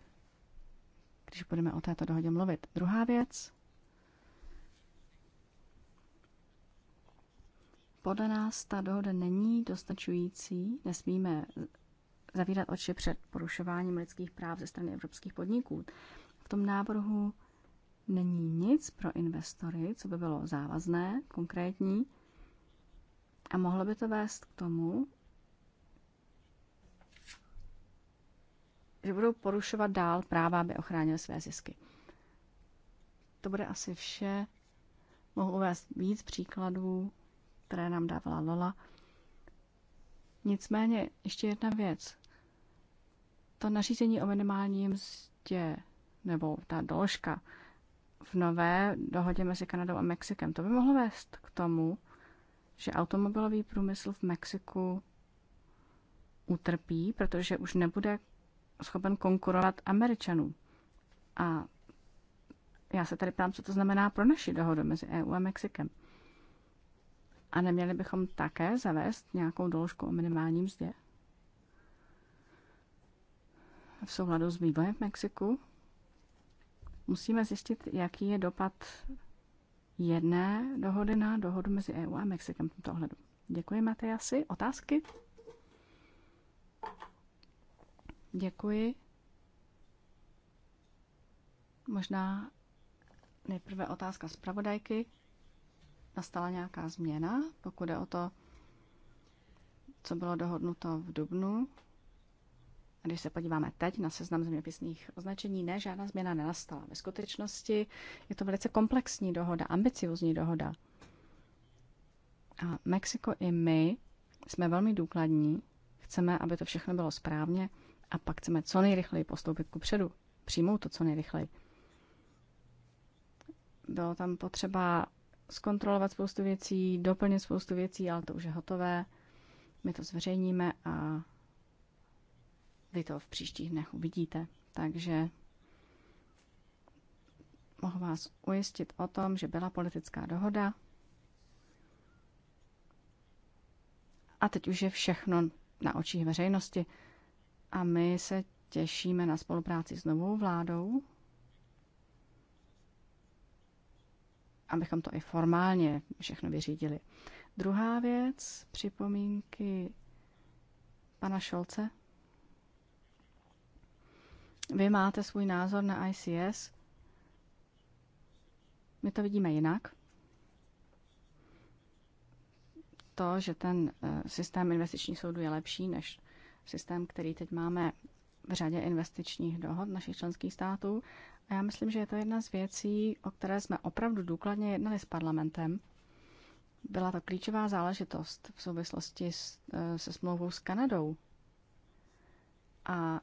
když budeme o této dohodě mluvit. Druhá věc. Podle nás ta dohoda není dostačující, nesmíme zavírat oči před porušováním lidských práv ze strany evropských podniků. V tom návrhu není nic pro investory, co by bylo závazné, konkrétní, a mohlo by to vést k tomu, že budou porušovat dál práva, aby ochránili své zisky. To bude asi vše. Mohu uvést víc příkladů, které nám dávala Lola. Nicméně ještě jedna věc. To nařízení o minimálním mzdě, nebo ta doložka v nové dohodě mezi Kanadou a Mexikem, to by mohlo vést k tomu, že automobilový průmysl v Mexiku utrpí, protože už nebude schopen konkurovat Američanům. A já se tady ptám, co to znamená pro naši dohodu mezi EU a Mexikem. A neměli bychom také zavést nějakou doložku o minimální mzdě? V souhladu s vývojem v Mexiku musíme zjistit, jaký je dopad jedné dohody na dohodu mezi EU a Mexikem v tomto ohledu. Děkuji, Matejasi. Otázky? Děkuji. Možná nejprve otázka zpravodajky. Nastala nějaká změna, pokud je o to, co bylo dohodnuto v Dubnu? A když se podíváme teď na seznam zeměpisných označení, ne, žádná změna nenastala. Ve skutečnosti je to velice komplexní dohoda, ambiciozní dohoda. A Mexiko i my jsme velmi důkladní, chceme, aby to všechno bylo správně a pak chceme co nejrychleji postoupit ku předu, přijmout to co nejrychleji. Bylo tam potřeba zkontrolovat spoustu věcí, doplnit spoustu věcí, ale to už je hotové. My to zveřejníme a vy to v příštích dnech uvidíte. Takže mohu vás ujistit o tom, že byla politická dohoda. A teď už je všechno na očích veřejnosti a my se těšíme na spolupráci s novou vládou, abychom to i formálně všechno vyřídili. Druhá věc, připomínky pana Šolce. Vy máte svůj názor na ICS. My to vidíme jinak. To, že ten eh, systém investiční soudu je lepší než systém, který teď máme v řadě investičních dohod našich členských států. A já myslím, že je to jedna z věcí, o které jsme opravdu důkladně jednali s parlamentem. Byla to klíčová záležitost v souvislosti s, e, se smlouvou s Kanadou. A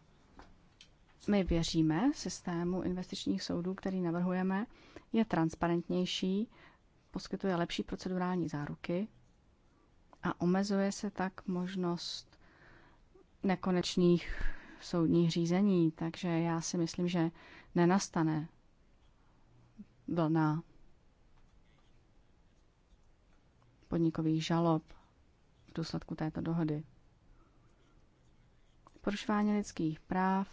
my věříme systému investičních soudů, který navrhujeme, je transparentnější, poskytuje lepší procedurální záruky a omezuje se tak možnost nekonečných soudních řízení, takže já si myslím, že nenastane vlna podnikových žalob v důsledku této dohody. Porušování lidských práv,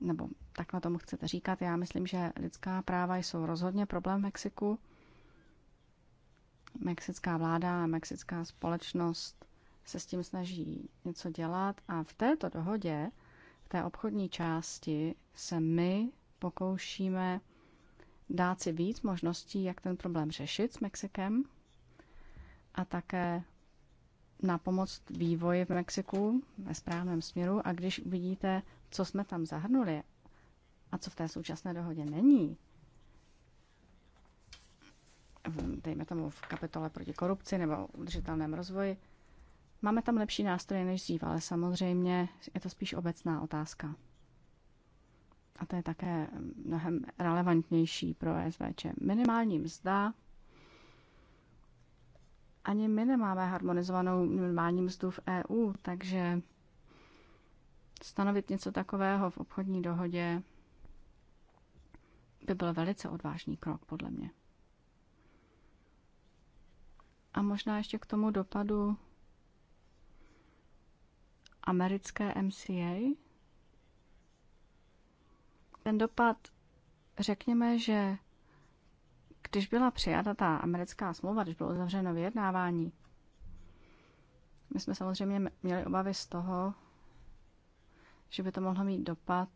nebo takhle tomu chcete říkat, já myslím, že lidská práva jsou rozhodně problém v Mexiku. Mexická vláda a mexická společnost se s tím snaží něco dělat a v této dohodě, v té obchodní části, se my pokoušíme dát si víc možností, jak ten problém řešit s Mexikem a také na pomoc vývoji v Mexiku ve správném směru. A když vidíte, co jsme tam zahrnuli a co v té současné dohodě není, dejme tomu v kapitole proti korupci nebo udržitelném rozvoji, Máme tam lepší nástroje než dřív, ale samozřejmě je to spíš obecná otázka. A to je také mnohem relevantnější pro SVČ. Minimální mzda. Ani my nemáme harmonizovanou minimální mzdu v EU, takže stanovit něco takového v obchodní dohodě by byl velice odvážný krok, podle mě. A možná ještě k tomu dopadu americké MCA. Ten dopad, řekněme, že když byla přijata ta americká smlouva, když bylo uzavřeno vyjednávání, my jsme samozřejmě měli obavy z toho, že by to mohlo mít dopad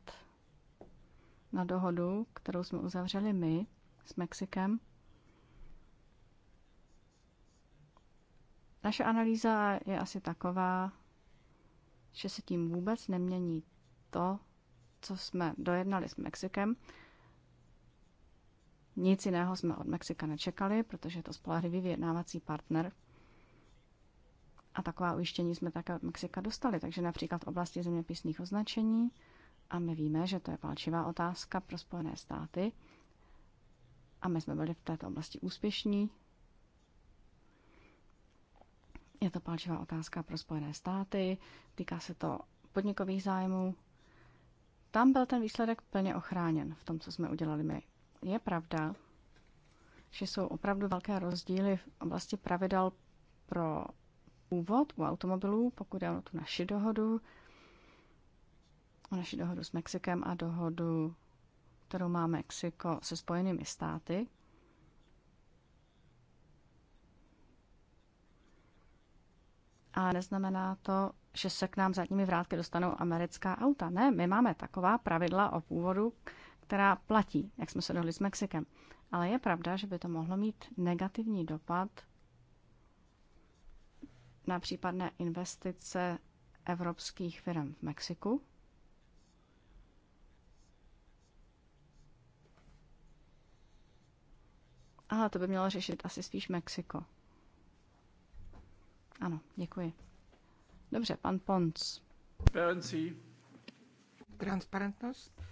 na dohodu, kterou jsme uzavřeli my s Mexikem. Naše analýza je asi taková, že se tím vůbec nemění to, co jsme dojednali s Mexikem. Nic jiného jsme od Mexika nečekali, protože je to spolehlivý vyjednávací partner. A taková ujištění jsme také od Mexika dostali, takže například v oblasti zeměpisných označení, a my víme, že to je palčivá otázka pro Spojené státy, a my jsme byli v této oblasti úspěšní, je to palčivá otázka pro Spojené státy, týká se to podnikových zájmů. Tam byl ten výsledek plně ochráněn v tom, co jsme udělali my. Je pravda, že jsou opravdu velké rozdíly v oblasti pravidel pro původ u automobilů, pokud je o tu naši dohodu, o naši dohodu s Mexikem a dohodu, kterou má Mexiko se spojenými státy, A neznamená to, že se k nám zadními vrátky dostanou americká auta. Ne, my máme taková pravidla o původu, která platí, jak jsme se dohli s Mexikem. Ale je pravda, že by to mohlo mít negativní dopad na případné investice evropských firm v Mexiku. Ale to by mělo řešit asi spíš Mexiko. Ano, děkuji. Dobře, pan Ponc. Transparency. Transparentnost.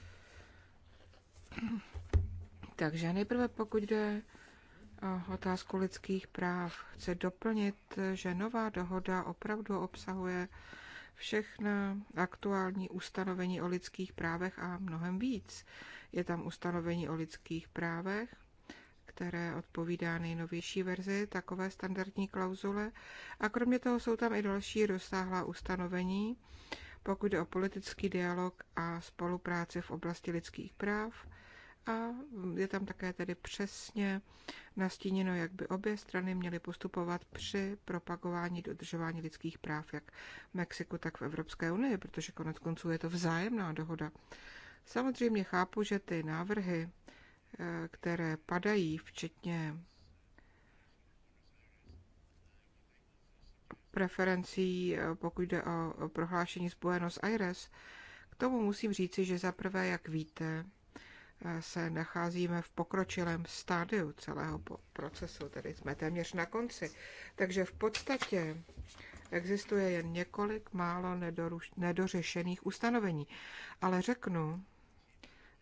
Takže nejprve pokud jde o otázku lidských práv, chci doplnit, že nová dohoda opravdu obsahuje všechna aktuální ustanovení o lidských právech a mnohem víc. Je tam ustanovení o lidských právech, které odpovídá nejnovější verzi takové standardní klauzule. A kromě toho jsou tam i další rozsáhlá ustanovení, pokud jde o politický dialog a spolupráci v oblasti lidských práv. A je tam také tedy přesně nastíněno, jak by obě strany měly postupovat při propagování dodržování lidských práv, jak v Mexiku, tak v Evropské unii, protože konec konců je to vzájemná dohoda. Samozřejmě chápu, že ty návrhy Eh, které padají, včetně preferencí, eh, pokud jde o prohlášení z Buenos Aires, k tomu musím říci, že zaprvé, jak víte, eh, se nacházíme v pokročilém stádiu celého procesu, tedy jsme téměř na konci. Takže v podstatě existuje jen několik málo nedořešených ustanovení. Ale řeknu,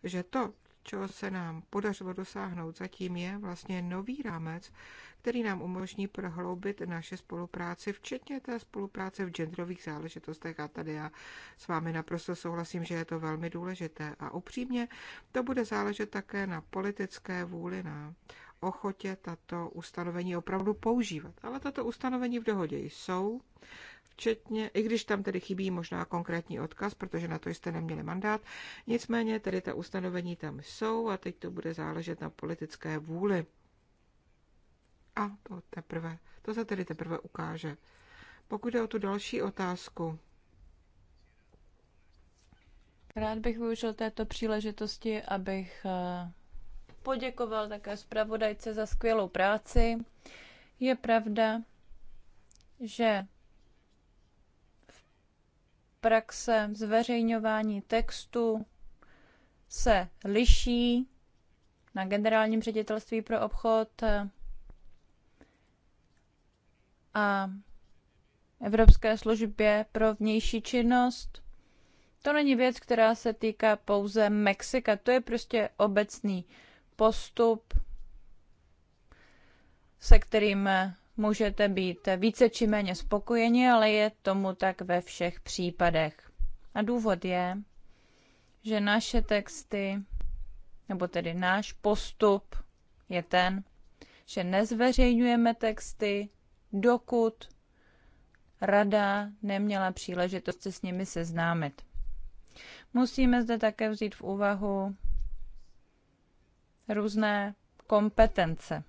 že to, čeho se nám podařilo dosáhnout zatím, je vlastně nový rámec, který nám umožní prohloubit naše spolupráci, včetně té spolupráce v genderových záležitostech. A tady já s vámi naprosto souhlasím, že je to velmi důležité. A upřímně to bude záležet také na politické vůli, na ochotě tato ustanovení opravdu používat. Ale tato ustanovení v dohodě jsou včetně, i když tam tedy chybí možná konkrétní odkaz, protože na to jste neměli mandát, nicméně tedy ta ustanovení tam jsou a teď to bude záležet na politické vůli. A to teprve, to se tedy teprve ukáže. Pokud jde o tu další otázku, Rád bych využil této příležitosti, abych eh, poděkoval také zpravodajce za skvělou práci. Je pravda, že praxe zveřejňování textu se liší na generálním ředitelství pro obchod eh, a Evropské službě pro vnější činnost. To není věc, která se týká pouze Mexika, to je prostě obecný postup, se kterým eh, můžete být více či méně spokojeni, ale je tomu tak ve všech případech. A důvod je, že naše texty, nebo tedy náš postup je ten, že nezveřejňujeme texty, dokud rada neměla příležitost se s nimi seznámit. Musíme zde také vzít v úvahu různé kompetence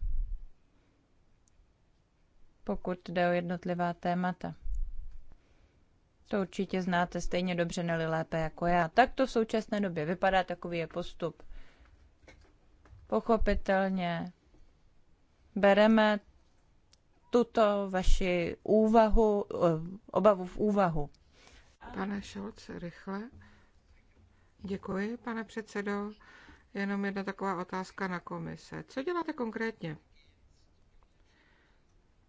pokud jde o jednotlivá témata. To určitě znáte stejně dobře, neli lépe jako já. Tak to v současné době vypadá, takový je postup. Pochopitelně bereme tuto vaši úvahu, eh, obavu v úvahu. Pane Šolc, rychle. Děkuji, pane předsedo. Jenom jedna taková otázka na komise. Co děláte konkrétně?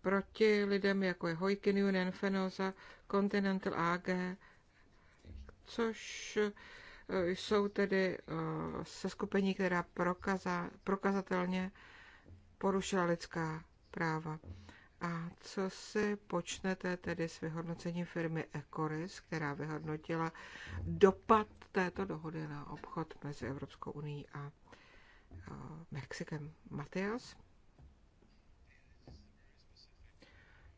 proti lidem, jako je Hojkin, Union, Fenosa, Continental AG, což eh, jsou tedy eh, se skupení, která prokaza, prokazatelně porušila lidská práva. A co si počnete tedy s vyhodnocením firmy Ecoris, která vyhodnotila dopad této dohody na obchod mezi Evropskou unii a eh, Mexikem? Matias?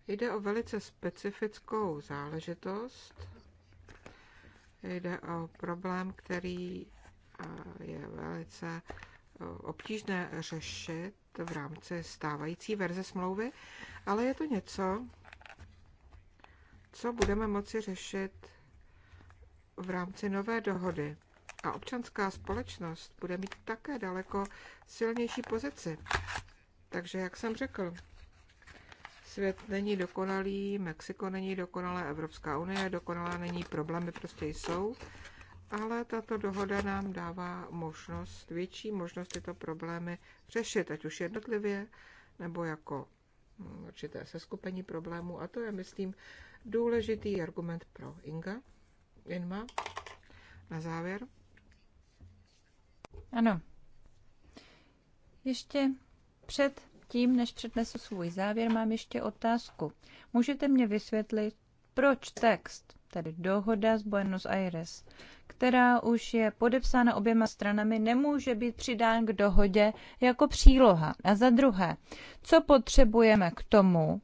Jde o velice specifickou záležitost. Jde o problém, který eh, je velice eh, obtížné řešit v rámci stávající verze smlouvy, ale je to něco, co budeme moci řešit v rámci nové dohody. A občanská společnost bude mít také daleko silnější pozici. Takže, jak jsem řekl, Svět není dokonalý, Mexiko není dokonalé, Evropská unie dokonalá není, problémy prostě jsou, ale tato dohoda nám dává možnost, větší možnost tyto problémy řešit, ať už jednotlivě, nebo jako mm, určité seskupení problémů. A to je, myslím, důležitý argument pro Inga. Inma, na závěr. Ano. Ještě před Předtím, než přednesu svůj závěr, mám ještě otázku. Můžete mě vysvětlit, proč text, tedy dohoda s Buenos Aires, která už je podepsána oběma stranami, nemůže být přidán k dohodě jako příloha? A za druhé, co potřebujeme k tomu,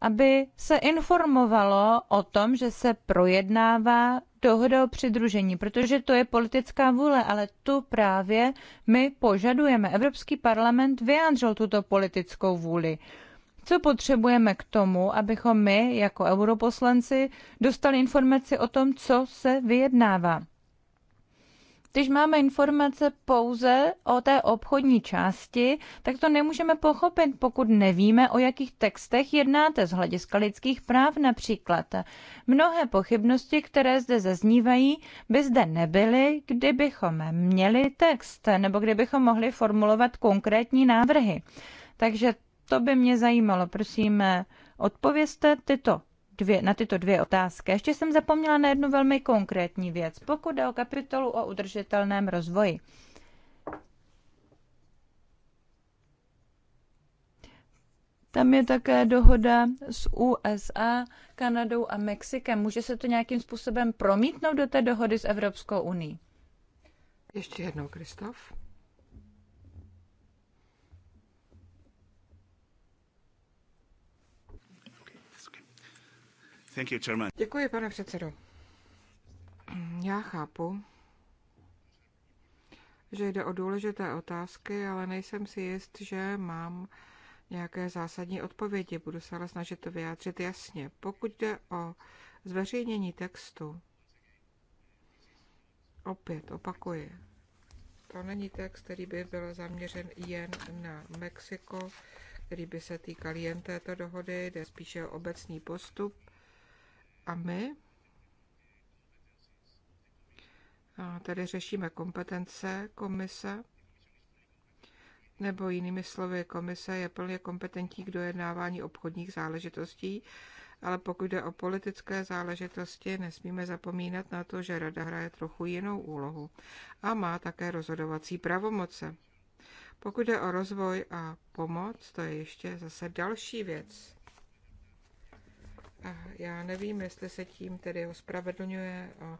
aby se informovalo o tom, že se projednává dohoda o přidružení, protože to je politická vůle, ale tu právě my požadujeme. Evropský parlament vyjádřil tuto politickou vůli. Co potřebujeme k tomu, abychom my, jako europoslanci, dostali informaci o tom, co se vyjednává? Když máme informace pouze o té obchodní části, tak to nemůžeme pochopit, pokud nevíme, o jakých textech jednáte z hlediska lidských práv například. Mnohé pochybnosti, které zde zaznívají, by zde nebyly, kdybychom měli text nebo kdybychom mohli formulovat konkrétní návrhy. Takže to by mě zajímalo. Prosím, odpověste tyto dvě, na tyto dvě otázky. Ještě jsem zapomněla na jednu velmi konkrétní věc, pokud jde o kapitolu o udržitelném rozvoji. Tam je také dohoda s USA, Kanadou a Mexikem. Může se to nějakým způsobem promítnout do té dohody s Evropskou uní? Ještě jednou, Kristof. Thank you, chairman. Děkuji, pane předsedo. Já chápu, že jde o důležité otázky, ale nejsem si jist, že mám nějaké zásadní odpovědi. Budu se ale snažit to vyjádřit jasně. Pokud jde o zveřejnění textu, opět opakuji, to není text, který by byl zaměřen jen na Mexiko, který by se týkal jen této dohody, jde spíše o obecný postup a my tady řešíme kompetence komise, nebo jinými slovy, komise je plně kompetentní k dojednávání obchodních záležitostí, ale pokud jde o politické záležitosti, nesmíme zapomínat na to, že Rada hraje trochu jinou úlohu a má také rozhodovací pravomoce. Pokud jde o rozvoj a pomoc, to je ještě zase další věc. A já nevím, jestli se tím tedy ospravedlňuje eh,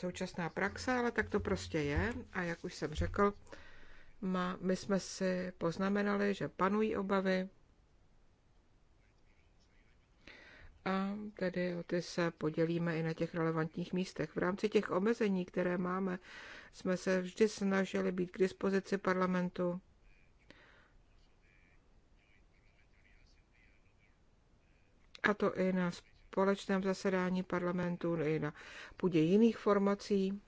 současná praxe, ale tak to prostě je. A jak už jsem řekl, má, my jsme si poznamenali, že panují obavy a tedy o ty se podělíme i na těch relevantních místech. V rámci těch omezení, které máme, jsme se vždy snažili být k dispozici parlamentu a to i na společném zasedání parlamentu, i na půdě jiných formací.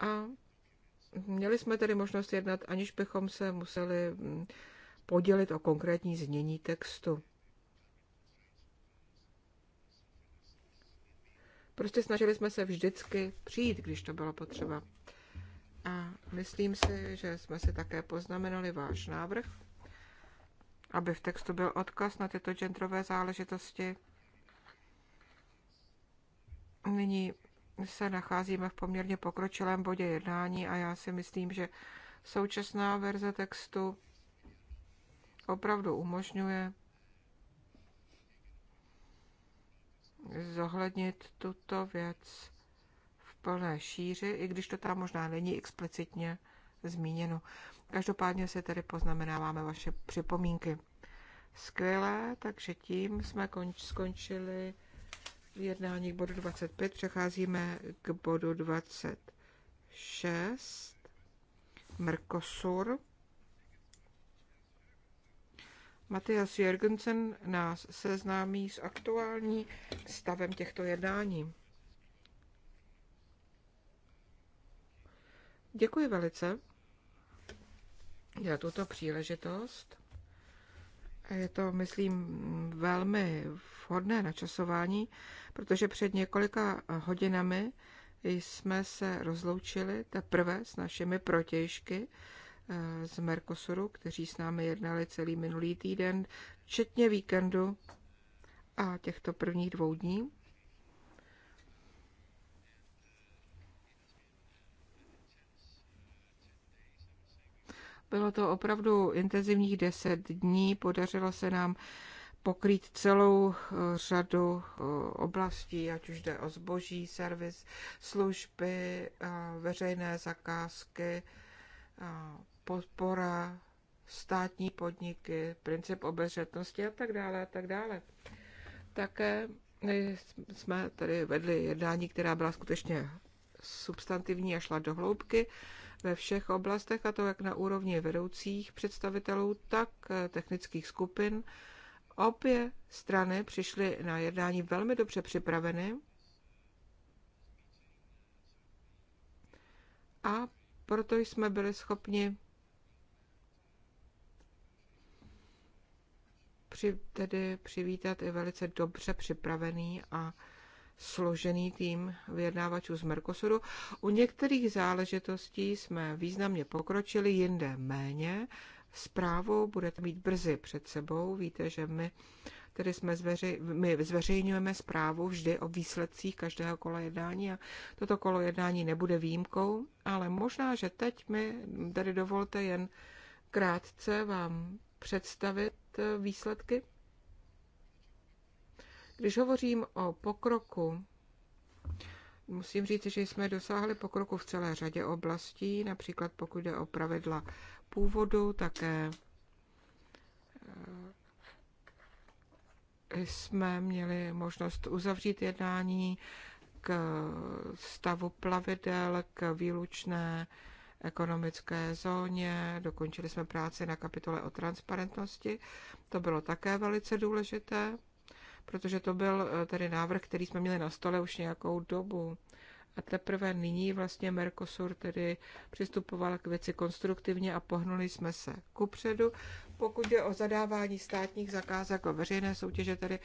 A měli jsme tedy možnost jednat, aniž bychom se museli mm, podělit o konkrétní znění textu. Prostě snažili jsme se vždycky přijít, když to bylo potřeba. A myslím si, že jsme si také poznamenali váš návrh aby v textu byl odkaz na tyto genderové záležitosti. Nyní se nacházíme v poměrně pokročilém bodě jednání a já si myslím, že současná verze textu opravdu umožňuje zohlednit tuto věc v plné šíři, i když to tam možná není explicitně zmíněno. Každopádně si tedy poznamenáváme vaše připomínky. Skvělé, takže tím jsme konč, skončili jednání k bodu 25. Přecházíme k bodu 26. Mercosur. Matias Jürgensen nás seznámí s aktuální stavem těchto jednání. Děkuji velice za tuto příležitost. Je to, myslím, velmi vhodné načasování, protože před několika hodinami jsme se rozloučili teprve s našimi protějšky eh, z Mercosuru, kteří s námi jednali celý minulý týden, včetně víkendu a těchto prvních dvou dní. Bylo to opravdu intenzivních deset dní, podařilo se nám pokrýt celou eh, řadu eh, oblastí, ať už jde o zboží, servis, služby, eh, veřejné zakázky, podpora, státní podniky, princip obezřetnosti a tak dále a tak dále. Také jsme tady vedli jednání, která byla skutečně substantivní a šla do hloubky ve všech oblastech, a to jak na úrovni vedoucích představitelů, tak eh, technických skupin. Obě strany přišly na jednání velmi dobře připraveny a proto jsme byli schopni při, tedy přivítat i velice dobře připravený a složený tým vyjednávačů z Mercosuru. U některých záležitostí jsme významně pokročili, jinde méně. Zprávu budete mít brzy před sebou. Víte, že my tedy jsme zveři, my zveřejňujeme zprávu vždy o výsledcích každého kola jednání a toto kolo jednání nebude výjimkou, ale možná, že teď mi tady dovolte jen krátce vám představit výsledky když hovořím o pokroku, musím říct, že jsme dosáhli pokroku v celé řadě oblastí, například pokud jde o pravidla původu, také eh, jsme měli možnost uzavřít jednání k stavu plavidel, k výlučné ekonomické zóně, dokončili jsme práci na kapitole o transparentnosti, to bylo také velice důležité protože to byl eh, tedy návrh, který jsme měli na stole už nějakou dobu. A teprve nyní vlastně Mercosur tedy přistupoval k věci konstruktivně a pohnuli jsme se kupředu. Pokud je o zadávání státních zakázek o veřejné soutěže, tedy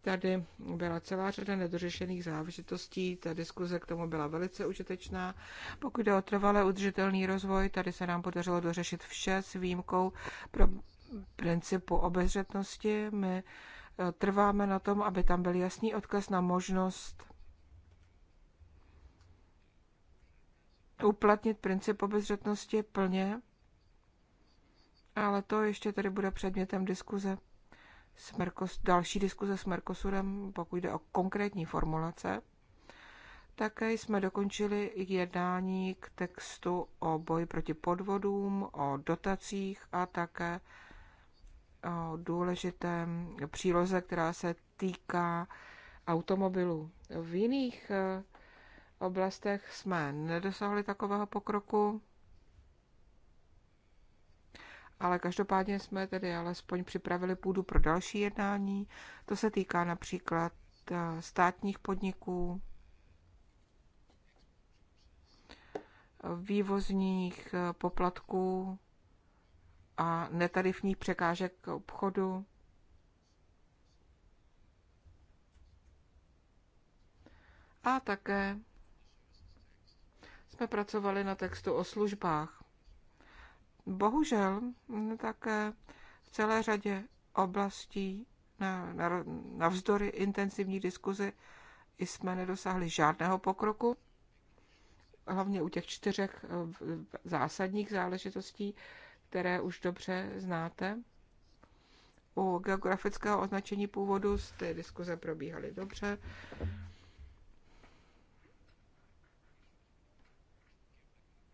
tady byla celá řada nedořešených záležitostí, ta diskuze k tomu byla velice užitečná. Pokud je o trvalé udržitelný rozvoj, tady se nám podařilo dořešit vše s výjimkou pro principu obezřetnosti. My trváme na tom, aby tam byl jasný odkaz na možnost uplatnit princip obezřetnosti plně, ale to ještě tady bude předmětem diskuze s Merkos, další diskuze s Mercosurem, pokud jde o konkrétní formulace. Také jsme dokončili jednání k textu o boji proti podvodům, o dotacích a také důležité příloze, která se týká automobilů. V jiných e, oblastech jsme nedosáhli takového pokroku, ale každopádně jsme tedy alespoň připravili půdu pro další jednání. To se týká například e, státních podniků, vývozních e, poplatků a netarifních překážek k obchodu. A také jsme pracovali na textu o službách. Bohužel také v celé řadě oblastí na, na, vzdory intenzivní diskuzi jsme nedosáhli žádného pokroku, hlavně u těch čtyřech zásadních záležitostí, které už dobře znáte. U geografického označení původu ty diskuze probíhaly dobře.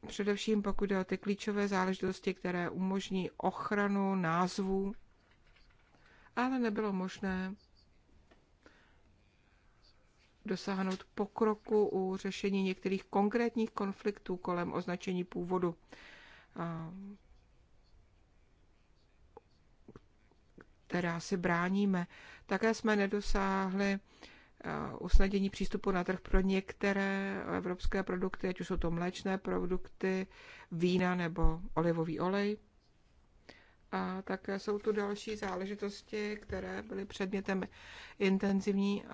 Především pokud jde o ty klíčové záležitosti, které umožní ochranu názvů, ale nebylo možné dosáhnout pokroku u řešení některých konkrétních konfliktů kolem označení původu. která si bráníme. Také jsme nedosáhli eh, usnadění přístupu na trh pro některé evropské produkty, ať už jsou to mléčné produkty, vína nebo olivový olej. A také jsou tu další záležitosti, které byly předmětem intenzivní eh,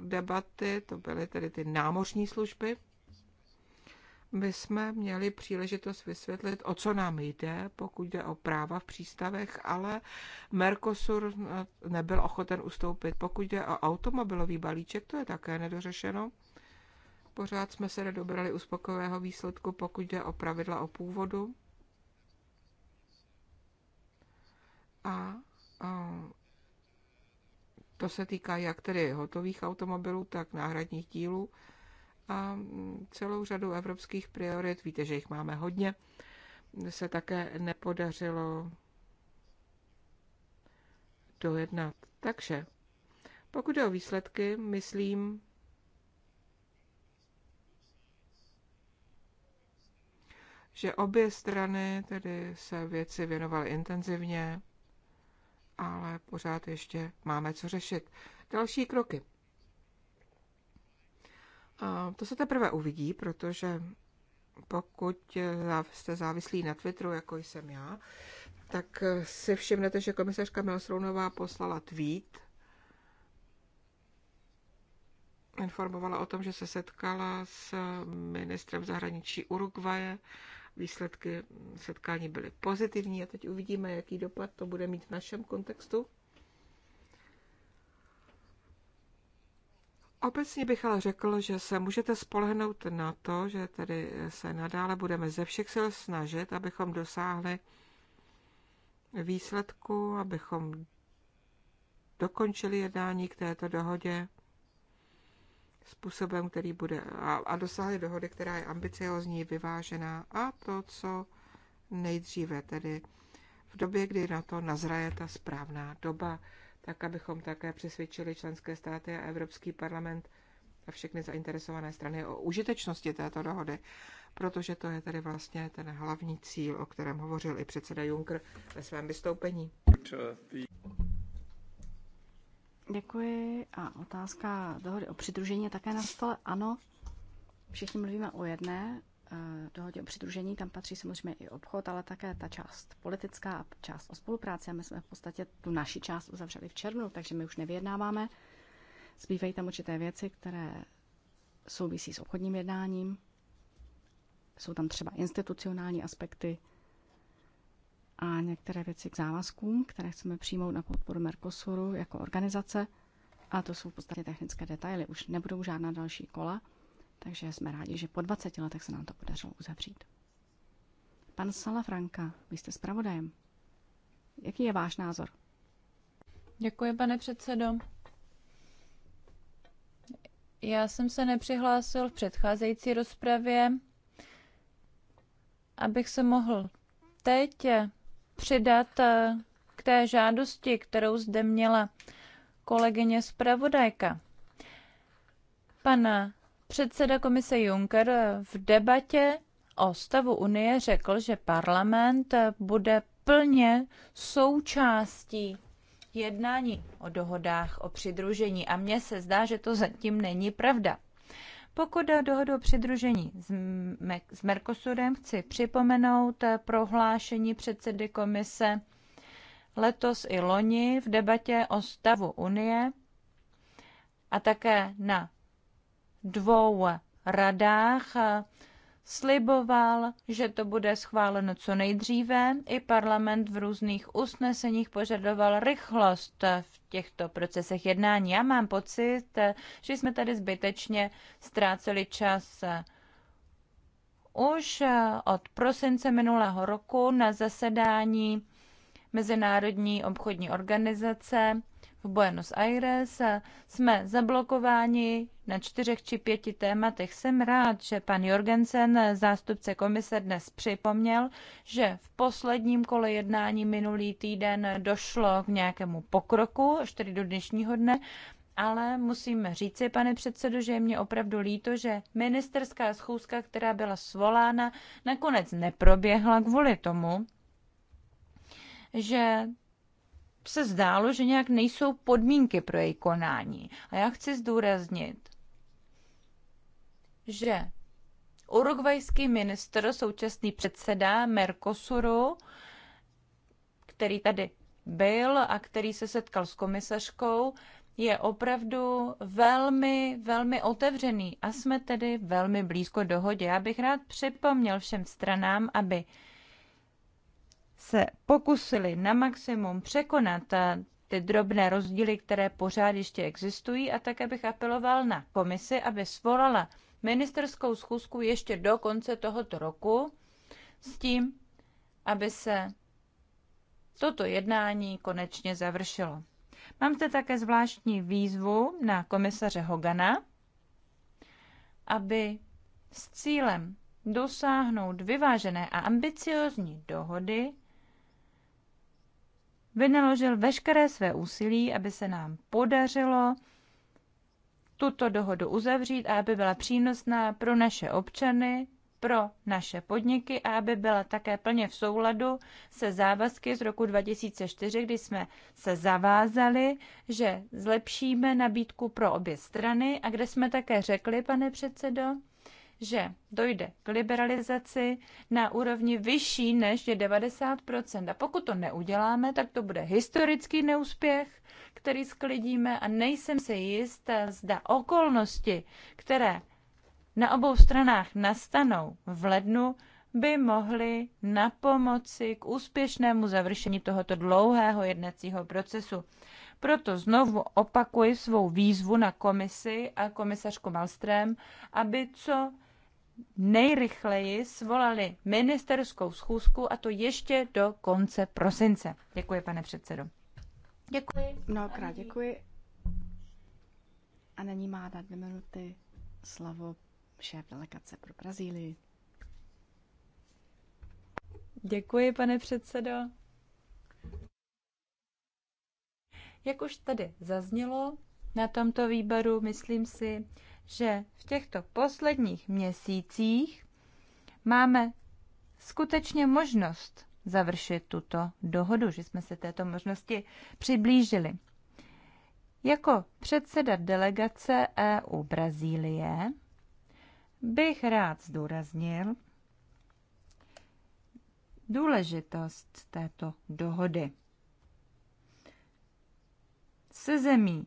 debaty, to byly tedy ty námořní služby jsme měli příležitost vysvětlit, o co nám jde, pokud jde o práva v přístavech, ale Mercosur nebyl ochoten ustoupit. Pokud jde o automobilový balíček, to je také nedořešeno. Pořád jsme se nedobrali uspokojivého výsledku, pokud jde o pravidla o původu. A, a to se týká jak tedy hotových automobilů, tak náhradních dílů a celou řadu evropských priorit, víte, že jich máme hodně, se také nepodařilo dojednat. Takže, pokud jde o výsledky, myslím, že obě strany tedy se věci věnovaly intenzivně, ale pořád ještě máme co řešit. Další kroky. To se teprve uvidí, protože pokud jste závislí na Twitteru, jako jsem já, tak si všimnete, že komisařka Milosrounová poslala tweet, informovala o tom, že se setkala s ministrem zahraničí Uruguaje. Výsledky setkání byly pozitivní a teď uvidíme, jaký dopad to bude mít v našem kontextu. Obecně bych ale řekl, že se můžete spolehnout na to, že tedy se nadále budeme ze všech sil snažit, abychom dosáhli výsledku, abychom dokončili jednání k této dohodě způsobem, který bude a, a dosáhli dohody, která je ambiciozní, vyvážená a to, co nejdříve, tedy v době, kdy na to nazraje ta správná doba tak abychom také přesvědčili členské státy a Evropský parlament a všechny zainteresované strany o užitečnosti této dohody, protože to je tedy vlastně ten hlavní cíl, o kterém hovořil i předseda Juncker ve svém vystoupení. Děkuji. A otázka dohody o přidružení je také na stole. Ano, všichni mluvíme o jedné Eh, dohodě o přidružení, tam patří samozřejmě i obchod, ale také ta část politická a část o spolupráci. A my jsme v podstatě tu naši část uzavřeli v červnu, takže my už nevyjednáváme. Zbývají tam určité věci, které souvisí s obchodním jednáním. Jsou tam třeba institucionální aspekty a některé věci k závazkům, které chceme přijmout na podporu Mercosuru jako organizace. A to jsou v podstatě technické detaily. Už nebudou žádná další kola takže jsme rádi, že po 20 letech se nám to podařilo uzavřít. Pan Salafranka, vy jste zpravodajem. Jaký je váš názor? Děkuji, pane předsedo. Já jsem se nepřihlásil v předcházející rozpravě, abych se mohl teď přidat eh, k té žádosti, kterou zde měla kolegyně zpravodajka. Pan Předseda komise Juncker v debatě o stavu Unie řekl, že parlament bude plně součástí jednání o dohodách o přidružení a mně se zdá, že to zatím není pravda. Pokud o dohodu o přidružení s Mercosurem, chci připomenout prohlášení předsedy komise letos i loni v debatě o stavu Unie a také na dvou radách sliboval, že to bude schváleno co nejdříve. I parlament v různých usneseních požadoval rychlost v těchto procesech jednání. Já mám pocit, že jsme tady zbytečně ztráceli čas. Už od prosince minulého roku na zasedání Mezinárodní obchodní organizace v Buenos Aires jsme zablokováni na čtyřech či pěti tématech. Jsem rád, že pan Jorgensen, zástupce komise, dnes připomněl, že v posledním kole jednání minulý týden došlo k nějakému pokroku, až tedy do dnešního dne, ale musím říci, pane předsedo, že je mě opravdu líto, že ministerská schůzka, která byla svolána, nakonec neproběhla kvůli tomu, že se zdálo, že nějak nejsou podmínky pro její konání. A já chci zdůraznit, že urugvajský minister, současný předseda Mercosuru, který tady byl a který se setkal s komisařkou, je opravdu velmi, velmi otevřený a jsme tedy velmi blízko dohodě. Já bych rád připomněl všem stranám, aby se pokusili na maximum překonat eh, ty drobné rozdíly, které pořád ještě existují a také bych apeloval na komisi, aby svolala ministerskou schůzku ještě do konce tohoto roku s tím, aby se toto jednání konečně završilo. Mám zde také zvláštní výzvu na komisaře Hogana, aby s cílem dosáhnout vyvážené a ambiciozní dohody vynaložil veškeré své úsilí, aby se nám podařilo tuto dohodu uzavřít a aby byla přínosná pro naše občany, pro naše podniky a aby byla také plně v souladu se závazky z roku 2004, kdy jsme se zavázali, že zlepšíme nabídku pro obě strany a kde jsme také řekli, pane předsedo, že dojde k liberalizaci na úrovni vyšší než je 90%. A pokud to neuděláme, tak to bude historický neúspěch, který sklidíme a nejsem si jist, zda okolnosti, které na obou stranách nastanou v lednu, by mohly na pomoci k úspěšnému završení tohoto dlouhého jednacího procesu. Proto znovu opakuji svou výzvu na komisi a komisařku Malstrém, aby co nejrychleji svolali ministerskou schůzku a to ještě do konce prosince. Děkuji, pane předsedo. Děkuji. Mnohokrát děkuji. A není má na dvě minuty slovo šéf delegace pro Brazílii. Děkuji, pane předsedo. Jak už tady zaznělo na tomto výboru, myslím si, že v těchto posledních měsících máme skutečně možnost završit tuto dohodu, že jsme se této možnosti přiblížili. Jako předseda delegace EU Brazílie bych rád zdůraznil důležitost této dohody. Se zemí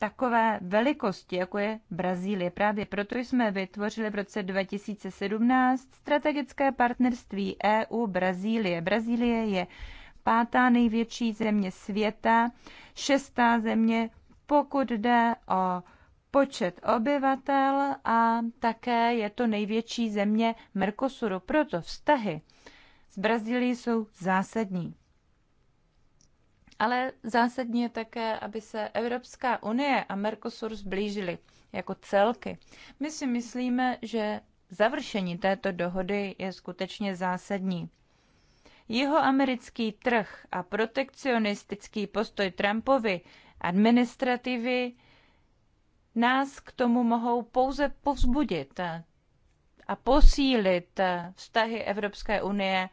takové velikosti, jako je Brazílie. Právě proto jsme vytvořili v roce 2017 strategické partnerství EU-Brazílie. Brazílie je pátá největší země světa, šestá země, pokud jde o počet obyvatel a také je to největší země Mercosuru. Proto vztahy s Brazílií jsou zásadní ale zásadně také, aby se Evropská unie a Mercosur zblížily jako celky. My si myslíme, že završení této dohody je skutečně zásadní. Jeho americký trh a protekcionistický postoj Trumpovi administrativy nás k tomu mohou pouze povzbudit a posílit vztahy Evropské unie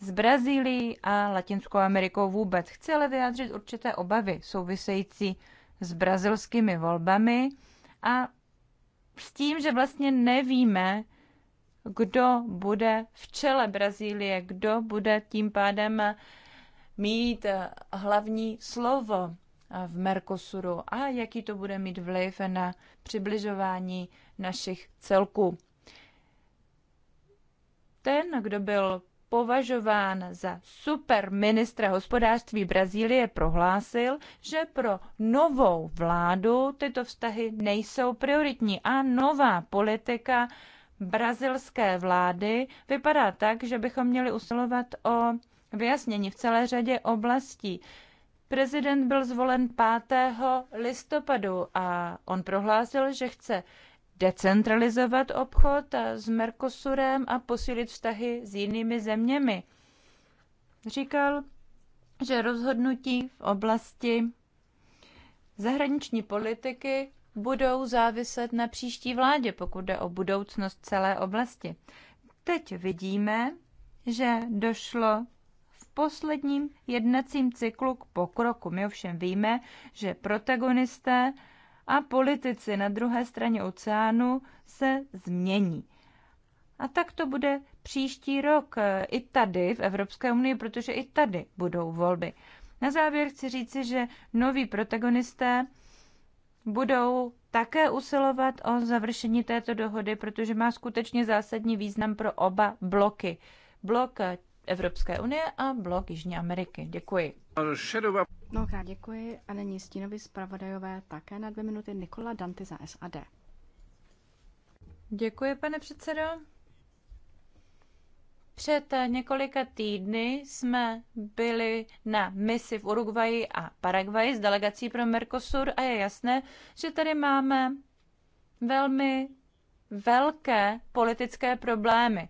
s Brazílií a Latinskou Amerikou vůbec. Chci ale vyjádřit určité obavy související s brazilskými volbami a s tím, že vlastně nevíme, kdo bude v čele Brazílie, kdo bude tím pádem mít hlavní slovo v Mercosuru a jaký to bude mít vliv na přibližování našich celků. Ten, kdo byl považován za super ministra hospodářství Brazílie, prohlásil, že pro novou vládu tyto vztahy nejsou prioritní a nová politika brazilské vlády vypadá tak, že bychom měli usilovat o vyjasnění v celé řadě oblastí. Prezident byl zvolen 5. listopadu a on prohlásil, že chce decentralizovat obchod s Mercosurem a posílit vztahy s jinými zeměmi. Říkal, že rozhodnutí v oblasti zahraniční politiky budou záviset na příští vládě, pokud jde o budoucnost celé oblasti. Teď vidíme, že došlo v posledním jednacím cyklu k pokroku. My ovšem víme, že protagonisté a politici na druhé straně oceánu se změní. A tak to bude příští rok e, i tady v Evropské unii, protože i tady budou volby. Na závěr chci říci, že noví protagonisté budou také usilovat o završení této dohody, protože má skutečně zásadní význam pro oba bloky. Blok Evropské unie a blok Jižní Ameriky. Děkuji. Mnohokrát děkuji a není stínovi zpravodajové také na dvě minuty Nikola Danty za SAD. Děkuji, pane předsedo. Před několika týdny jsme byli na misi v Uruguayi a Paraguaji s delegací pro Mercosur a je jasné, že tady máme velmi velké politické problémy,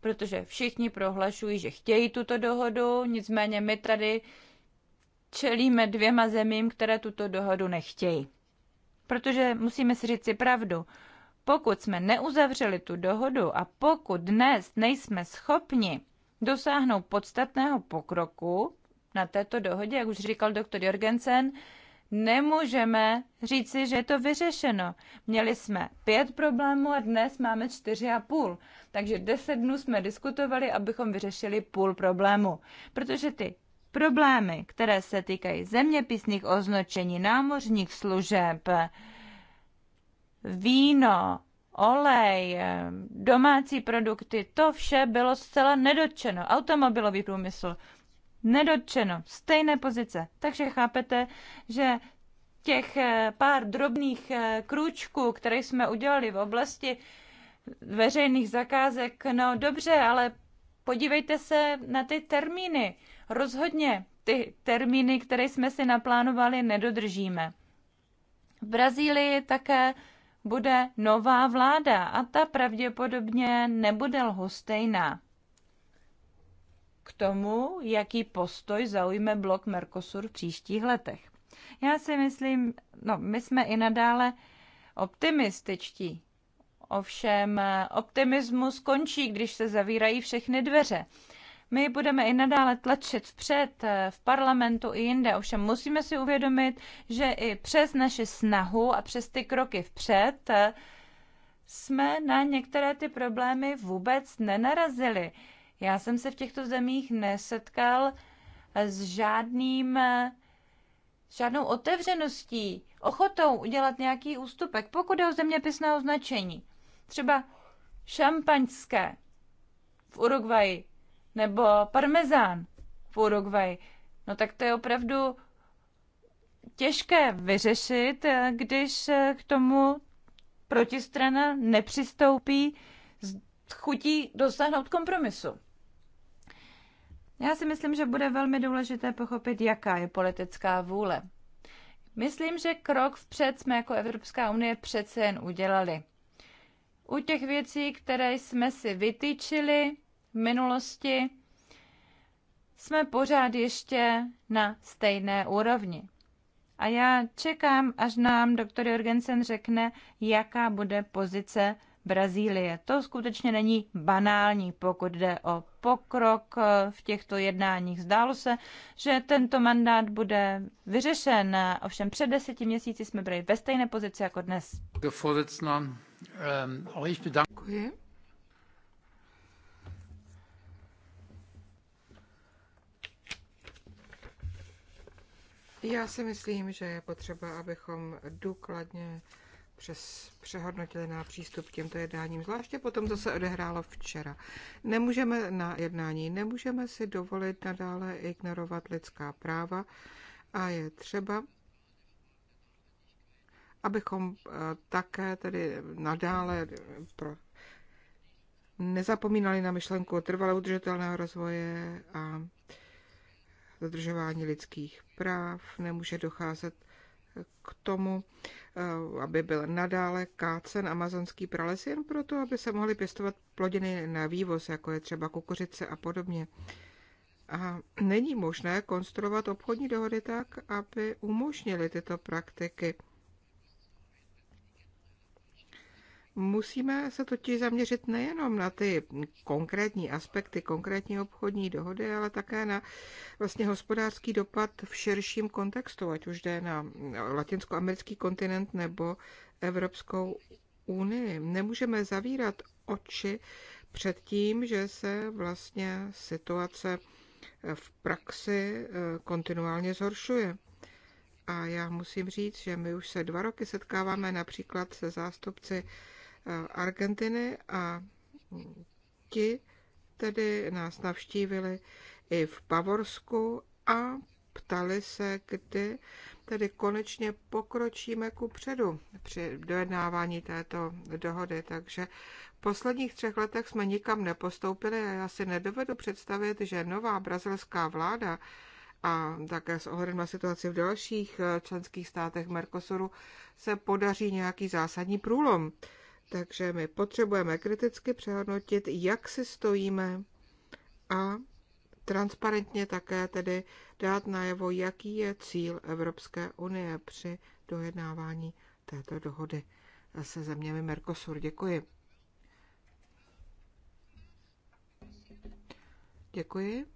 protože všichni prohlašují, že chtějí tuto dohodu, nicméně my tady čelíme dvěma zemím, které tuto dohodu nechtějí. Protože musíme si říct si pravdu. Pokud jsme neuzavřeli tu dohodu a pokud dnes nejsme schopni dosáhnout podstatného pokroku na této dohodě, jak už říkal doktor Jorgensen, nemůžeme říci, že je to vyřešeno. Měli jsme pět problémů a dnes máme čtyři a půl. Takže deset dnů jsme diskutovali, abychom vyřešili půl problému. Protože ty problémy, které se týkají zeměpisných označení, námořních služeb, víno, olej, domácí produkty, to vše bylo zcela nedotčeno. Automobilový průmysl nedotčeno, stejné pozice. Takže chápete, že těch eh, pár drobných eh, krůčků, které jsme udělali v oblasti veřejných zakázek, no dobře, ale podívejte se na ty termíny rozhodně ty termíny, které jsme si naplánovali, nedodržíme. V Brazílii také bude nová vláda a ta pravděpodobně nebude lhostejná k tomu, jaký postoj zaujme blok Mercosur v příštích letech. Já si myslím, no my jsme i nadále optimističtí. Ovšem optimismus končí, když se zavírají všechny dveře. My budeme i nadále tlačit vpřed eh, v parlamentu i jinde, ovšem musíme si uvědomit, že i přes naši snahu a přes ty kroky vpřed eh, jsme na některé ty problémy vůbec nenarazili. Já jsem se v těchto zemích nesetkal eh, s žádným žádnou otevřeností, ochotou udělat nějaký ústupek, pokud je o zeměpisné označení. Třeba šampaňské v Uruguayi nebo parmezán v Uruguay. No tak to je opravdu těžké vyřešit, když k tomu protistrana nepřistoupí s chutí dosáhnout kompromisu. Já si myslím, že bude velmi důležité pochopit, jaká je politická vůle. Myslím, že krok vpřed jsme jako Evropská unie přece jen udělali. U těch věcí, které jsme si vytýčili, v minulosti, jsme pořád ještě na stejné úrovni. A já čekám, až nám doktor Jorgensen řekne, jaká bude pozice Brazílie. To skutečně není banální, pokud jde o pokrok eh, v těchto jednáních. Zdálo se, že tento mandát bude vyřešen. Ovšem před deseti měsíci jsme byli ve stejné pozici jako dnes. Děkuji. Já si myslím, že je potřeba, abychom důkladně přes přehodnotili na přístup k těmto jednáním, zvláště potom, co se odehrálo včera. Nemůžeme na jednání, nemůžeme si dovolit nadále ignorovat lidská práva a je třeba, abychom eh, také tedy nadále pro nezapomínali na myšlenku trvalé udržitelného rozvoje a dodržování lidských práv, nemůže docházet k tomu, eh, aby byl nadále kácen amazonský prales jen proto, aby se mohly pěstovat plodiny na vývoz, jako je třeba kukuřice a podobně. A není možné konstruovat obchodní dohody tak, aby umožnili tyto praktiky. Musíme se totiž zaměřit nejenom na ty konkrétní aspekty konkrétní obchodní dohody, ale také na vlastně hospodářský dopad v širším kontextu, ať už jde na latinskoamerický kontinent nebo Evropskou unii. Nemůžeme zavírat oči před tím, že se vlastně situace v praxi eh, kontinuálně zhoršuje. A já musím říct, že my už se dva roky setkáváme například se zástupci Argentiny a ti tedy nás navštívili i v Pavorsku a ptali se, kdy tedy konečně pokročíme ku předu při dojednávání této dohody. Takže v posledních třech letech jsme nikam nepostoupili a já si nedovedu představit, že nová brazilská vláda a také s ohledem na situaci v dalších členských státech Mercosuru se podaří nějaký zásadní průlom. Takže my potřebujeme kriticky přehodnotit, jak si stojíme a transparentně také tedy dát najevo, jaký je cíl Evropské unie při dojednávání této dohody se zeměmi Mercosur. Děkuji. Děkuji.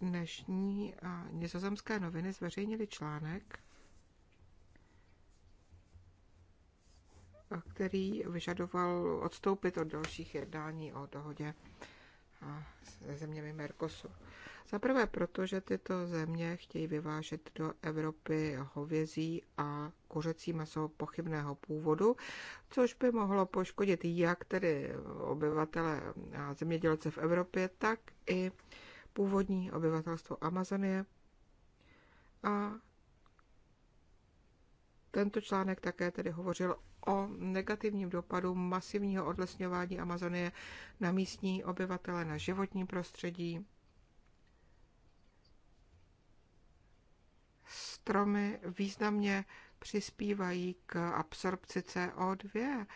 Dnešní a nizozemské noviny zveřejnili článek, který vyžadoval odstoupit od dalších jednání o dohodě se zeměmi Mercosu. Za prvé proto, že tyto země chtějí vyvážet do Evropy hovězí a kuřecí maso pochybného původu, což by mohlo poškodit jak tedy obyvatele a zemědělce v Evropě, tak i původní obyvatelstvo Amazonie. A tento článek také tedy hovořil o negativním dopadu masivního odlesňování Amazonie na místní obyvatele, na životní prostředí, stromy významně přispívají k absorpci CO2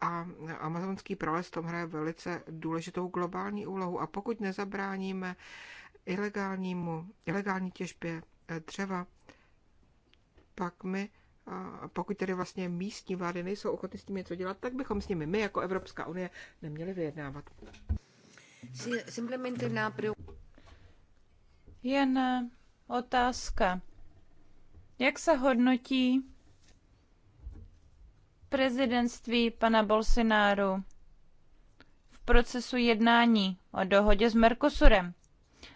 a amazonský prales tom hraje velice důležitou globální úlohu. A pokud nezabráníme ilegálnímu, ilegální těžbě eh, dřeva, pak my pokud tedy vlastně místní vlády nejsou ochotny s tím něco dělat, tak bychom s nimi my jako Evropská unie neměli vyjednávat. Jen eh, otázka. Jak se hodnotí prezidentství pana Bolsonáru v procesu jednání o dohodě s Mercosurem?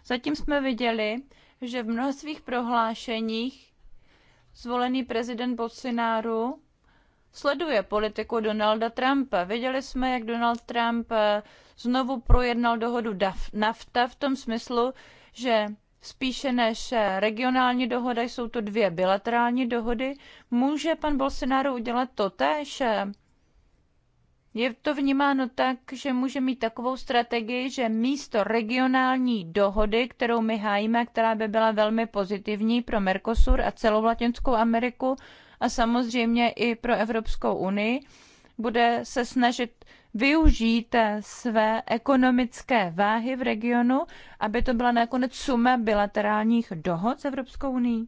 Zatím jsme viděli, že v mnoha svých prohlášeních zvolený prezident Bolsonaro, sleduje politiku Donalda Trumpa. Viděli jsme, jak Donald Trump eh, znovu projednal dohodu NAFTA v tom smyslu, že spíše než eh, regionální dohoda, jsou to dvě bilaterální dohody. Může pan Bolsonaro udělat to tež eh, je to vnímáno tak, že může mít takovou strategii, že místo regionální dohody, kterou my hájíme, která by byla velmi pozitivní pro Mercosur a celou Latinskou Ameriku a samozřejmě i pro Evropskou unii, bude se snažit využít své ekonomické váhy v regionu, aby to byla nakonec suma bilaterálních dohod s Evropskou unii?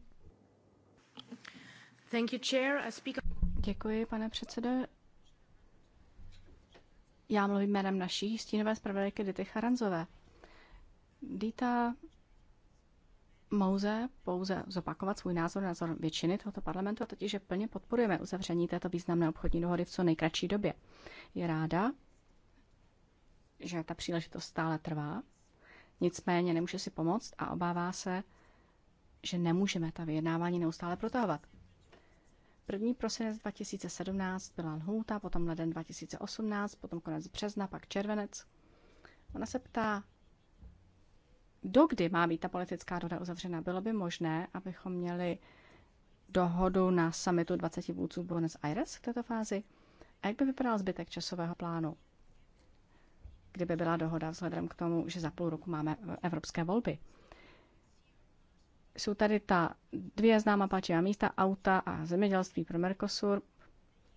Děkuji, pane předsedo. Já mluvím jménem naší stínové zpravodajky Dity Charanzové. Dita Mouze pouze zopakovat svůj názor, názor většiny tohoto parlamentu, a totiž, že plně podporujeme uzavření této významné obchodní dohody v co nejkratší době. Je ráda, že ta příležitost stále trvá, nicméně nemůže si pomoct a obává se, že nemůžeme ta vyjednávání neustále protahovat. První prosinec 2017 byla lhůta, potom leden 2018, potom konec března, pak červenec. Ona se ptá, dokdy má být ta politická dohoda uzavřena. Bylo by možné, abychom měli dohodu na summitu 20 vůdců v Buenos Aires v této fázi? A jak by vypadal zbytek časového plánu, kdyby byla dohoda vzhledem k tomu, že za půl roku máme eh, evropské volby? Jsou tady ta dvě známá páčivá místa, auta a zemědělství pro Mercosur.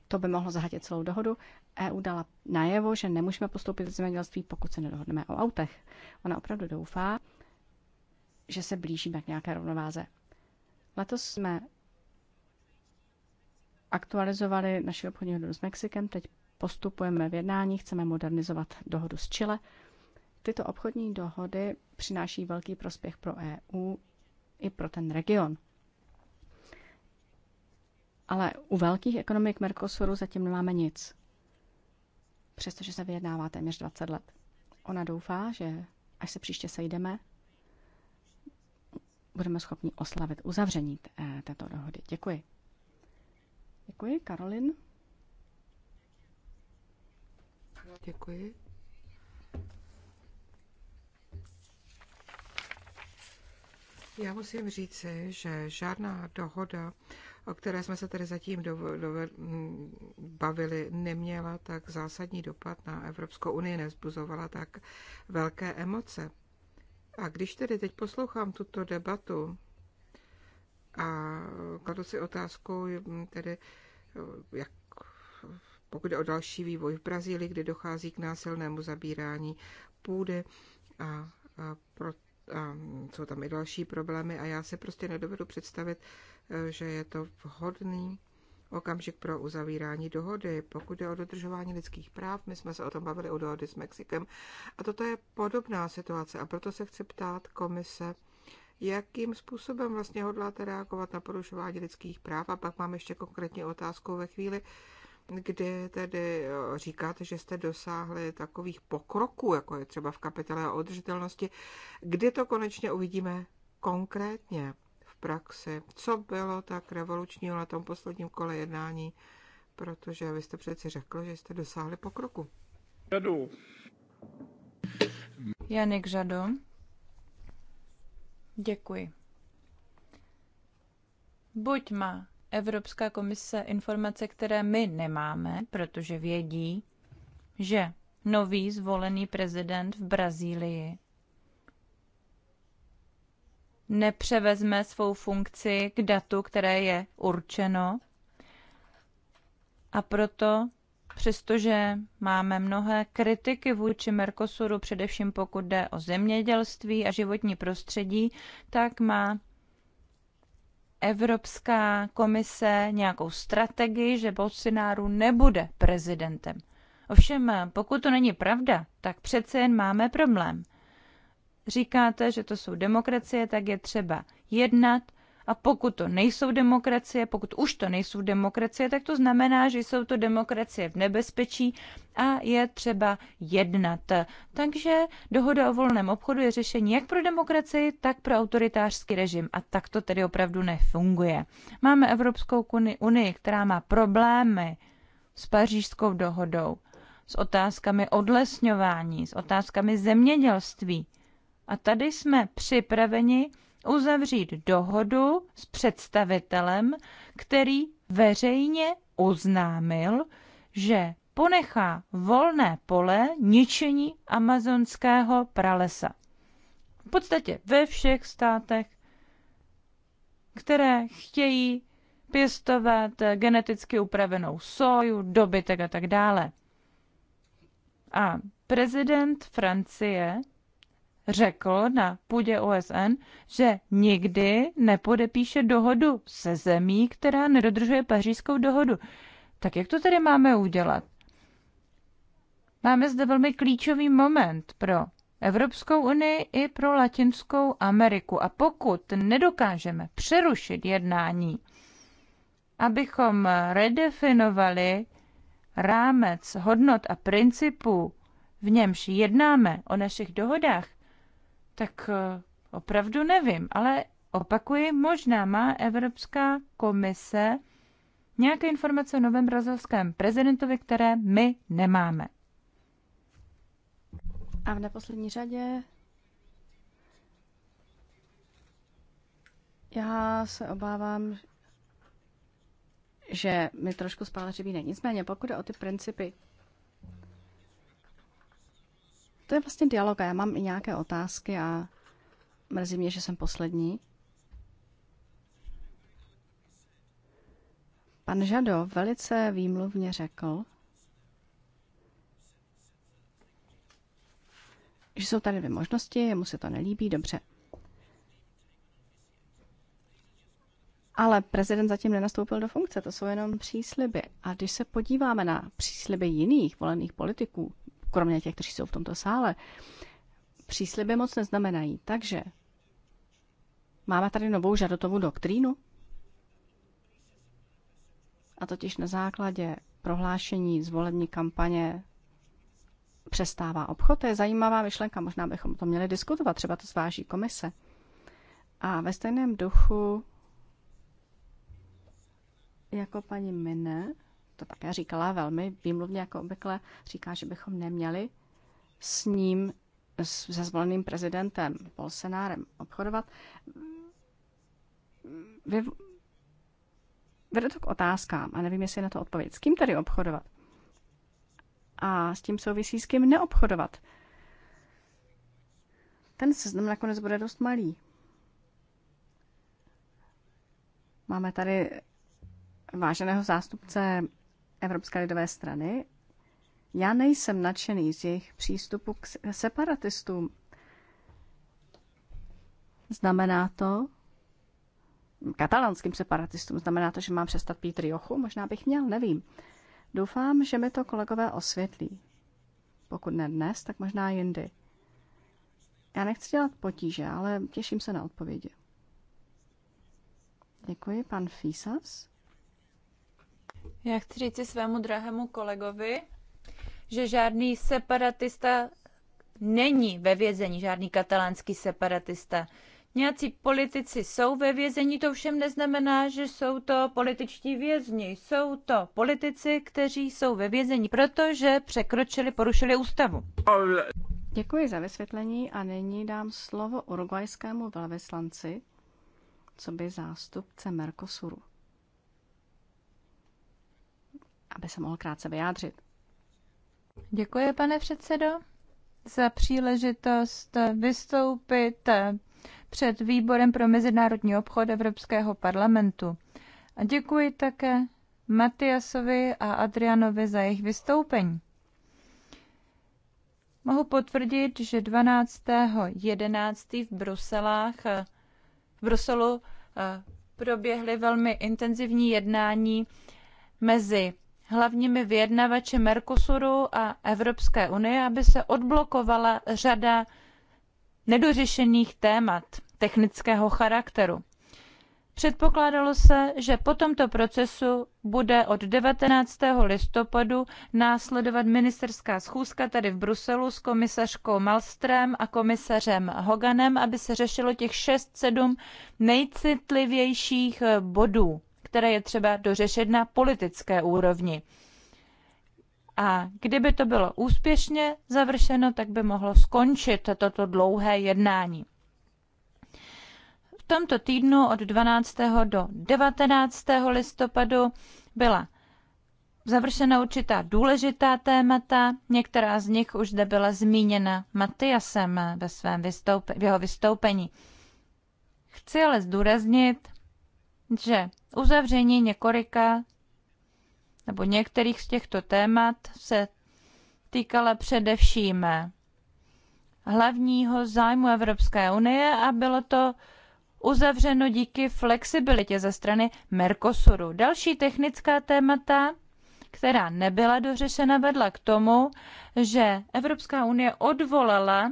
To by mohlo zahatit celou dohodu. EU dala najevo, že nemůžeme postoupit do zemědělství, pokud se nedohodneme o autech. Ona opravdu doufá, že se blížíme k nějaké rovnováze. Letos jsme aktualizovali naši obchodní dohodu s Mexikem, teď postupujeme v jednání, chceme modernizovat dohodu s Chile. Tyto obchodní dohody přináší velký prospěch pro EU i pro ten region. Ale u velkých ekonomik Mercosuru zatím nemáme nic. Přestože se vyjednává téměř 20 let. Ona doufá, že až se příště sejdeme, budeme schopni oslavit uzavření eh, této dohody. Děkuji. Děkuji, Karolin. Děkuji. Já musím říci, že žádná dohoda, o které jsme se tedy zatím do, do, bavili, neměla tak zásadní dopad na Evropskou unii, nezbuzovala tak velké emoce. A když tedy teď poslouchám tuto debatu a kladu si otázku, tedy jak pokud je o další vývoj v Brazílii, kde dochází k násilnému zabírání půdy a, a proto a jsou tam i další problémy a já si prostě nedovedu představit, eh, že je to vhodný okamžik pro uzavírání dohody. Pokud je o dodržování lidských práv, my jsme se o tom bavili u dohody s Mexikem a toto je podobná situace a proto se chci ptát komise, jakým způsobem vlastně hodláte reagovat na porušování lidských práv a pak mám ještě konkrétní otázku ve chvíli, kdy tedy říkáte, že jste dosáhli takových pokroků, jako je třeba v kapitole o udržitelnosti, kdy to konečně uvidíme konkrétně v praxi? Co bylo tak revolučního na tom posledním kole jednání? Protože vy jste přeci řekl, že jste dosáhli pokroku. Jadu. Janik Žado. Děkuji. Buď má Evropská komise informace, které my nemáme, protože vědí, že nový zvolený prezident v Brazílii nepřevezme svou funkci k datu, které je určeno. A proto, přestože máme mnohé kritiky vůči Mercosuru, především pokud jde o zemědělství a životní prostředí, tak má Evropská komise nějakou strategii, že Bolsonaro nebude prezidentem. Ovšem, pokud to není pravda, tak přece jen máme problém. Říkáte, že to jsou demokracie, tak je třeba jednat a pokud to nejsou demokracie, pokud už to nejsou demokracie, tak to znamená, že jsou to demokracie v nebezpečí a je třeba jednat. Takže dohoda o volném obchodu je řešení jak pro demokracii, tak pro autoritářský režim. A tak to tedy opravdu nefunguje. Máme Evropskou unii, která má problémy s pařížskou dohodou, s otázkami odlesňování, s otázkami zemědělství. A tady jsme připraveni uzavřít dohodu s představitelem, který veřejně oznámil, že ponechá volné pole ničení amazonského pralesa. V podstatě ve všech státech, které chtějí pěstovat geneticky upravenou soju, dobytek a tak dále. A prezident Francie řekl na půdě OSN, že nikdy nepodepíše dohodu se zemí, která nedodržuje pařížskou dohodu. Tak jak to tedy máme udělat? Máme zde velmi klíčový moment pro Evropskou unii i pro Latinskou Ameriku. A pokud nedokážeme přerušit jednání, abychom redefinovali rámec hodnot a principů, v němž jednáme o našich dohodách, tak eh, opravdu nevím, ale opakuji, možná má Evropská komise nějaké informace o novém brazilském prezidentovi, které my nemáme. A v neposlední řadě já se obávám, že mi trošku spáleřivý není. Nicméně, pokud je o ty principy to je vlastně dialog a já mám i nějaké otázky a mrzí mě, že jsem poslední. Pan Žado velice výmluvně řekl, že jsou tady dvě možnosti, jemu se to nelíbí, dobře. Ale prezident zatím nenastoupil do funkce, to jsou jenom přísliby. A když se podíváme na přísliby jiných volených politiků, kromě těch, kteří jsou v tomto sále, přísliby moc neznamenají. Takže máme tady novou žadotovou doktrínu, a totiž na základě prohlášení z volební kampaně přestává obchod. To je zajímavá myšlenka, možná bychom to měli diskutovat, třeba to zváží komise. A ve stejném duchu jako paní Mine, to také říkala velmi výmluvně jako obvykle, říká, že bychom neměli s ním, se zvoleným prezidentem Bolsenárem obchodovat. Vy, vede to k otázkám a nevím, jestli na to odpověď. S kým tedy obchodovat? A s tím souvisí, s kým neobchodovat. Ten seznam nakonec bude dost malý. Máme tady váženého zástupce Evropské lidové strany, já nejsem nadšený z jejich přístupu k separatistům. Znamená to, katalánským separatistům, znamená to, že mám přestat pít riochu? Možná bych měl, nevím. Doufám, že mi to kolegové osvětlí. Pokud ne dnes, tak možná jindy. Já nechci dělat potíže, ale těším se na odpovědi. Děkuji, pan Fisas. Já chci říci svému drahému kolegovi, že žádný separatista není ve vězení, žádný katalánský separatista. Nějací politici jsou ve vězení, to všem neznamená, že jsou to političtí vězni. Jsou to politici, kteří jsou ve vězení, protože překročili, porušili ústavu. Děkuji za vysvětlení a nyní dám slovo uruguajskému velvyslanci, co by zástupce Mercosuru aby se mohl krátce vyjádřit. Děkuji, pane předsedo, za příležitost vystoupit před výborem pro mezinárodní obchod Evropského parlamentu. A děkuji také Matiasovi a Adrianovi za jejich vystoupení. Mohu potvrdit, že 12.11. v Bruselách, v Bruselu proběhly velmi intenzivní jednání mezi hlavními vyjednavači Mercosuru a Evropské unie, aby se odblokovala řada nedořešených témat technického charakteru. Předpokládalo se, že po tomto procesu bude od 19. listopadu následovat ministerská schůzka tady v Bruselu s komisařkou Malstrem a komisařem Hoganem, aby se řešilo těch 6-7 nejcitlivějších bodů které je třeba dořešit na politické úrovni. A kdyby to bylo úspěšně završeno, tak by mohlo skončit toto dlouhé jednání. V tomto týdnu od 12. do 19. listopadu byla završena určitá důležitá témata, některá z nich už zde byla zmíněna Matyasem ve svém vystoupe- v jeho vystoupení. Chci ale zdůraznit, že uzavření několika nebo některých z těchto témat se týkala především hlavního zájmu Evropské unie a bylo to uzavřeno díky flexibilitě ze strany Mercosuru. Další technická témata, která nebyla dořešena, vedla k tomu, že Evropská unie odvolala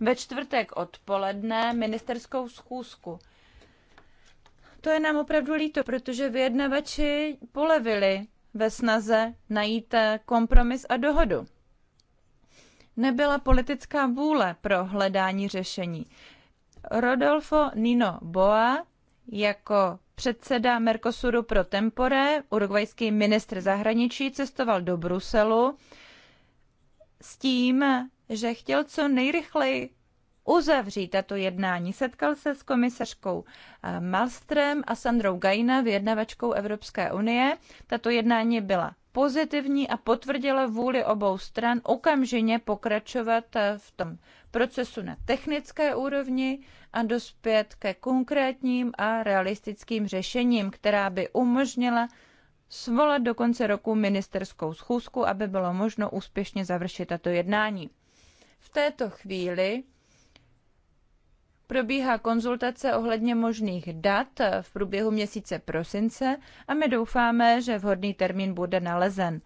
ve čtvrtek odpoledne ministerskou schůzku to je nám opravdu líto, protože vyjednavači polevili ve snaze najít eh, kompromis a dohodu. Nebyla politická vůle pro hledání řešení. Rodolfo Nino Boa jako předseda Mercosuru pro tempore, urugvajský ministr zahraničí, cestoval do Bruselu s tím, že chtěl co nejrychleji uzavřít tato jednání. Setkal se s komisařkou eh, Malstrem a Sandrou Gajna, vyjednavačkou Evropské unie. Tato jednání byla pozitivní a potvrdila vůli obou stran okamžitě pokračovat eh, v tom procesu na technické úrovni a dospět ke konkrétním a realistickým řešením, která by umožnila svolat do konce roku ministerskou schůzku, aby bylo možno úspěšně završit tato jednání. V této chvíli Probíhá konzultace ohledně možných dat v průběhu měsíce prosince a my doufáme, že vhodný termín bude nalezen.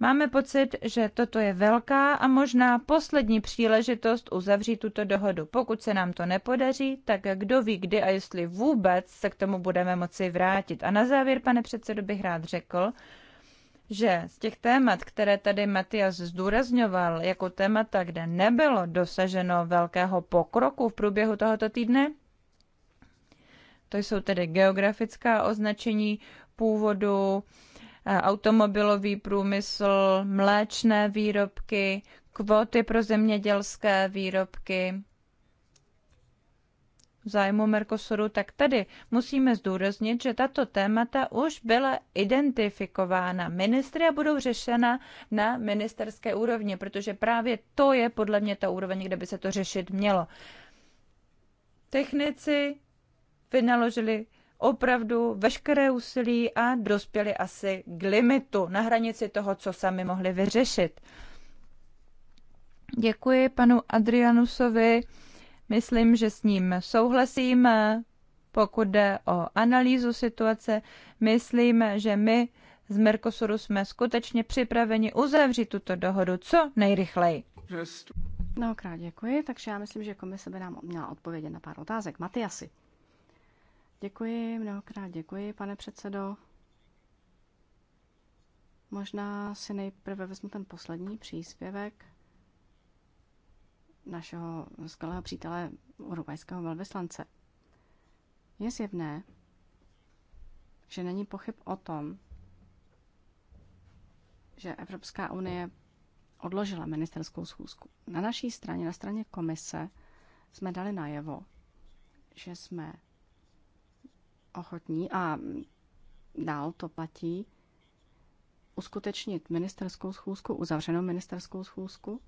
Máme pocit, že toto je velká a možná poslední příležitost uzavřít tuto dohodu. Pokud se nám to nepodaří, tak kdo ví kdy a jestli vůbec se k tomu budeme moci vrátit. A na závěr, pane předsedo, bych rád řekl, že z těch témat, které tady Matias zdůrazňoval jako témata, kde nebylo dosaženo velkého pokroku v průběhu tohoto týdne, to jsou tedy geografická označení původu, eh, automobilový průmysl, mléčné výrobky, kvóty pro zemědělské výrobky, zájmu Mercosuru, tak tady musíme zdůraznit, že tato témata už byla identifikována ministry a budou řešena na ministerské úrovni, protože právě to je podle mě ta úroveň, kde by se to řešit mělo. Technici vynaložili opravdu veškeré úsilí a dospěli asi k limitu, na hranici toho, co sami mohli vyřešit. Děkuji panu Adrianusovi Myslím, že s ním souhlasím, pokud jde o analýzu situace. Myslím, že my z Mercosuru jsme skutečně připraveni uzavřít tuto dohodu co nejrychleji. Mnohokrát děkuji, takže já myslím, že komise by nám měla odpovědět na pár otázek. Matiasi. Děkuji, mnohokrát děkuji, pane předsedo. Možná si nejprve vezmu ten poslední příspěvek našeho skvělého přítele urugvajského velvyslance. Je zjevné, že není pochyb o tom, že Evropská unie odložila ministerskou schůzku. Na naší straně, na straně komise, jsme dali najevo, že jsme ochotní a dál to platí uskutečnit ministerskou schůzku, uzavřenou ministerskou schůzku,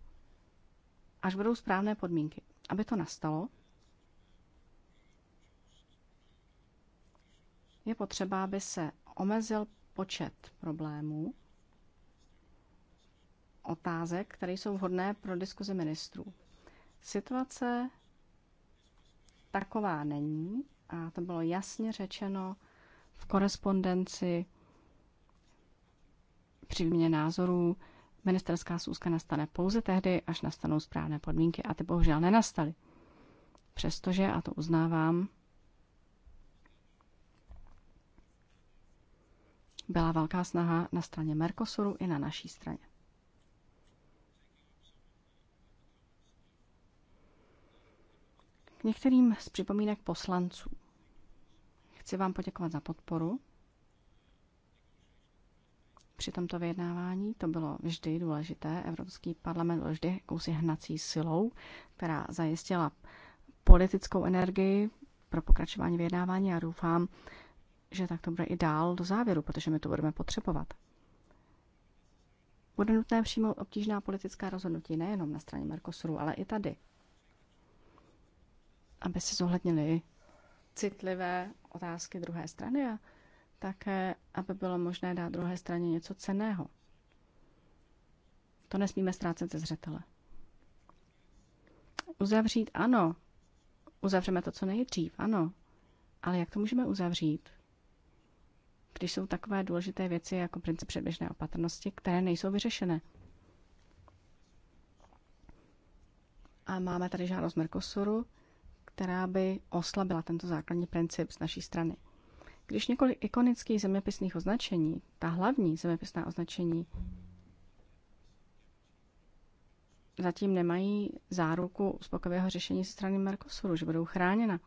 až budou správné podmínky. Aby to nastalo, je potřeba, aby se omezil počet problémů, otázek, které jsou vhodné pro diskuzi ministrů. Situace taková není a to bylo jasně řečeno v korespondenci při mě názorů Ministerská sůzka nastane pouze tehdy, až nastanou správné podmínky a ty bohužel nenastaly. Přestože, a to uznávám, byla velká snaha na straně Mercosuru i na naší straně. K některým z připomínek poslanců. Chci vám poděkovat za podporu, při tomto vyjednávání. To bylo vždy důležité. Evropský parlament byl vždy jakousi hnací silou, která zajistila politickou energii pro pokračování vyjednávání a doufám, že tak to bude i dál do závěru, protože my to budeme potřebovat. Bude nutné přijmout obtížná politická rozhodnutí nejenom na straně Mercosuru, ale i tady, aby se zohlednili citlivé otázky druhé strany a také, aby bylo možné dát druhé straně něco ceného. To nesmíme ztrácet ze zřetele. Uzavřít ano. Uzavřeme to, co nejdřív, ano. Ale jak to můžeme uzavřít, když jsou takové důležité věci jako princip předběžné opatrnosti, které nejsou vyřešené? A máme tady žádost Mercosuru, která by oslabila tento základní princip z naší strany. Když několik ikonických zeměpisných označení, ta hlavní zeměpisná označení, zatím nemají záruku spokojivého řešení ze strany Mercosuru, že budou chráněna.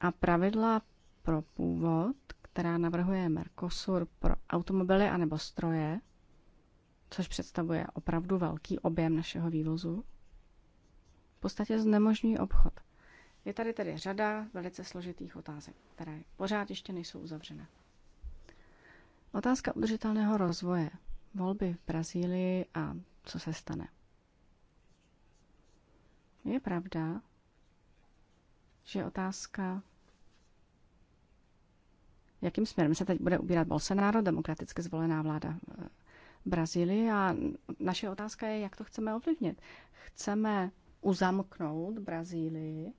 A pravidla pro původ, která navrhuje Mercosur pro automobily anebo stroje, což představuje opravdu velký objem našeho vývozu, v podstatě znemožňují obchod. Je tady tedy řada velice složitých otázek, které pořád ještě nejsou uzavřené. Otázka udržitelného rozvoje, volby v Brazílii a co se stane. Je pravda, že otázka, jakým směrem se teď bude ubírat Bolsonaro, demokraticky zvolená vláda v eh, Brazílii a naše otázka je, jak to chceme ovlivnit. Chceme uzamknout Brazílii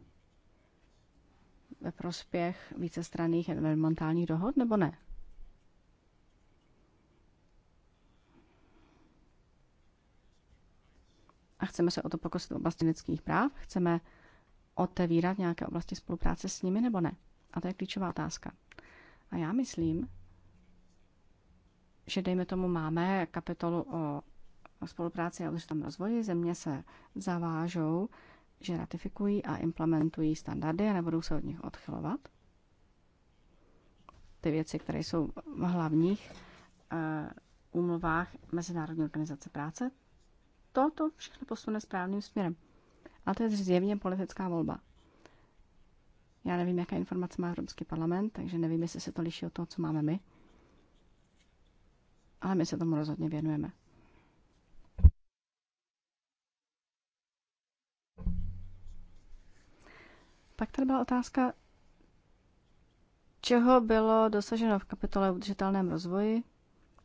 ve prospěch vícestranných environmentálních dohod, nebo ne? A chceme se o to pokusit v oblasti lidských práv? Chceme otevírat nějaké oblasti spolupráce s nimi, nebo ne? A to je klíčová otázka. A já myslím, že dejme tomu máme kapitolu o, spolupráci a udržitelném rozvoji, země se zavážou, že ratifikují a implementují standardy a nebudou se od nich odchylovat. Ty věci, které jsou v hlavních eh, úmluvách Mezinárodní organizace práce, to, to všechno posune správným směrem. Ale to je zjevně politická volba. Já nevím, jaká informace má Evropský parlament, takže nevím, jestli se to liší od toho, co máme my. Ale my se tomu rozhodně věnujeme. Pak tady byla otázka, čeho bylo dosaženo v kapitole o udržitelném rozvoji.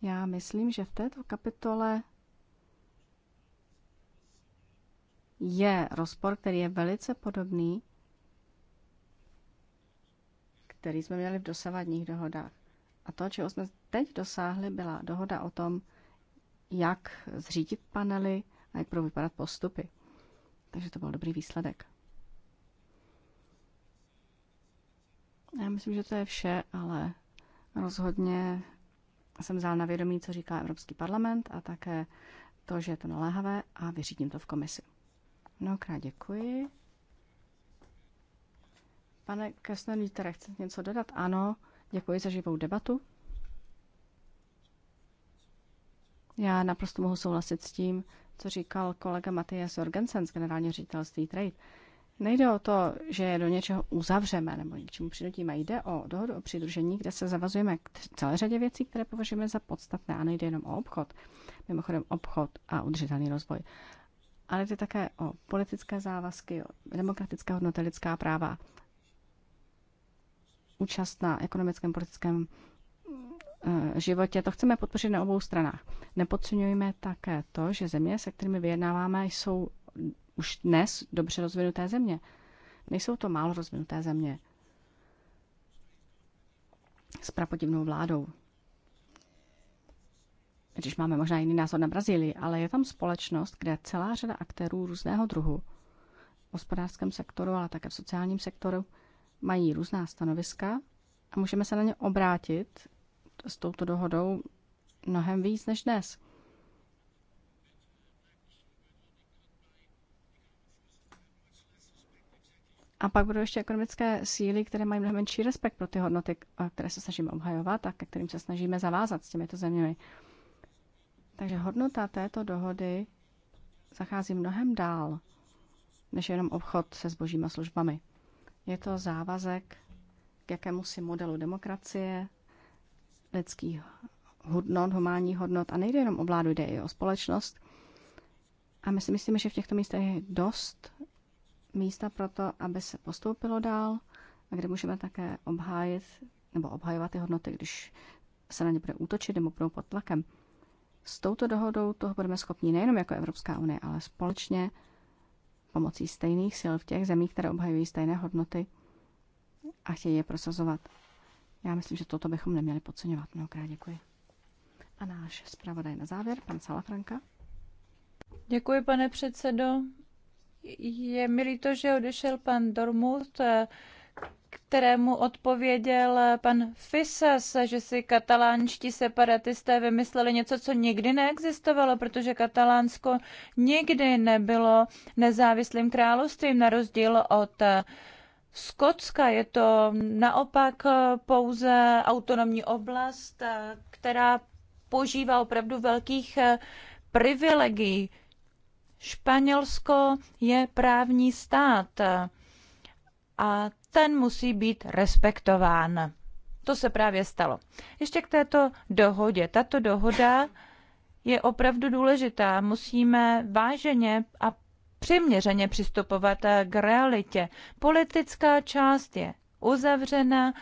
Já myslím, že v této kapitole je rozpor, který je velice podobný, který jsme měli v dosavadních dohodách. A to, čeho jsme teď dosáhli, byla dohoda o tom, jak zřídit panely a jak budou vypadat postupy. Takže to byl dobrý výsledek. Já myslím, že to je vše, ale rozhodně jsem vzal na vědomí, co říká Evropský parlament a také to, že je to naléhavé a vyřídím to v komisi. Mnohokrát děkuji. Pane Kessner, chcete něco dodat? Ano, děkuji za živou debatu. Já naprosto mohu souhlasit s tím, co říkal kolega Matias Jorgensen z generálního ředitelství Trade. Nejde o to, že je do něčeho uzavřeme nebo něčemu přinutíme. Jde o dohodu o přidružení, kde se zavazujeme k celé řadě věcí, které považujeme za podstatné a nejde jenom o obchod. Mimochodem obchod a udržitelný rozvoj. Ale jde také o politické závazky, o demokratické hodnoty, lidská práva, účast na ekonomickém, politickém eh, životě. To chceme podpořit na obou stranách. Nepodceňujeme také to, že země, se kterými vyjednáváme, jsou už dnes dobře rozvinuté země. Nejsou to málo rozvinuté země s prapodivnou vládou. Když máme možná jiný názor na Brazílii, ale je tam společnost, kde celá řada aktérů různého druhu, v hospodářském sektoru, ale také v sociálním sektoru, mají různá stanoviska a můžeme se na ně obrátit s touto dohodou mnohem víc než dnes. A pak budou ještě ekonomické síly, které mají mnohem menší respekt pro ty hodnoty, které se snažíme obhajovat a ke kterým se snažíme zavázat s těmito zeměmi. Takže hodnota této dohody zachází mnohem dál, než jenom obchod se zbožíma a službami. Je to závazek k jakémusi modelu demokracie, lidských hodnot, humánních hodnot. A nejde jenom o vládu, jde i o společnost. A my si myslíme, že v těchto místech je dost místa pro to, aby se postoupilo dál a kde můžeme také obhájit nebo obhajovat ty hodnoty, když se na ně bude útočit nebo budou pod tlakem. S touto dohodou toho budeme schopni nejenom jako Evropská unie, ale společně pomocí stejných sil v těch zemích, které obhajují stejné hodnoty a chtějí je prosazovat. Já myslím, že toto bychom neměli podceňovat. Mnohokrát děkuji. A náš zpravodaj na závěr, pan Salafranka. Děkuji, pane předsedo je mi líto, že odešel pan Dormut, eh, kterému odpověděl eh, pan Fisas, eh, že si katalánští separatisté vymysleli něco, co nikdy neexistovalo, protože Katalánsko nikdy nebylo nezávislým královstvím, na rozdíl od Skotska. Je to naopak pouze autonomní oblast, která požívá opravdu velkých privilegií. Španělsko je právní stát a ten musí být respektován. To se právě stalo. Ještě k této dohodě. Tato dohoda je opravdu důležitá. Musíme váženě a přiměřeně přistupovat k realitě. Politická část je uzavřena,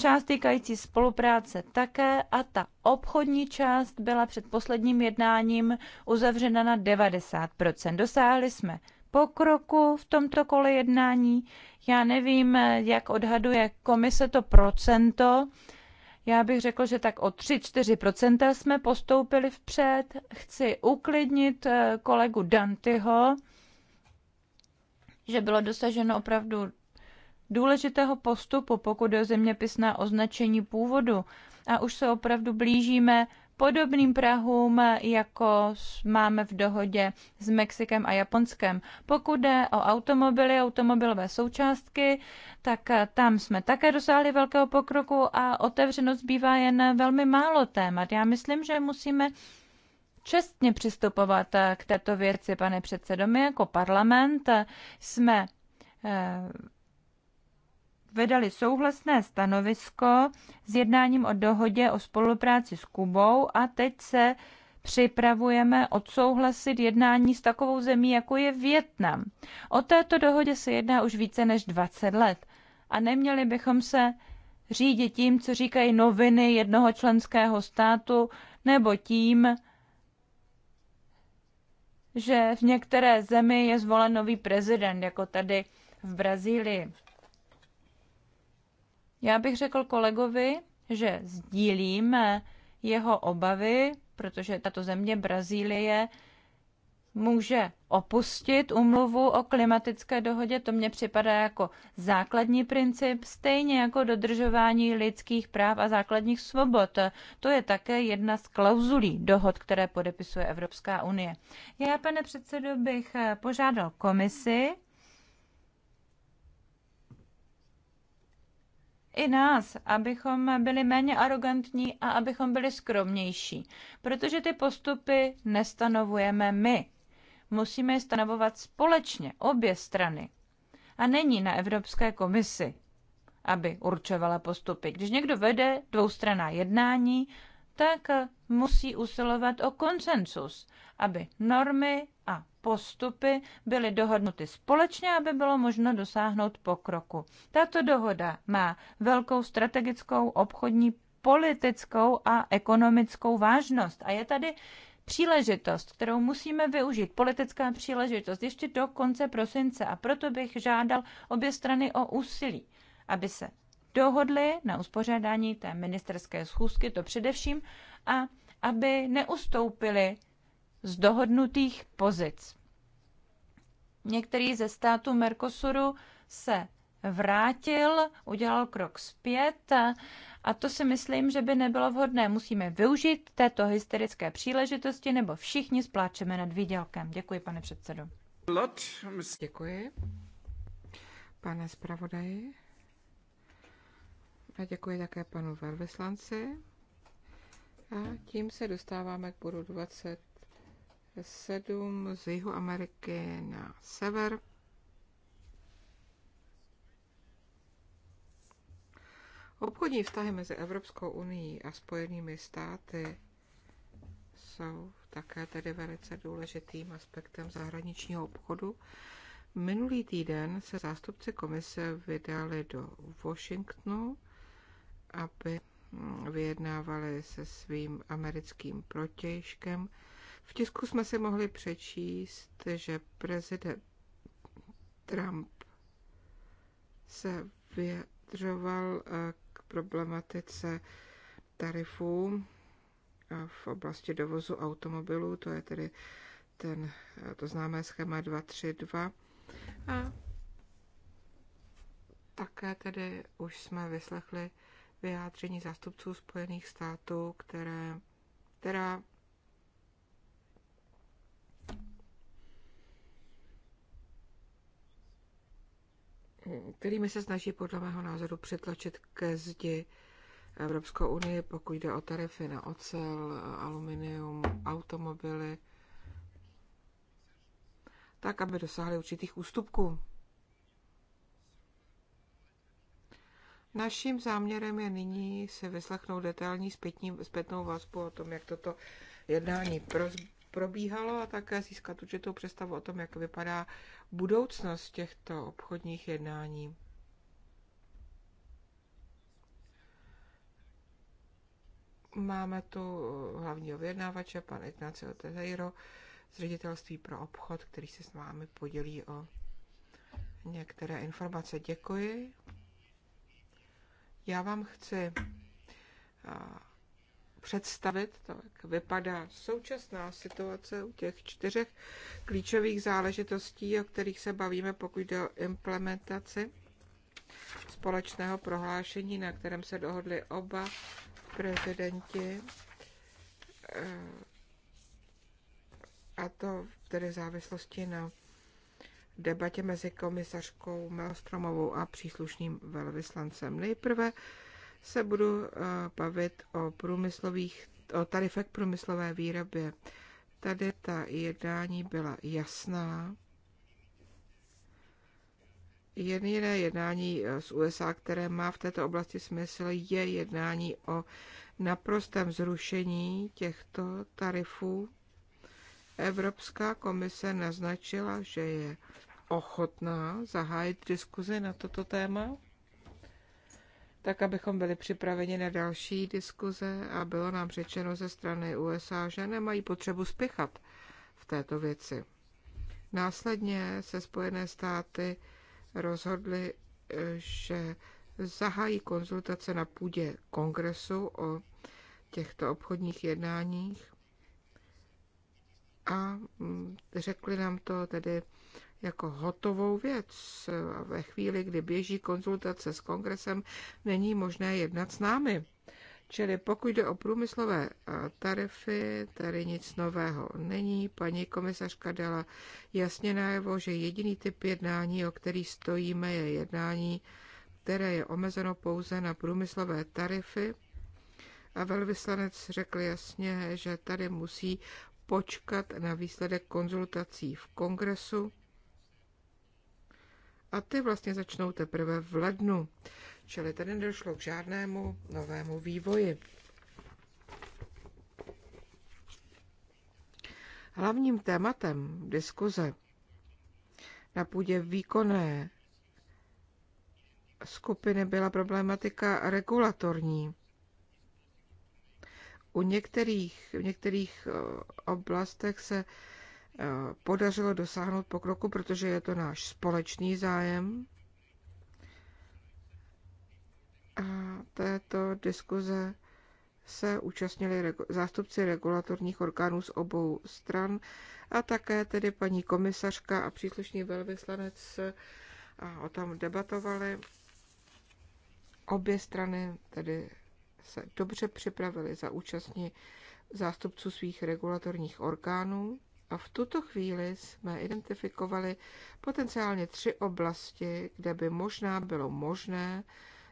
část týkající spolupráce také a ta obchodní část byla před posledním jednáním uzavřena na 90%. Dosáhli jsme pokroku v tomto kole jednání. Já nevím, jak odhaduje komise to procento. Já bych řekl, že tak o 3-4% jsme postoupili vpřed. Chci uklidnit eh, kolegu Dantyho, že bylo dosaženo opravdu důležitého postupu, pokud je o označení původu. A už se opravdu blížíme podobným Prahům, jako máme v dohodě s Mexikem a Japonskem. Pokud jde o automobily, automobilové součástky, tak eh, tam jsme také dosáhli velkého pokroku a otevřenost bývá jen velmi málo témat. Já myslím, že musíme čestně přistupovat eh, k této věci, pane předsedo. My jako parlament eh, jsme vydali souhlasné stanovisko s jednáním o dohodě o spolupráci s Kubou a teď se připravujeme odsouhlasit jednání s takovou zemí, jako je Větnam. O této dohodě se jedná už více než 20 let a neměli bychom se řídit tím, co říkají noviny jednoho členského státu nebo tím, že v některé zemi je zvolen nový prezident, jako tady v Brazílii. Já bych řekl kolegovi, že sdílíme eh, jeho obavy, protože tato země, Brazílie, může opustit umluvu o klimatické dohodě. To mně připadá jako základní princip, stejně jako dodržování lidských práv a základních svobod. To je také jedna z klauzulí dohod, které podepisuje Evropská unie. Já, pane předsedo, bych eh, požádal komisi, i nás, abychom byli méně arrogantní a abychom byli skromnější, protože ty postupy nestanovujeme my. Musíme je stanovovat společně, obě strany. A není na Evropské komisi, aby určovala postupy. Když někdo vede dvoustraná jednání, tak musí usilovat o konsensus, aby normy a postupy byly dohodnuty společně, aby bylo možno dosáhnout pokroku. Tato dohoda má velkou strategickou, obchodní, politickou a ekonomickou vážnost a je tady příležitost, kterou musíme využít, politická příležitost ještě do konce prosince a proto bych žádal obě strany o úsilí, aby se dohodli na uspořádání té ministerské schůzky, to především, a aby neustoupili z dohodnutých pozic. Některý ze států Mercosuru se vrátil, udělal krok zpět a to si myslím, že by nebylo vhodné. Musíme využít této hysterické příležitosti nebo všichni spláčeme nad výdělkem. Děkuji, pane předsedo. Děkuji. Pane zpravodaji. A děkuji také panu velvyslanci. A tím se dostáváme k bodu 20 7 z jihu Ameriky na sever. Obchodní vztahy mezi Evropskou unii a Spojenými státy jsou také tedy velice důležitým aspektem zahraničního obchodu. Minulý týden se zástupci komise vydali do Washingtonu, aby vyjednávali se svým americkým protějškem v tisku jsme si mohli přečíst, že prezident Trump se vyjadřoval eh, k problematice tarifů eh, v oblasti dovozu automobilů, to je tedy ten, eh, to známé schéma 232. A také tedy už jsme vyslechli vyjádření zástupců Spojených států, které, která kterými se snaží podle mého názoru přetlačit ke zdi Evropskou unii, pokud jde o tarify na ocel, aluminium, automobily, tak, aby dosáhly určitých ústupků. Naším záměrem je nyní se vyslechnout detailní zpětní, zpětnou vazbu o tom, jak toto jednání probíhalo a také získat určitou představu o tom, jak vypadá budoucnost těchto obchodních jednání. Máme tu hlavního vyjednávače, pan Ignacio Tezeiro, z ředitelství pro obchod, který se s vámi podělí o některé informace. Děkuji. Já vám chci představit, to, jak vypadá současná situace u těch čtyřech klíčových záležitostí, o kterých se bavíme, pokud jde o implementaci společného prohlášení, na kterém se dohodli oba prezidenti. Eh, a to tedy závislosti na debatě mezi komisařkou Melstromovou a příslušným velvyslancem. Nejprve se budu eh, bavit o průmyslových, o tarifech průmyslové výrobě. Tady ta jednání byla jasná. Jediné jednání eh, z USA, které má v této oblasti smysl, je jednání o naprostém zrušení těchto tarifů. Evropská komise naznačila, že je ochotná zahájit diskuzi na toto téma tak abychom byli připraveni na další diskuze a bylo nám řečeno ze strany USA, že nemají potřebu spěchat v této věci. Následně se Spojené státy rozhodly, že zahájí konzultace na půdě kongresu o těchto obchodních jednáních a mm, řekli nám to tedy jako hotovou věc. ve chvíli, kdy běží konzultace s kongresem, není možné jednat s námi. Čili pokud jde o průmyslové eh, tarify, tady nic nového není. Paní komisařka dala jasně najevo, že jediný typ jednání, o který stojíme, je jednání, které je omezeno pouze na průmyslové tarify. A velvyslanec řekl jasně, že tady musí počkat na výsledek konzultací v kongresu a ty vlastně začnou teprve v lednu. Čili tady nedošlo k žádnému novému vývoji. Hlavním tématem diskuze na půdě výkonné skupiny byla problematika regulatorní. U některých, v některých eh, oblastech se podařilo dosáhnout pokroku, protože je to náš společný zájem. A této diskuze se účastnili zástupci regulatorních orgánů z obou stran a také tedy paní komisařka a příslušný velvyslanec o tom debatovali. Obě strany tedy se dobře připravili za účastní zástupců svých regulatorních orgánů. A v tuto chvíli jsme identifikovali potenciálně tři oblasti, kde by možná bylo možné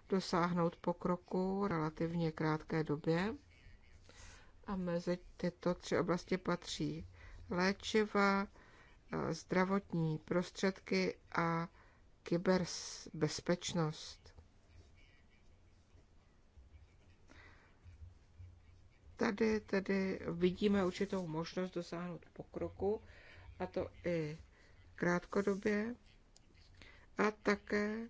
dosáhnout pokroku v relativně krátké době. A mezi tyto tři oblasti patří léčiva, eh, zdravotní prostředky a kyberbezpečnost. Tady, tady vidíme určitou možnost dosáhnout pokroku, a to i krátkodobě, a také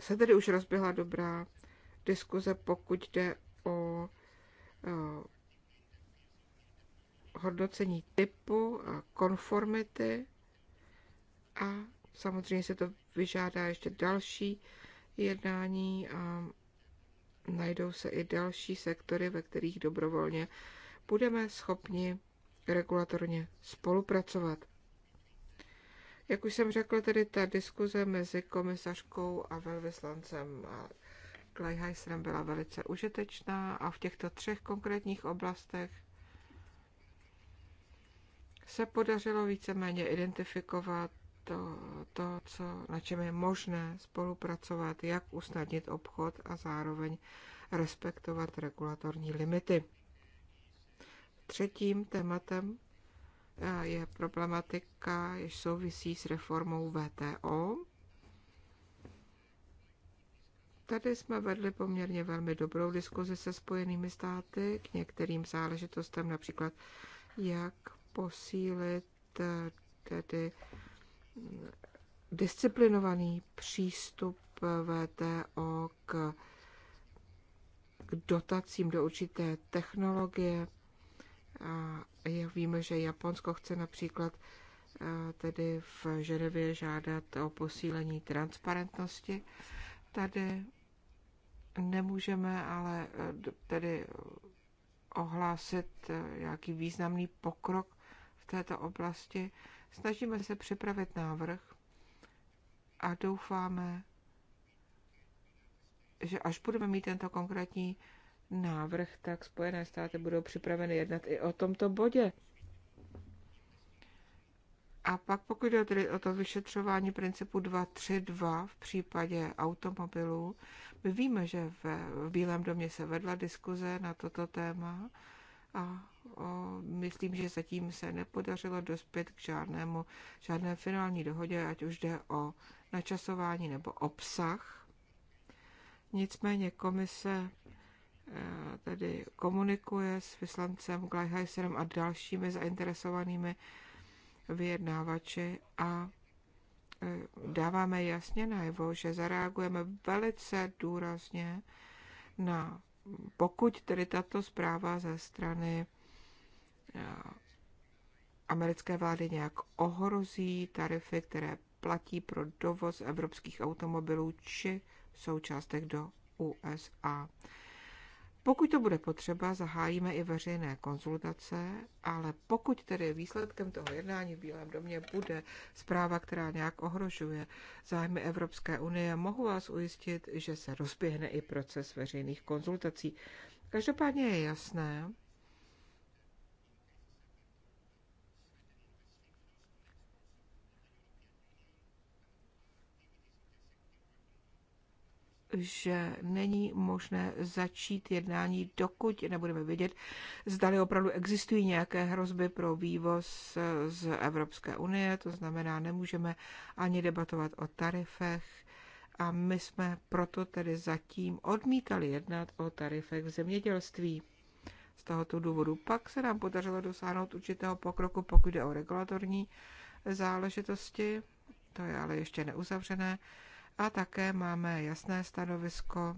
se tedy už rozběhla dobrá diskuze, pokud jde o, hodnocení typu, konformity a samozřejmě se to vyžádá ještě další jednání a najdou se i další sektory, ve kterých dobrovolně budeme schopni regulatorně spolupracovat. Jak už jsem řekl, tedy ta diskuze mezi komisařkou a velvyslancem a byla velice užitečná a v těchto třech konkrétních oblastech se podařilo víceméně identifikovat to, to co, na čem je možné spolupracovat, jak usnadnit obchod a zároveň respektovat regulatorní limity. Třetím tématem eh, je problematika, jež souvisí s reformou VTO. Tady jsme vedli poměrně velmi dobrou diskuzi se Spojenými státy k některým záležitostem, například jak posílit eh, tedy disciplinovaný přístup VTO k, k dotacím do určité technologie. A jak víme, že Japonsko chce například e, tedy v Ženevě žádat o posílení transparentnosti. Tady nemůžeme ale e, tedy ohlásit e, nějaký významný pokrok v této oblasti. Snažíme se připravit návrh a doufáme, že až budeme mít tento konkrétní návrh, tak Spojené státy budou připraveny jednat i o tomto bodě. A pak pokud jde tedy o to vyšetřování principu 232 v případě automobilů, my víme, že v Bílém domě se vedla diskuze na toto téma a myslím, že zatím se nepodařilo dospět k žádnému, žádné finální dohodě, ať už jde o načasování nebo obsah. Nicméně komise eh, tedy komunikuje s vyslancem Gleichheiserem a dalšími zainteresovanými vyjednávači a eh, dáváme jasně najevo, že zareagujeme velice důrazně na, pokud tedy tato zpráva ze strany Eh, americké vlády nějak ohrozí tarify, které platí pro dovoz evropských automobilů či součástek do USA. Pokud to bude potřeba, zahájíme i veřejné konzultace, ale pokud tedy výsledkem toho jednání v Bílém domě bude zpráva, která nějak ohrožuje zájmy Evropské unie, mohu vás ujistit, že se rozběhne i proces veřejných konzultací. Každopádně je jasné, že není možné začít jednání, dokud nebudeme vidět, zdali opravdu existují nějaké hrozby pro vývoz eh, z Evropské unie, to znamená, nemůžeme ani debatovat o tarifech, a my jsme proto tedy zatím odmítali jednat o tarifech v zemědělství. Z tohoto důvodu pak se nám podařilo dosáhnout určitého pokroku, pokud jde o regulatorní záležitosti. To je ale ještě neuzavřené a také máme jasné stanovisko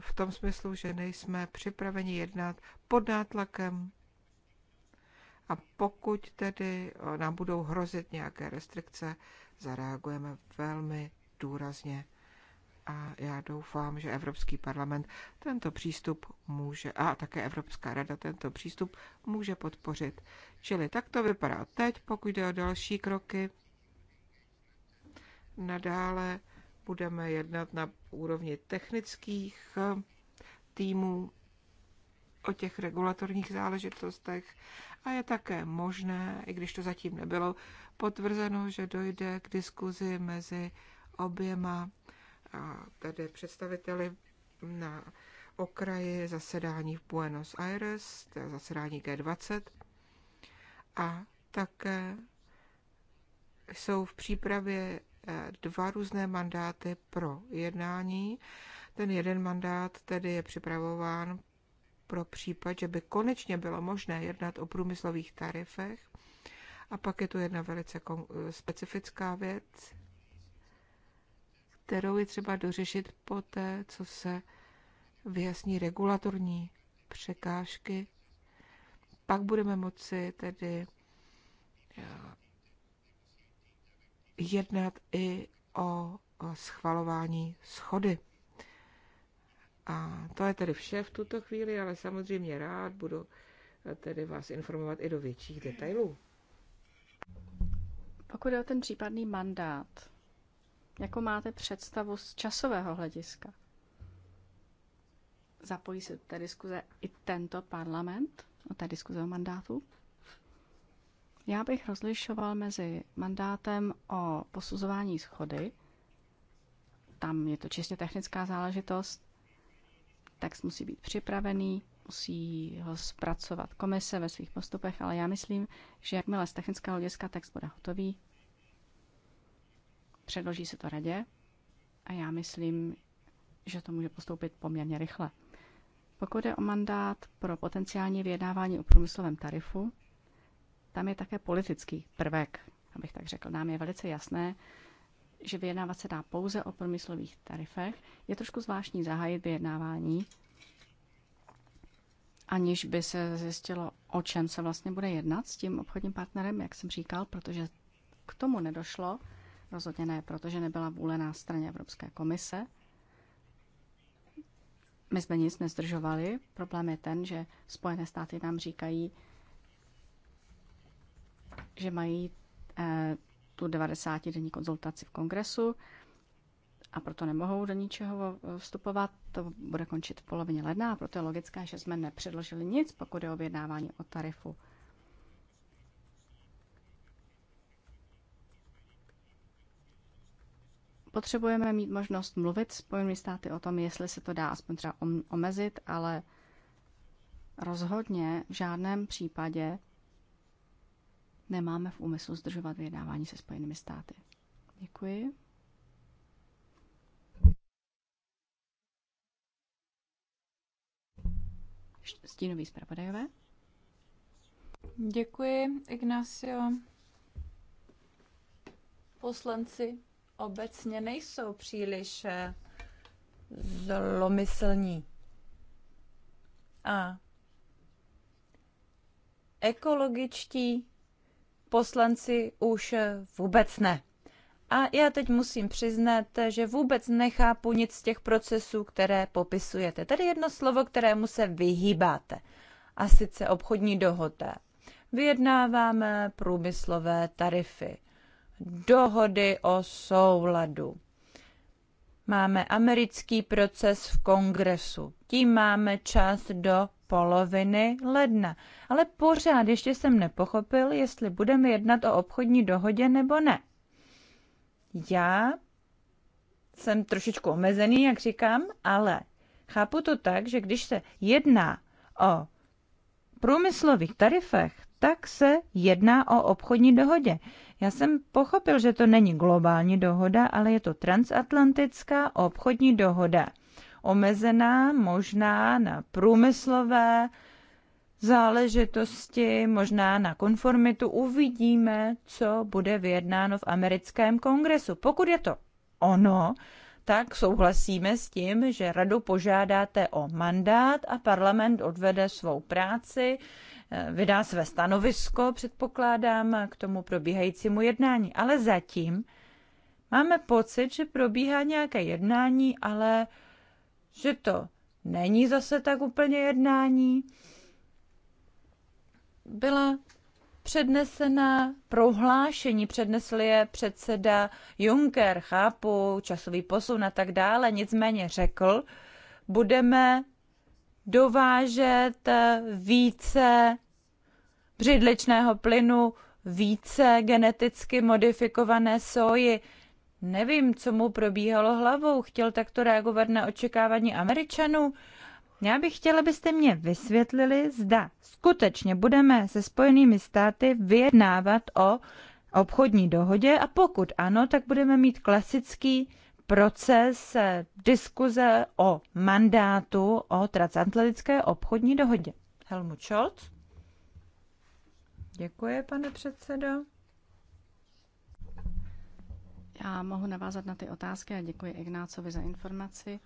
v tom smyslu, že nejsme připraveni jednat pod nátlakem. A pokud tedy nám budou hrozit nějaké restrikce, zareagujeme velmi důrazně. A já doufám, že Evropský parlament tento přístup může, a také Evropská rada tento přístup může podpořit. Čili tak to vypadá teď, pokud jde o další kroky. Nadále budeme jednat na úrovni technických eh, týmů o těch regulatorních záležitostech a je také možné, i když to zatím nebylo potvrzeno, že dojde k diskuzi mezi oběma eh, tedy představiteli na okraji zasedání v Buenos Aires, zasedání G20 a také jsou v přípravě dva různé mandáty pro jednání. Ten jeden mandát tedy je připravován pro případ, že by konečně bylo možné jednat o průmyslových tarifech. A pak je tu jedna velice specifická věc, kterou je třeba dořešit poté, co se vyjasní regulatorní překážky. Pak budeme moci tedy eh, jednat i o schvalování schody. A to je tedy vše v tuto chvíli, ale samozřejmě rád budu eh, tedy vás informovat i do větších detailů. Pokud je o ten případný mandát, jako máte představu z časového hlediska? Zapojí se do té diskuze i tento parlament, o té diskuze o mandátu? Já bych rozlišoval mezi mandátem o posuzování schody, tam je to čistě technická záležitost, text musí být připravený, musí ho zpracovat komise ve svých postupech, ale já myslím, že jakmile z technického hlediska text bude hotový, předloží se to radě a já myslím, že to může postoupit poměrně rychle. Pokud je o mandát pro potenciální vyjednávání o průmyslovém tarifu, tam je také politický prvek, abych tak řekl. Nám je velice jasné, že vyjednávat se dá pouze o průmyslových tarifech. Je trošku zvláštní zahájit vyjednávání, aniž by se zjistilo, o čem se vlastně bude jednat s tím obchodním partnerem, jak jsem říkal, protože k tomu nedošlo. Rozhodně ne, protože nebyla vůle na straně Evropské komise. My jsme nic nezdržovali. Problém je ten, že Spojené státy nám říkají, že mají eh, tu 90-denní konzultaci v kongresu a proto nemohou do ničeho eh, vstupovat. To bude končit v polovině ledna a proto je logické, že jsme nepředložili nic, pokud je o vyjednávání o tarifu. Potřebujeme mít možnost mluvit s pojemnými státy o tom, jestli se to dá aspoň třeba omezit, ale rozhodně v žádném případě nemáme v úmyslu zdržovat vyjednávání se Spojenými státy. Děkuji. Stínový zpravodajové. Děkuji, Ignacio. Poslanci obecně nejsou příliš eh, zlomyslní. A ekologičtí poslanci už vůbec ne. A já teď musím přiznat, že vůbec nechápu nic z těch procesů, které popisujete. Tady jedno slovo, kterému se vyhýbáte, a sice obchodní dohoda. Vyjednáváme průmyslové tarify, dohody o souladu máme americký proces v kongresu. Tím máme čas do poloviny ledna. Ale pořád ještě jsem nepochopil, jestli budeme jednat o obchodní dohodě nebo ne. Já jsem trošičku omezený, jak říkám, ale chápu to tak, že když se jedná o průmyslových tarifech, tak se jedná o obchodní dohodě. Já jsem pochopil, že to není globální dohoda, ale je to transatlantická obchodní dohoda. Omezená možná na průmyslové záležitosti, možná na konformitu. Uvidíme, co bude vyjednáno v americkém kongresu. Pokud je to ono, tak souhlasíme s tím, že radu požádáte o mandát a parlament odvede svou práci vydá své stanovisko, předpokládám, k tomu probíhajícímu jednání. Ale zatím máme pocit, že probíhá nějaké jednání, ale že to není zase tak úplně jednání. Byla přednesena prohlášení, přednesl je předseda Juncker, chápu, časový posun a tak dále, nicméně řekl, budeme dovážet eh, více břidličného plynu, více geneticky modifikované soji. Nevím, co mu probíhalo hlavou, chtěl takto reagovat na očekávání Američanů. Já bych chtěla, abyste mě vysvětlili, zda skutečně budeme se Spojenými státy vyjednávat o obchodní dohodě a pokud ano, tak budeme mít klasický proces diskuze o mandátu o transatlantické obchodní dohodě. Helmut Scholz. Děkuji, pane předsedo. Já mohu navázat na ty otázky a děkuji Ignácovi za informaci.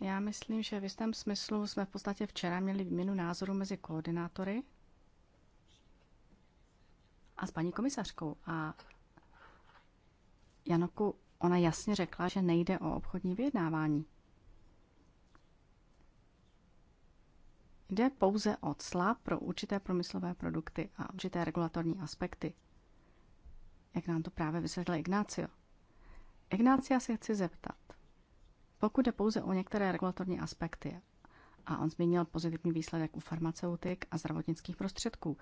Já myslím, že v jistém smyslu jsme v podstatě včera měli výměnu názoru mezi koordinátory a s paní komisařkou. A Janoku, Ona jasně řekla, že nejde o obchodní vyjednávání. Jde pouze o cla pro určité průmyslové produkty a určité regulatorní aspekty. Jak nám to právě vysvětlil Ignácio. Ignácia se chci zeptat. Pokud jde pouze o některé regulatorní aspekty, a on zmínil pozitivní výsledek u farmaceutik a zdravotnických prostředků,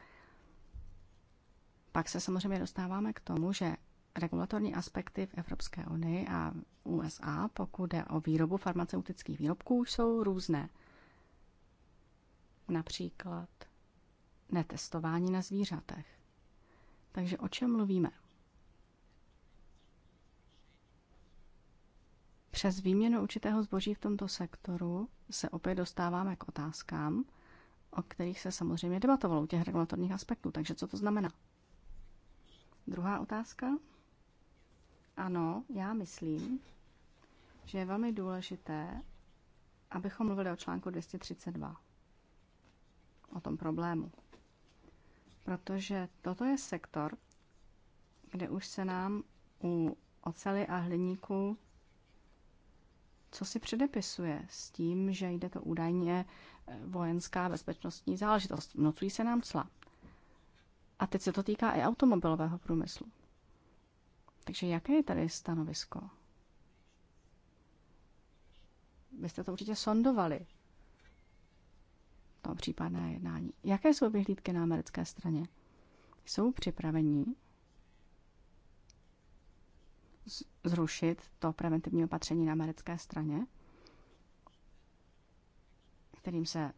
pak se samozřejmě dostáváme k tomu, že regulatorní aspekty v Evropské unii a USA, pokud jde o výrobu farmaceutických výrobků, jsou různé. Například netestování na zvířatech. Takže o čem mluvíme? Přes výměnu určitého zboží v tomto sektoru se opět dostáváme k otázkám, o kterých se samozřejmě debatovalo u těch regulatorních aspektů. Takže co to znamená? Druhá otázka. Ano, já myslím, že je velmi důležité, abychom mluvili o článku 232, o tom problému. Protože toto je sektor, kde už se nám u oceli a hliníku co si předepisuje s tím, že jde to údajně eh, vojenská bezpečnostní záležitost. Vnucují se nám cla. A teď se to týká i automobilového průmyslu. Takže jaké je tady stanovisko? Vy jste to určitě sondovali, to případné jednání. Jaké jsou vyhlídky na americké straně? Jsou připravení zrušit to preventivní opatření na americké straně, kterým se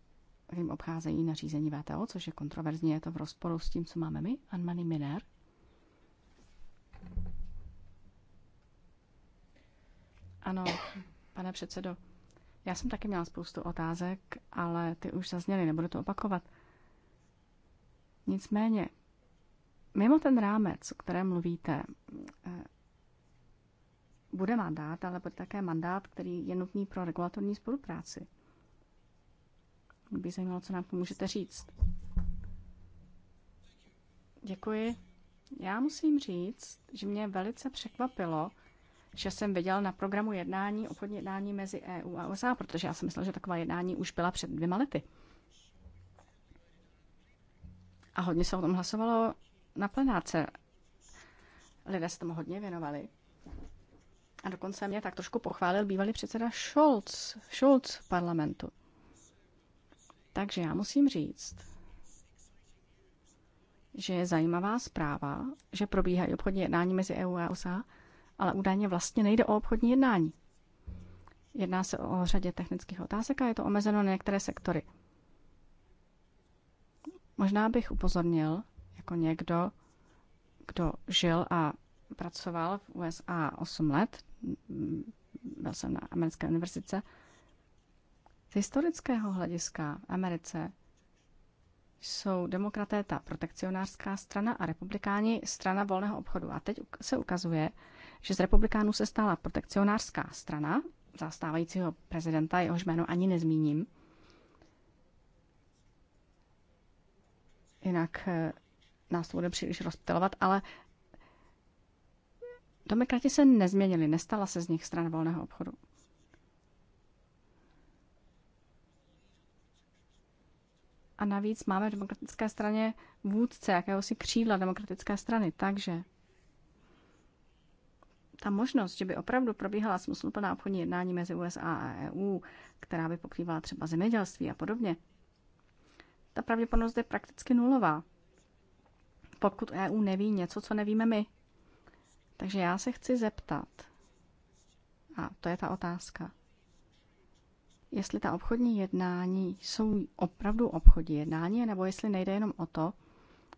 kterým obcházejí nařízení VTO, což je kontroverzní, je to v rozporu s tím, co máme my, Anmany Miner. Ano, pane předsedo. Já jsem taky měla spoustu otázek, ale ty už zazněly, nebudu to opakovat. Nicméně, mimo ten rámec, o kterém mluvíte, eh, bude mandát, ale bude také mandát, který je nutný pro regulatorní spolupráci. Mě by zajímalo, co nám to můžete říct. Děkuji. Já musím říct, že mě velice překvapilo, že jsem viděl na programu jednání, obchodní jednání mezi EU a USA, protože já jsem myslel, že taková jednání už byla před dvěma lety. A hodně se o tom hlasovalo na plenáce. Lidé se tomu hodně věnovali. A dokonce mě tak trošku pochválil bývalý předseda Scholz, Scholz v parlamentu. Takže já musím říct, že je zajímavá zpráva, že probíhají obchodní jednání mezi EU a USA ale údajně vlastně nejde o obchodní jednání. Jedná se o řadě technických otázek a je to omezeno na některé sektory. Možná bych upozornil, jako někdo, kdo žil a pracoval v USA 8 let, byl jsem na americké univerzitě, z historického hlediska v Americe jsou demokraté ta protekcionářská strana a republikáni strana volného obchodu. A teď se ukazuje, že z republikánů se stala protekcionářská strana zastávajícího prezidenta, jehož jméno ani nezmíním. Jinak eh, nás to bude příliš rozptilovat, ale demokrati se nezměnili, nestala se z nich strana volného obchodu. A navíc máme v demokratické straně vůdce jakéhosi křídla demokratické strany, takže ta možnost, že by opravdu probíhala smysluplná obchodní jednání mezi USA a EU, která by pokrývala třeba zemědělství a podobně, ta pravděpodobnost je prakticky nulová, pokud EU neví něco, co nevíme my. Takže já se chci zeptat, a to je ta otázka, jestli ta obchodní jednání jsou opravdu obchodní jednání, nebo jestli nejde jenom o to,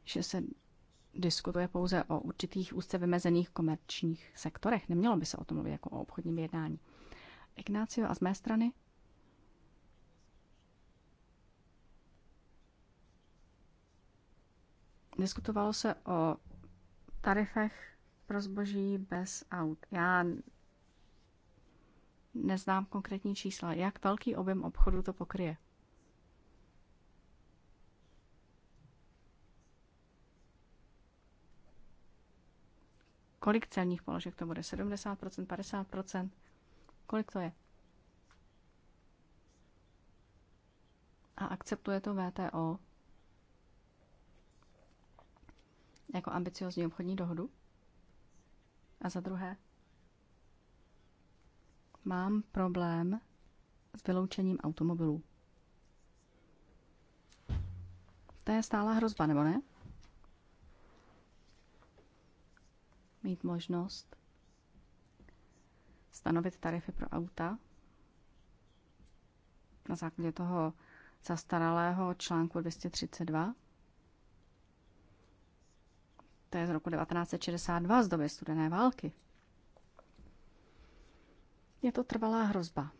že se diskutuje pouze o určitých úzce vymezených komerčních sektorech. Nemělo by se o tom mluvit jako o obchodním jednání. Ignácio, a z mé strany? Diskutovalo se o tarifech pro zboží bez aut. Já neznám konkrétní čísla. Jak velký objem obchodu to pokryje? Kolik celních položek to bude? 70%, 50%? Kolik to je? A akceptuje to VTO jako ambiciozní obchodní dohodu? A za druhé, mám problém s vyloučením automobilů. To je stála hrozba, nebo ne? mít možnost stanovit tarify pro auta na základě toho zastaralého článku 232. To je z roku 1962, z doby studené války. Je to trvalá hrozba.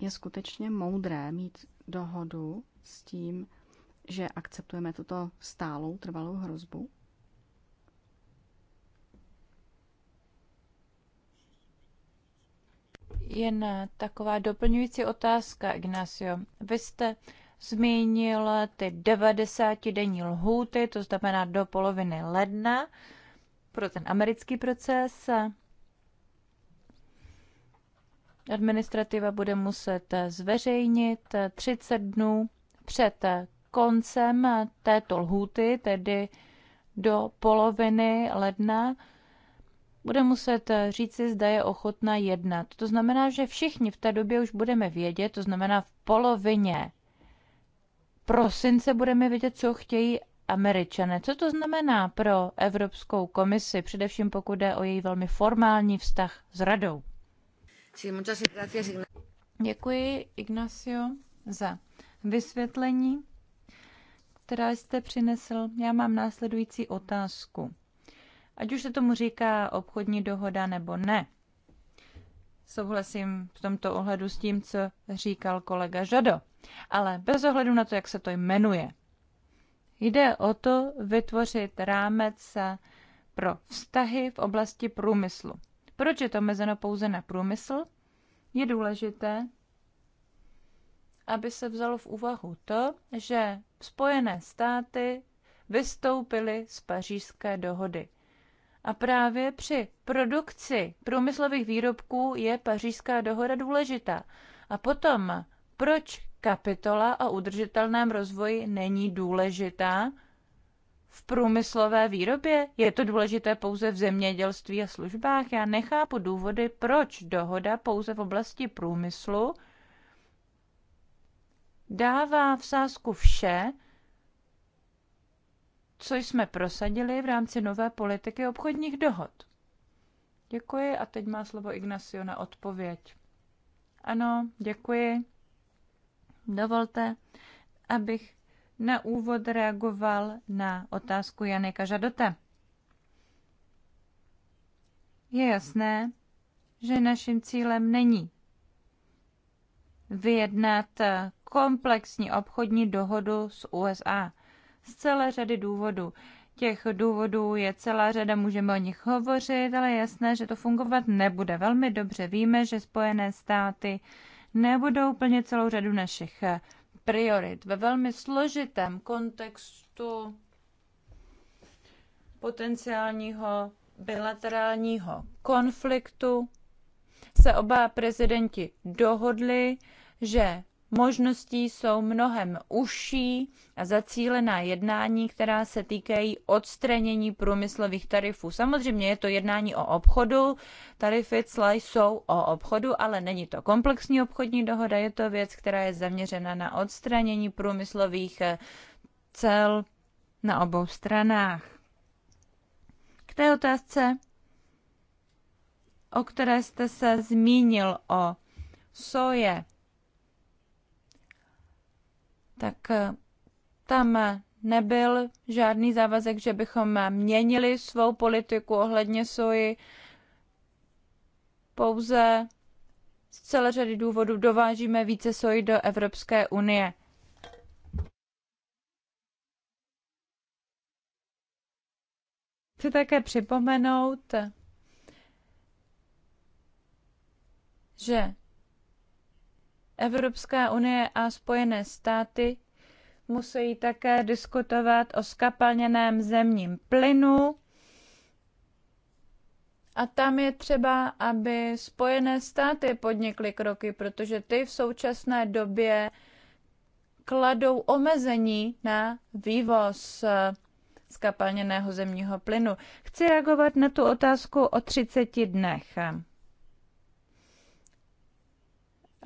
Je skutečně moudré mít dohodu s tím, že akceptujeme tuto stálou trvalou hrozbu? Jen taková doplňující otázka, Ignacio. Vy jste zmínil ty 90-denní lhůty, to znamená do poloviny ledna pro ten americký proces. Administrativa bude muset zveřejnit 30 dnů před koncem této lhůty, tedy do poloviny ledna bude muset eh, říci, zda je ochotná jednat. To znamená, že všichni v té době už budeme vědět, to znamená v polovině prosince budeme vědět, co chtějí Američané. Co to znamená pro Evropskou komisi, především pokud jde o její velmi formální vztah s radou? Děkuji, Ignacio, za vysvětlení, která jste přinesl. Já mám následující otázku. Ať už se tomu říká obchodní dohoda nebo ne. Souhlasím v tomto ohledu s tím, co říkal kolega Žado. Ale bez ohledu na to, jak se to jmenuje, jde o to vytvořit rámec pro vztahy v oblasti průmyslu. Proč je to mezeno pouze na průmysl? Je důležité, aby se vzalo v úvahu to, že Spojené státy vystoupily z pařížské dohody. A právě při produkci průmyslových výrobků je pařížská dohoda důležitá. A potom, proč kapitola o udržitelném rozvoji není důležitá v průmyslové výrobě? Je to důležité pouze v zemědělství a službách? Já nechápu důvody, proč dohoda pouze v oblasti průmyslu dává v sázku vše, co jsme prosadili v rámci nové politiky obchodních dohod. Děkuji a teď má slovo Ignacio na odpověď. Ano, děkuji. Dovolte, abych na úvod reagoval na otázku Janeka Žadote. Je jasné, že naším cílem není vyjednat komplexní obchodní dohodu s USA z celé řady důvodů. Těch důvodů je celá řada, můžeme o nich hovořit, ale je jasné, že to fungovat nebude. Velmi dobře víme, že Spojené státy nebudou úplně celou řadu našich eh, priorit ve velmi složitém kontextu potenciálního bilaterálního konfliktu se oba prezidenti dohodli, že možností jsou mnohem užší a zacílená jednání, která se týkají odstranění průmyslových tarifů. Samozřejmě je to jednání o obchodu, tarify cla jsou o obchodu, ale není to komplexní obchodní dohoda, je to věc, která je zaměřena na odstranění průmyslových eh, cel na obou stranách. K té otázce, o které jste se zmínil o soje, tak eh, tam nebyl žádný závazek, že bychom měnili svou politiku ohledně soji. Pouze z celé řady důvodů dovážíme více soji do Evropské unie. Chci také připomenout, že Evropská unie a Spojené státy musí také diskutovat o skapalněném zemním plynu. A tam je třeba, aby Spojené státy podnikly kroky, protože ty v současné době kladou omezení na vývoz eh, skapalněného zemního plynu. Chci reagovat na tu otázku o 30 dnech.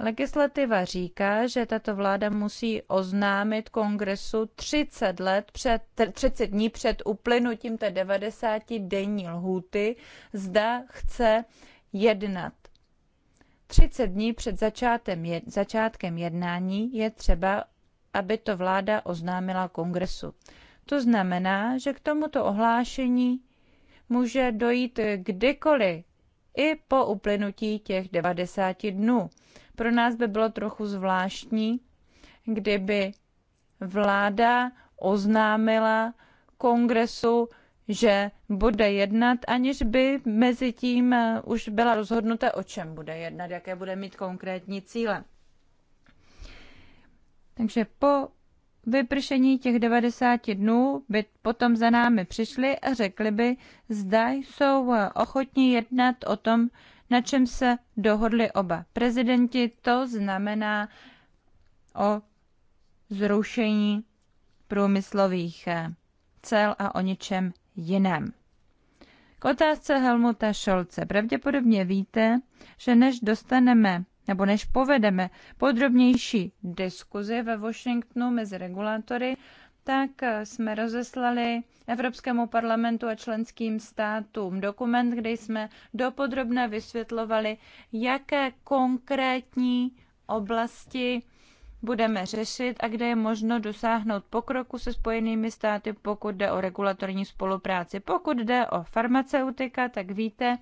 Legislativa říká, že tato vláda musí oznámit kongresu 30, let před, 30 dní před uplynutím té 90 denní lhůty, zda chce jednat. 30 dní před začátem, začátkem jednání je třeba, aby to vláda oznámila kongresu. To znamená, že k tomuto ohlášení může dojít kdykoliv i po uplynutí těch 90 dnů. Pro nás by bylo trochu zvláštní, kdyby vláda oznámila kongresu, že bude jednat, aniž by mezi tím eh, už byla rozhodnuta, o čem bude jednat, jaké bude mít konkrétní cíle. Takže po vypršení těch 90 dnů by potom za námi přišli a řekli by, zda jsou eh, ochotní jednat o tom, na čem se dohodli oba prezidenti, to znamená o zrušení průmyslových eh, cel a o ničem jiném. K otázce Helmuta Šolce. Pravděpodobně víte, že než dostaneme nebo než povedeme podrobnější diskuzi ve Washingtonu mezi regulátory, tak eh, jsme rozeslali Evropskému parlamentu a členským státům dokument, kde jsme dopodrobně vysvětlovali, jaké konkrétní oblasti budeme řešit a kde je možno dosáhnout pokroku se spojenými státy, pokud jde o regulatorní spolupráci. Pokud jde o farmaceutika, tak víte,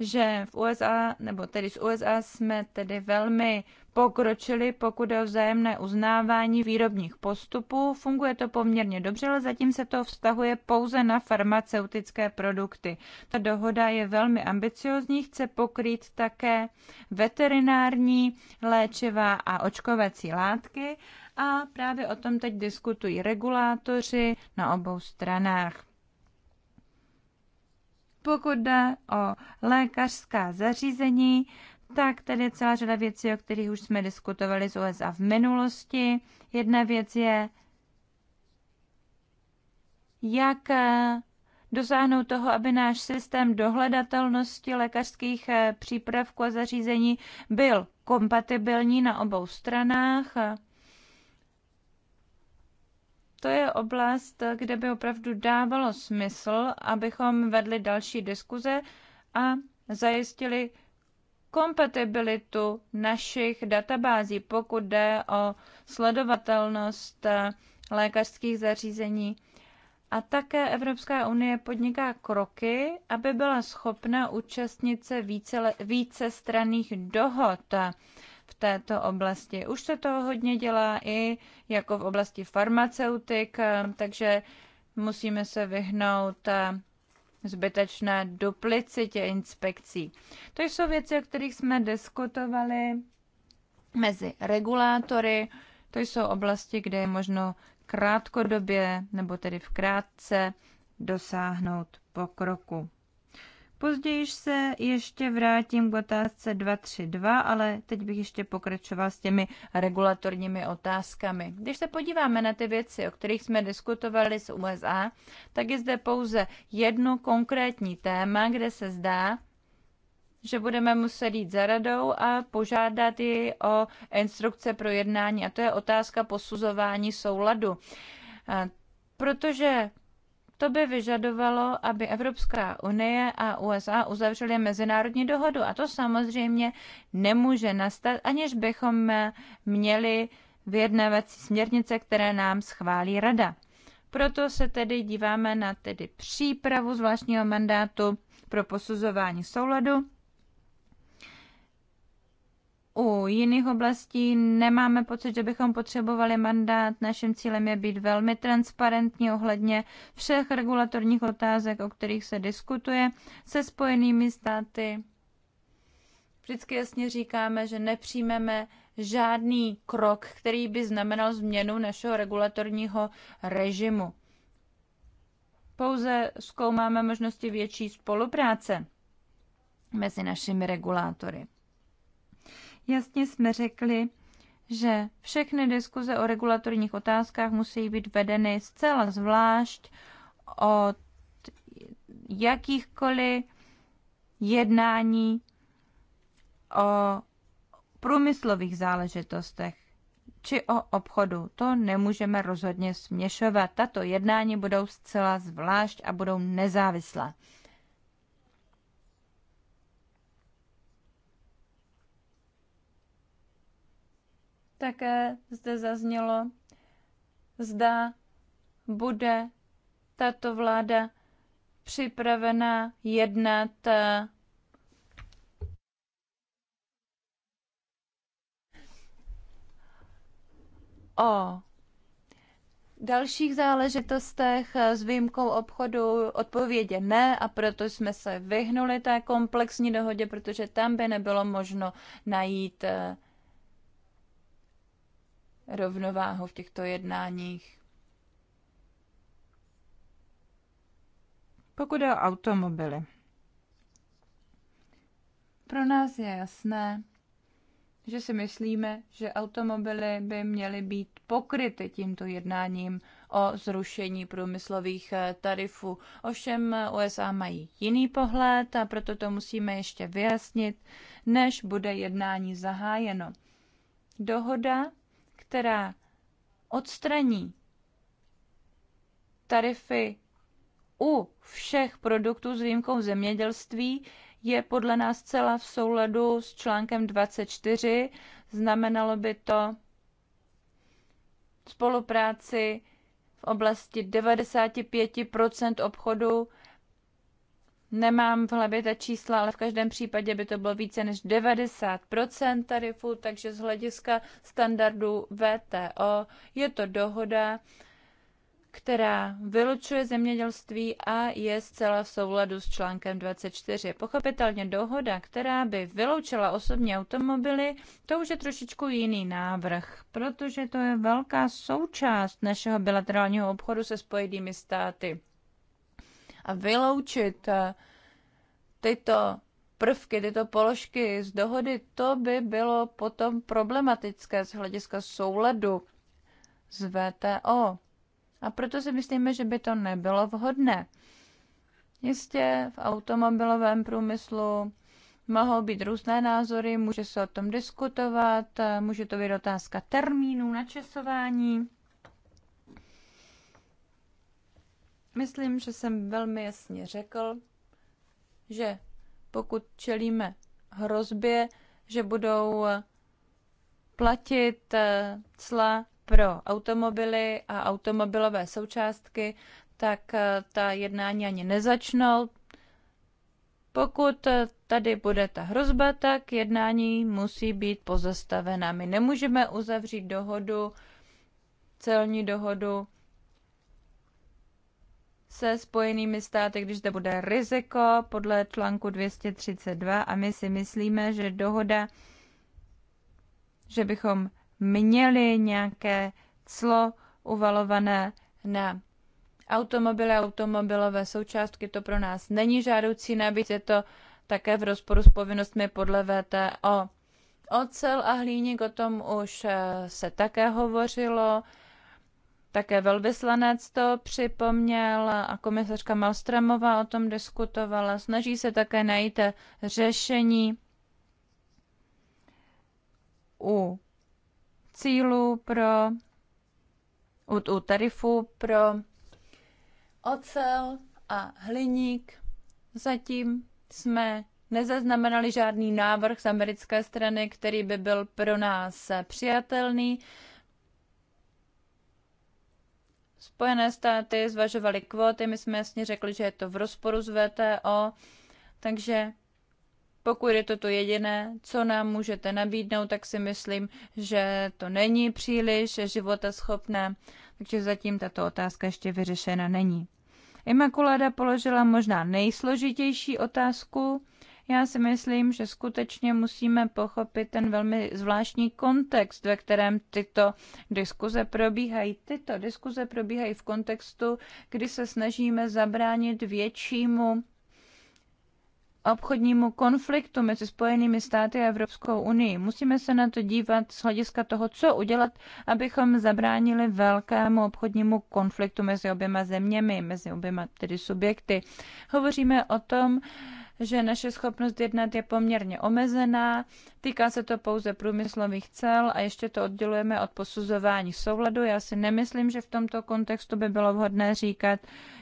že v USA, nebo tedy z USA jsme tedy velmi pokročili, pokud je o vzájemné uznávání výrobních postupů. Funguje to poměrně dobře, ale zatím se to vztahuje pouze na farmaceutické produkty. Ta dohoda je velmi ambiciozní, chce pokrýt také veterinární, léčivá a očkovací látky a právě o tom teď diskutují regulátoři na obou stranách. Pokud jde o lékařská zařízení, tak tady je celá řada věcí, o kterých už jsme diskutovali z USA v minulosti. Jedna věc je, jak eh, dosáhnout toho, aby náš systém dohledatelnosti lékařských eh, přípravků a zařízení byl kompatibilní na obou stranách to je oblast, kde by opravdu dávalo smysl, abychom vedli další diskuze a zajistili kompatibilitu našich databází, pokud jde o sledovatelnost eh, lékařských zařízení. A také Evropská unie podniká kroky, aby byla schopna účastnit se více, více dohod v této oblasti. Už se to hodně dělá i jako v oblasti farmaceutik, takže musíme se vyhnout zbytečné duplicitě inspekcí. To jsou věci, o kterých jsme diskutovali mezi regulátory. To jsou oblasti, kde je možno krátkodobě nebo tedy v krátce dosáhnout pokroku. Později se ještě vrátím k otázce 232, ale teď bych ještě pokračoval s těmi regulatorními otázkami. Když se podíváme na ty věci, o kterých jsme diskutovali s USA, tak je zde pouze jedno konkrétní téma, kde se zdá, že budeme muset jít za radou a požádat ji o instrukce pro jednání. A to je otázka posuzování souladu. Protože to by vyžadovalo, aby Evropská unie a USA uzavřely mezinárodní dohodu. A to samozřejmě nemůže nastat, aniž bychom měli vyjednávací směrnice, které nám schválí Rada. Proto se tedy díváme na tedy přípravu zvláštního mandátu pro posuzování souladu u jiných oblastí nemáme pocit, že bychom potřebovali mandát. Naším cílem je být velmi transparentní ohledně všech regulatorních otázek, o kterých se diskutuje se spojenými státy. Vždycky jasně říkáme, že nepřijmeme žádný krok, který by znamenal změnu našeho regulatorního režimu. Pouze zkoumáme možnosti větší spolupráce mezi našimi regulátory. Jasně jsme řekli, že všechny diskuze o regulatorních otázkách musí být vedeny zcela zvlášť od jakýchkoliv jednání o průmyslových záležitostech či o obchodu. To nemůžeme rozhodně směšovat. Tato jednání budou zcela zvlášť a budou nezávislá. Také zde zaznělo, zda bude tato vláda připravena jednat eh, o dalších záležitostech eh, s výjimkou obchodu odpovědě ne a proto jsme se vyhnuli té komplexní dohodě, protože tam by nebylo možno najít eh, rovnováhu v těchto jednáních. Pokud je o automobily, pro nás je jasné, že si myslíme, že automobily by měly být pokryty tímto jednáním o zrušení průmyslových eh, tarifů. Ovšem eh, USA mají jiný pohled a proto to musíme ještě vyjasnit, než bude jednání zahájeno. Dohoda která odstraní tarify u všech produktů s výjimkou zemědělství, je podle nás celá v souladu s článkem 24. Znamenalo by to spolupráci v oblasti 95 obchodu Nemám v hlavě ta čísla, ale v každém případě by to bylo více než 90% tarifu, takže z hlediska standardu VTO je to dohoda, která vylučuje zemědělství a je zcela v souladu s článkem 24. Pochopitelně dohoda, která by vyloučila osobní automobily, to už je trošičku jiný návrh, protože to je velká součást našeho bilaterálního obchodu se spojenými státy a vyloučit eh, tyto prvky, tyto položky z dohody, to by bylo potom problematické z hlediska souladu z VTO. A proto si myslíme, že by to nebylo vhodné. Jistě v automobilovém průmyslu mohou být různé názory, může se o tom diskutovat, eh, může to být otázka termínů, načasování. Myslím, že jsem velmi jasně řekl, že pokud čelíme hrozbě, že budou platit cla pro automobily a automobilové součástky, tak ta jednání ani nezačnou. Pokud tady bude ta hrozba, tak jednání musí být pozastavena. My nemůžeme uzavřít dohodu, celní dohodu se spojenými státy, když to bude riziko podle článku 232 a my si myslíme, že dohoda, že bychom měli nějaké clo uvalované na automobily, automobilové součástky, to pro nás není žádoucí, navíc je to také v rozporu s povinnostmi podle VTO. Ocel a hliník, o tom už eh, se také hovořilo. Také velvyslanec to připomněl a komisařka Malstramová o tom diskutovala. Snaží se také najít řešení u cílu pro, u, u tarifu pro ocel a hliník. Zatím jsme nezaznamenali žádný návrh z americké strany, který by byl pro nás přijatelný. Spojené státy zvažovaly kvóty, my jsme jasně řekli, že je to v rozporu s VTO, takže pokud je to to jediné, co nám můžete nabídnout, tak si myslím, že to není příliš života schopné, takže zatím tato otázka ještě vyřešena není. Imakulada položila možná nejsložitější otázku, já si myslím, že skutečně musíme pochopit ten velmi zvláštní kontext, ve kterém tyto diskuze probíhají. Tyto diskuze probíhají v kontextu, kdy se snažíme zabránit většímu obchodnímu konfliktu mezi Spojenými státy a Evropskou unii. Musíme se na to dívat z hlediska toho, co udělat, abychom zabránili velkému obchodnímu konfliktu mezi oběma zeměmi, mezi oběma tedy subjekty. Hovoříme o tom, že naše schopnost jednat je poměrně omezená, týká se to pouze průmyslových cel a ještě to oddělujeme od posuzování souladu. Já si nemyslím, že v tomto kontextu by bylo vhodné říkat,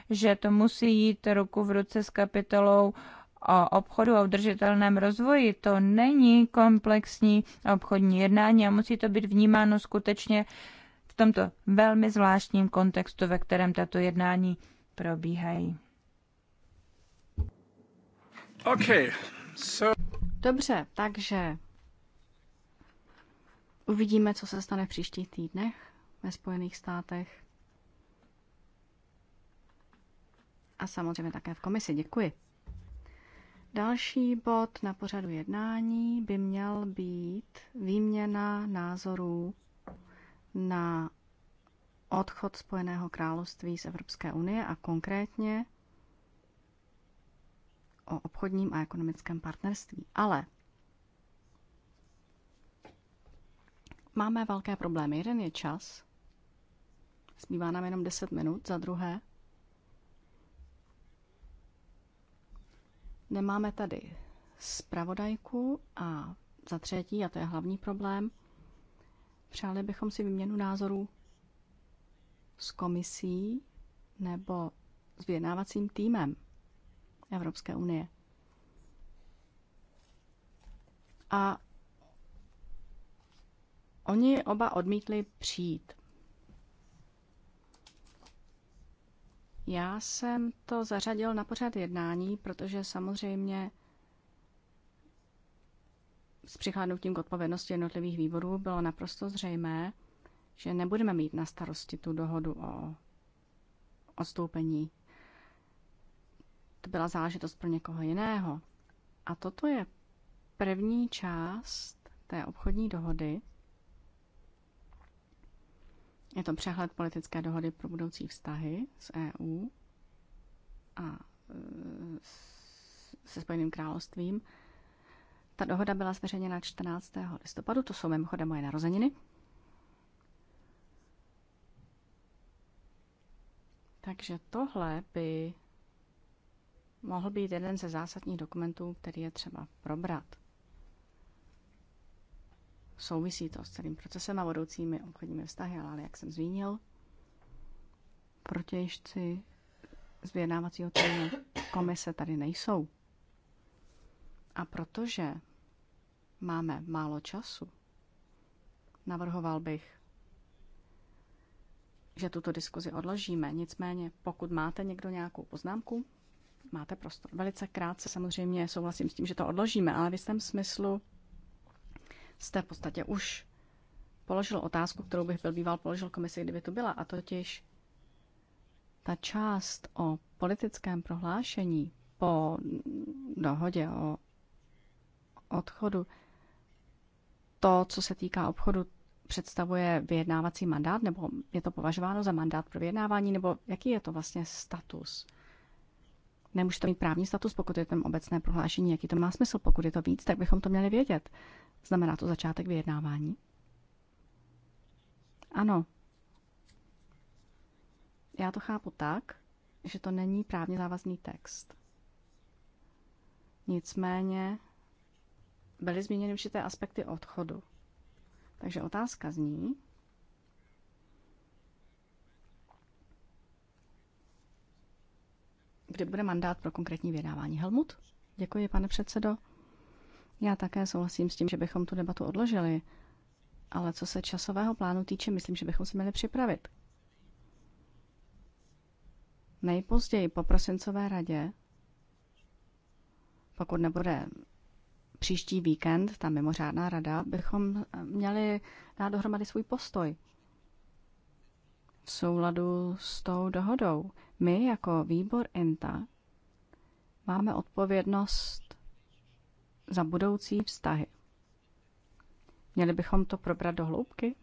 že to musí jít ruku v ruce s kapitolou o obchodu a udržitelném rozvoji. To není komplexní obchodní jednání a musí to být vnímáno skutečně v tomto velmi zvláštním kontextu, ve kterém tato jednání probíhají. Okay. So... Dobře, takže uvidíme, co se stane v příštích týdnech ve Spojených státech. A samozřejmě také v komisi. Děkuji. Další bod na pořadu jednání by měl být výměna názorů na odchod Spojeného království z Evropské unie a konkrétně o obchodním a ekonomickém partnerství. Ale máme velké problémy. Jeden je čas. Zbývá nám jenom 10 minut. Za druhé, nemáme tady zpravodajku a za třetí, a to je hlavní problém, přáli bychom si vyměnu názorů s komisí nebo s vyjednávacím týmem. Evropské unie. A oni oba odmítli přijít. Já jsem to zařadil na pořad jednání, protože samozřejmě s přihlédnutím k odpovědnosti jednotlivých výborů bylo naprosto zřejmé, že nebudeme mít na starosti tu dohodu o odstoupení to byla záležitost pro někoho jiného. A toto je první část té obchodní dohody. Je to přehled politické dohody pro budoucí vztahy s EU a e, se Spojeným královstvím. Ta dohoda byla zveřejněna 14. listopadu, to jsou mimochodem moje narozeniny. Takže tohle by mohl být jeden ze zásadních dokumentů, který je třeba probrat. Souvisí to s celým procesem a vodoucími obchodními vztahy, ale jak jsem zmínil, protějšci z vyjednávacího týmu komise tady nejsou. A protože máme málo času, navrhoval bych, že tuto diskuzi odložíme. Nicméně, pokud máte někdo nějakou poznámku, Máte prostor. Velice krátce samozřejmě souhlasím s tím, že to odložíme, ale v jistém smyslu jste v podstatě už položil otázku, kterou bych byl býval položil komisi, kdyby to byla, a totiž ta část o politickém prohlášení po dohodě o odchodu, to, co se týká obchodu, představuje vyjednávací mandát, nebo je to považováno za mandát pro vyjednávání, nebo jaký je to vlastně status? Nemůže to mít právní status, pokud je tam obecné prohlášení. Jaký to má smysl? Pokud je to víc, tak bychom to měli vědět. Znamená to začátek vyjednávání? Ano. Já to chápu tak, že to není právně závazný text. Nicméně byly zmíněny určité aspekty odchodu. Takže otázka zní, kdy bude mandát pro konkrétní vydávání. Helmut? Děkuji, pane předsedo. Já také souhlasím s tím, že bychom tu debatu odložili, ale co se časového plánu týče, myslím, že bychom se měli připravit. Nejpozději po prosincové radě, pokud nebude příští víkend, ta mimořádná rada, bychom měli dát dohromady svůj postoj v souladu s tou dohodou. My jako výbor ENTA máme odpovědnost za budoucí vztahy. Měli bychom to probrat do hloubky?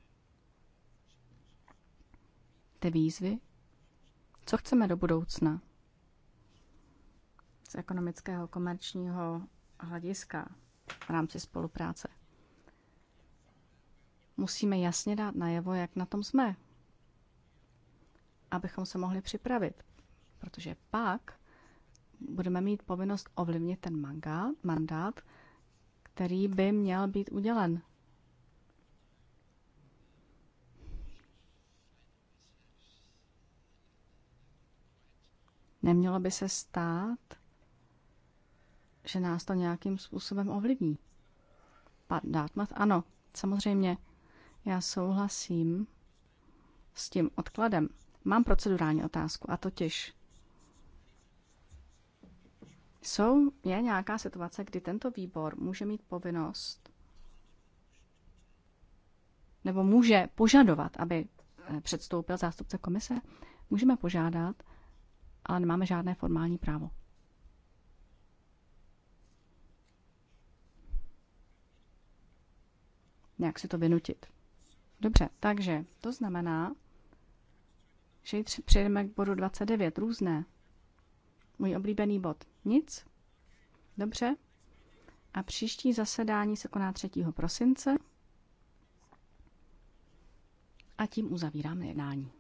Ty výzvy? Co chceme do budoucna? Z ekonomického, komerčního hlediska v rámci spolupráce. Musíme jasně dát najevo, jak na tom jsme abychom se mohli připravit. Protože pak budeme mít povinnost ovlivnit ten manga, mandát, který by měl být udělen. Nemělo by se stát, že nás to nějakým způsobem ovlivní. Pan ano, samozřejmě, já souhlasím s tím odkladem. Mám procedurální otázku a totiž jsou, je nějaká situace, kdy tento výbor může mít povinnost nebo může požadovat, aby eh, předstoupil zástupce komise? Můžeme požádat, ale nemáme žádné formální právo. Nějak si to vynutit. Dobře, takže to znamená, že přejdeme k bodu 29, různé. Můj oblíbený bod. Nic? Dobře. A příští zasedání se koná 3. prosince. A tím uzavíráme jednání.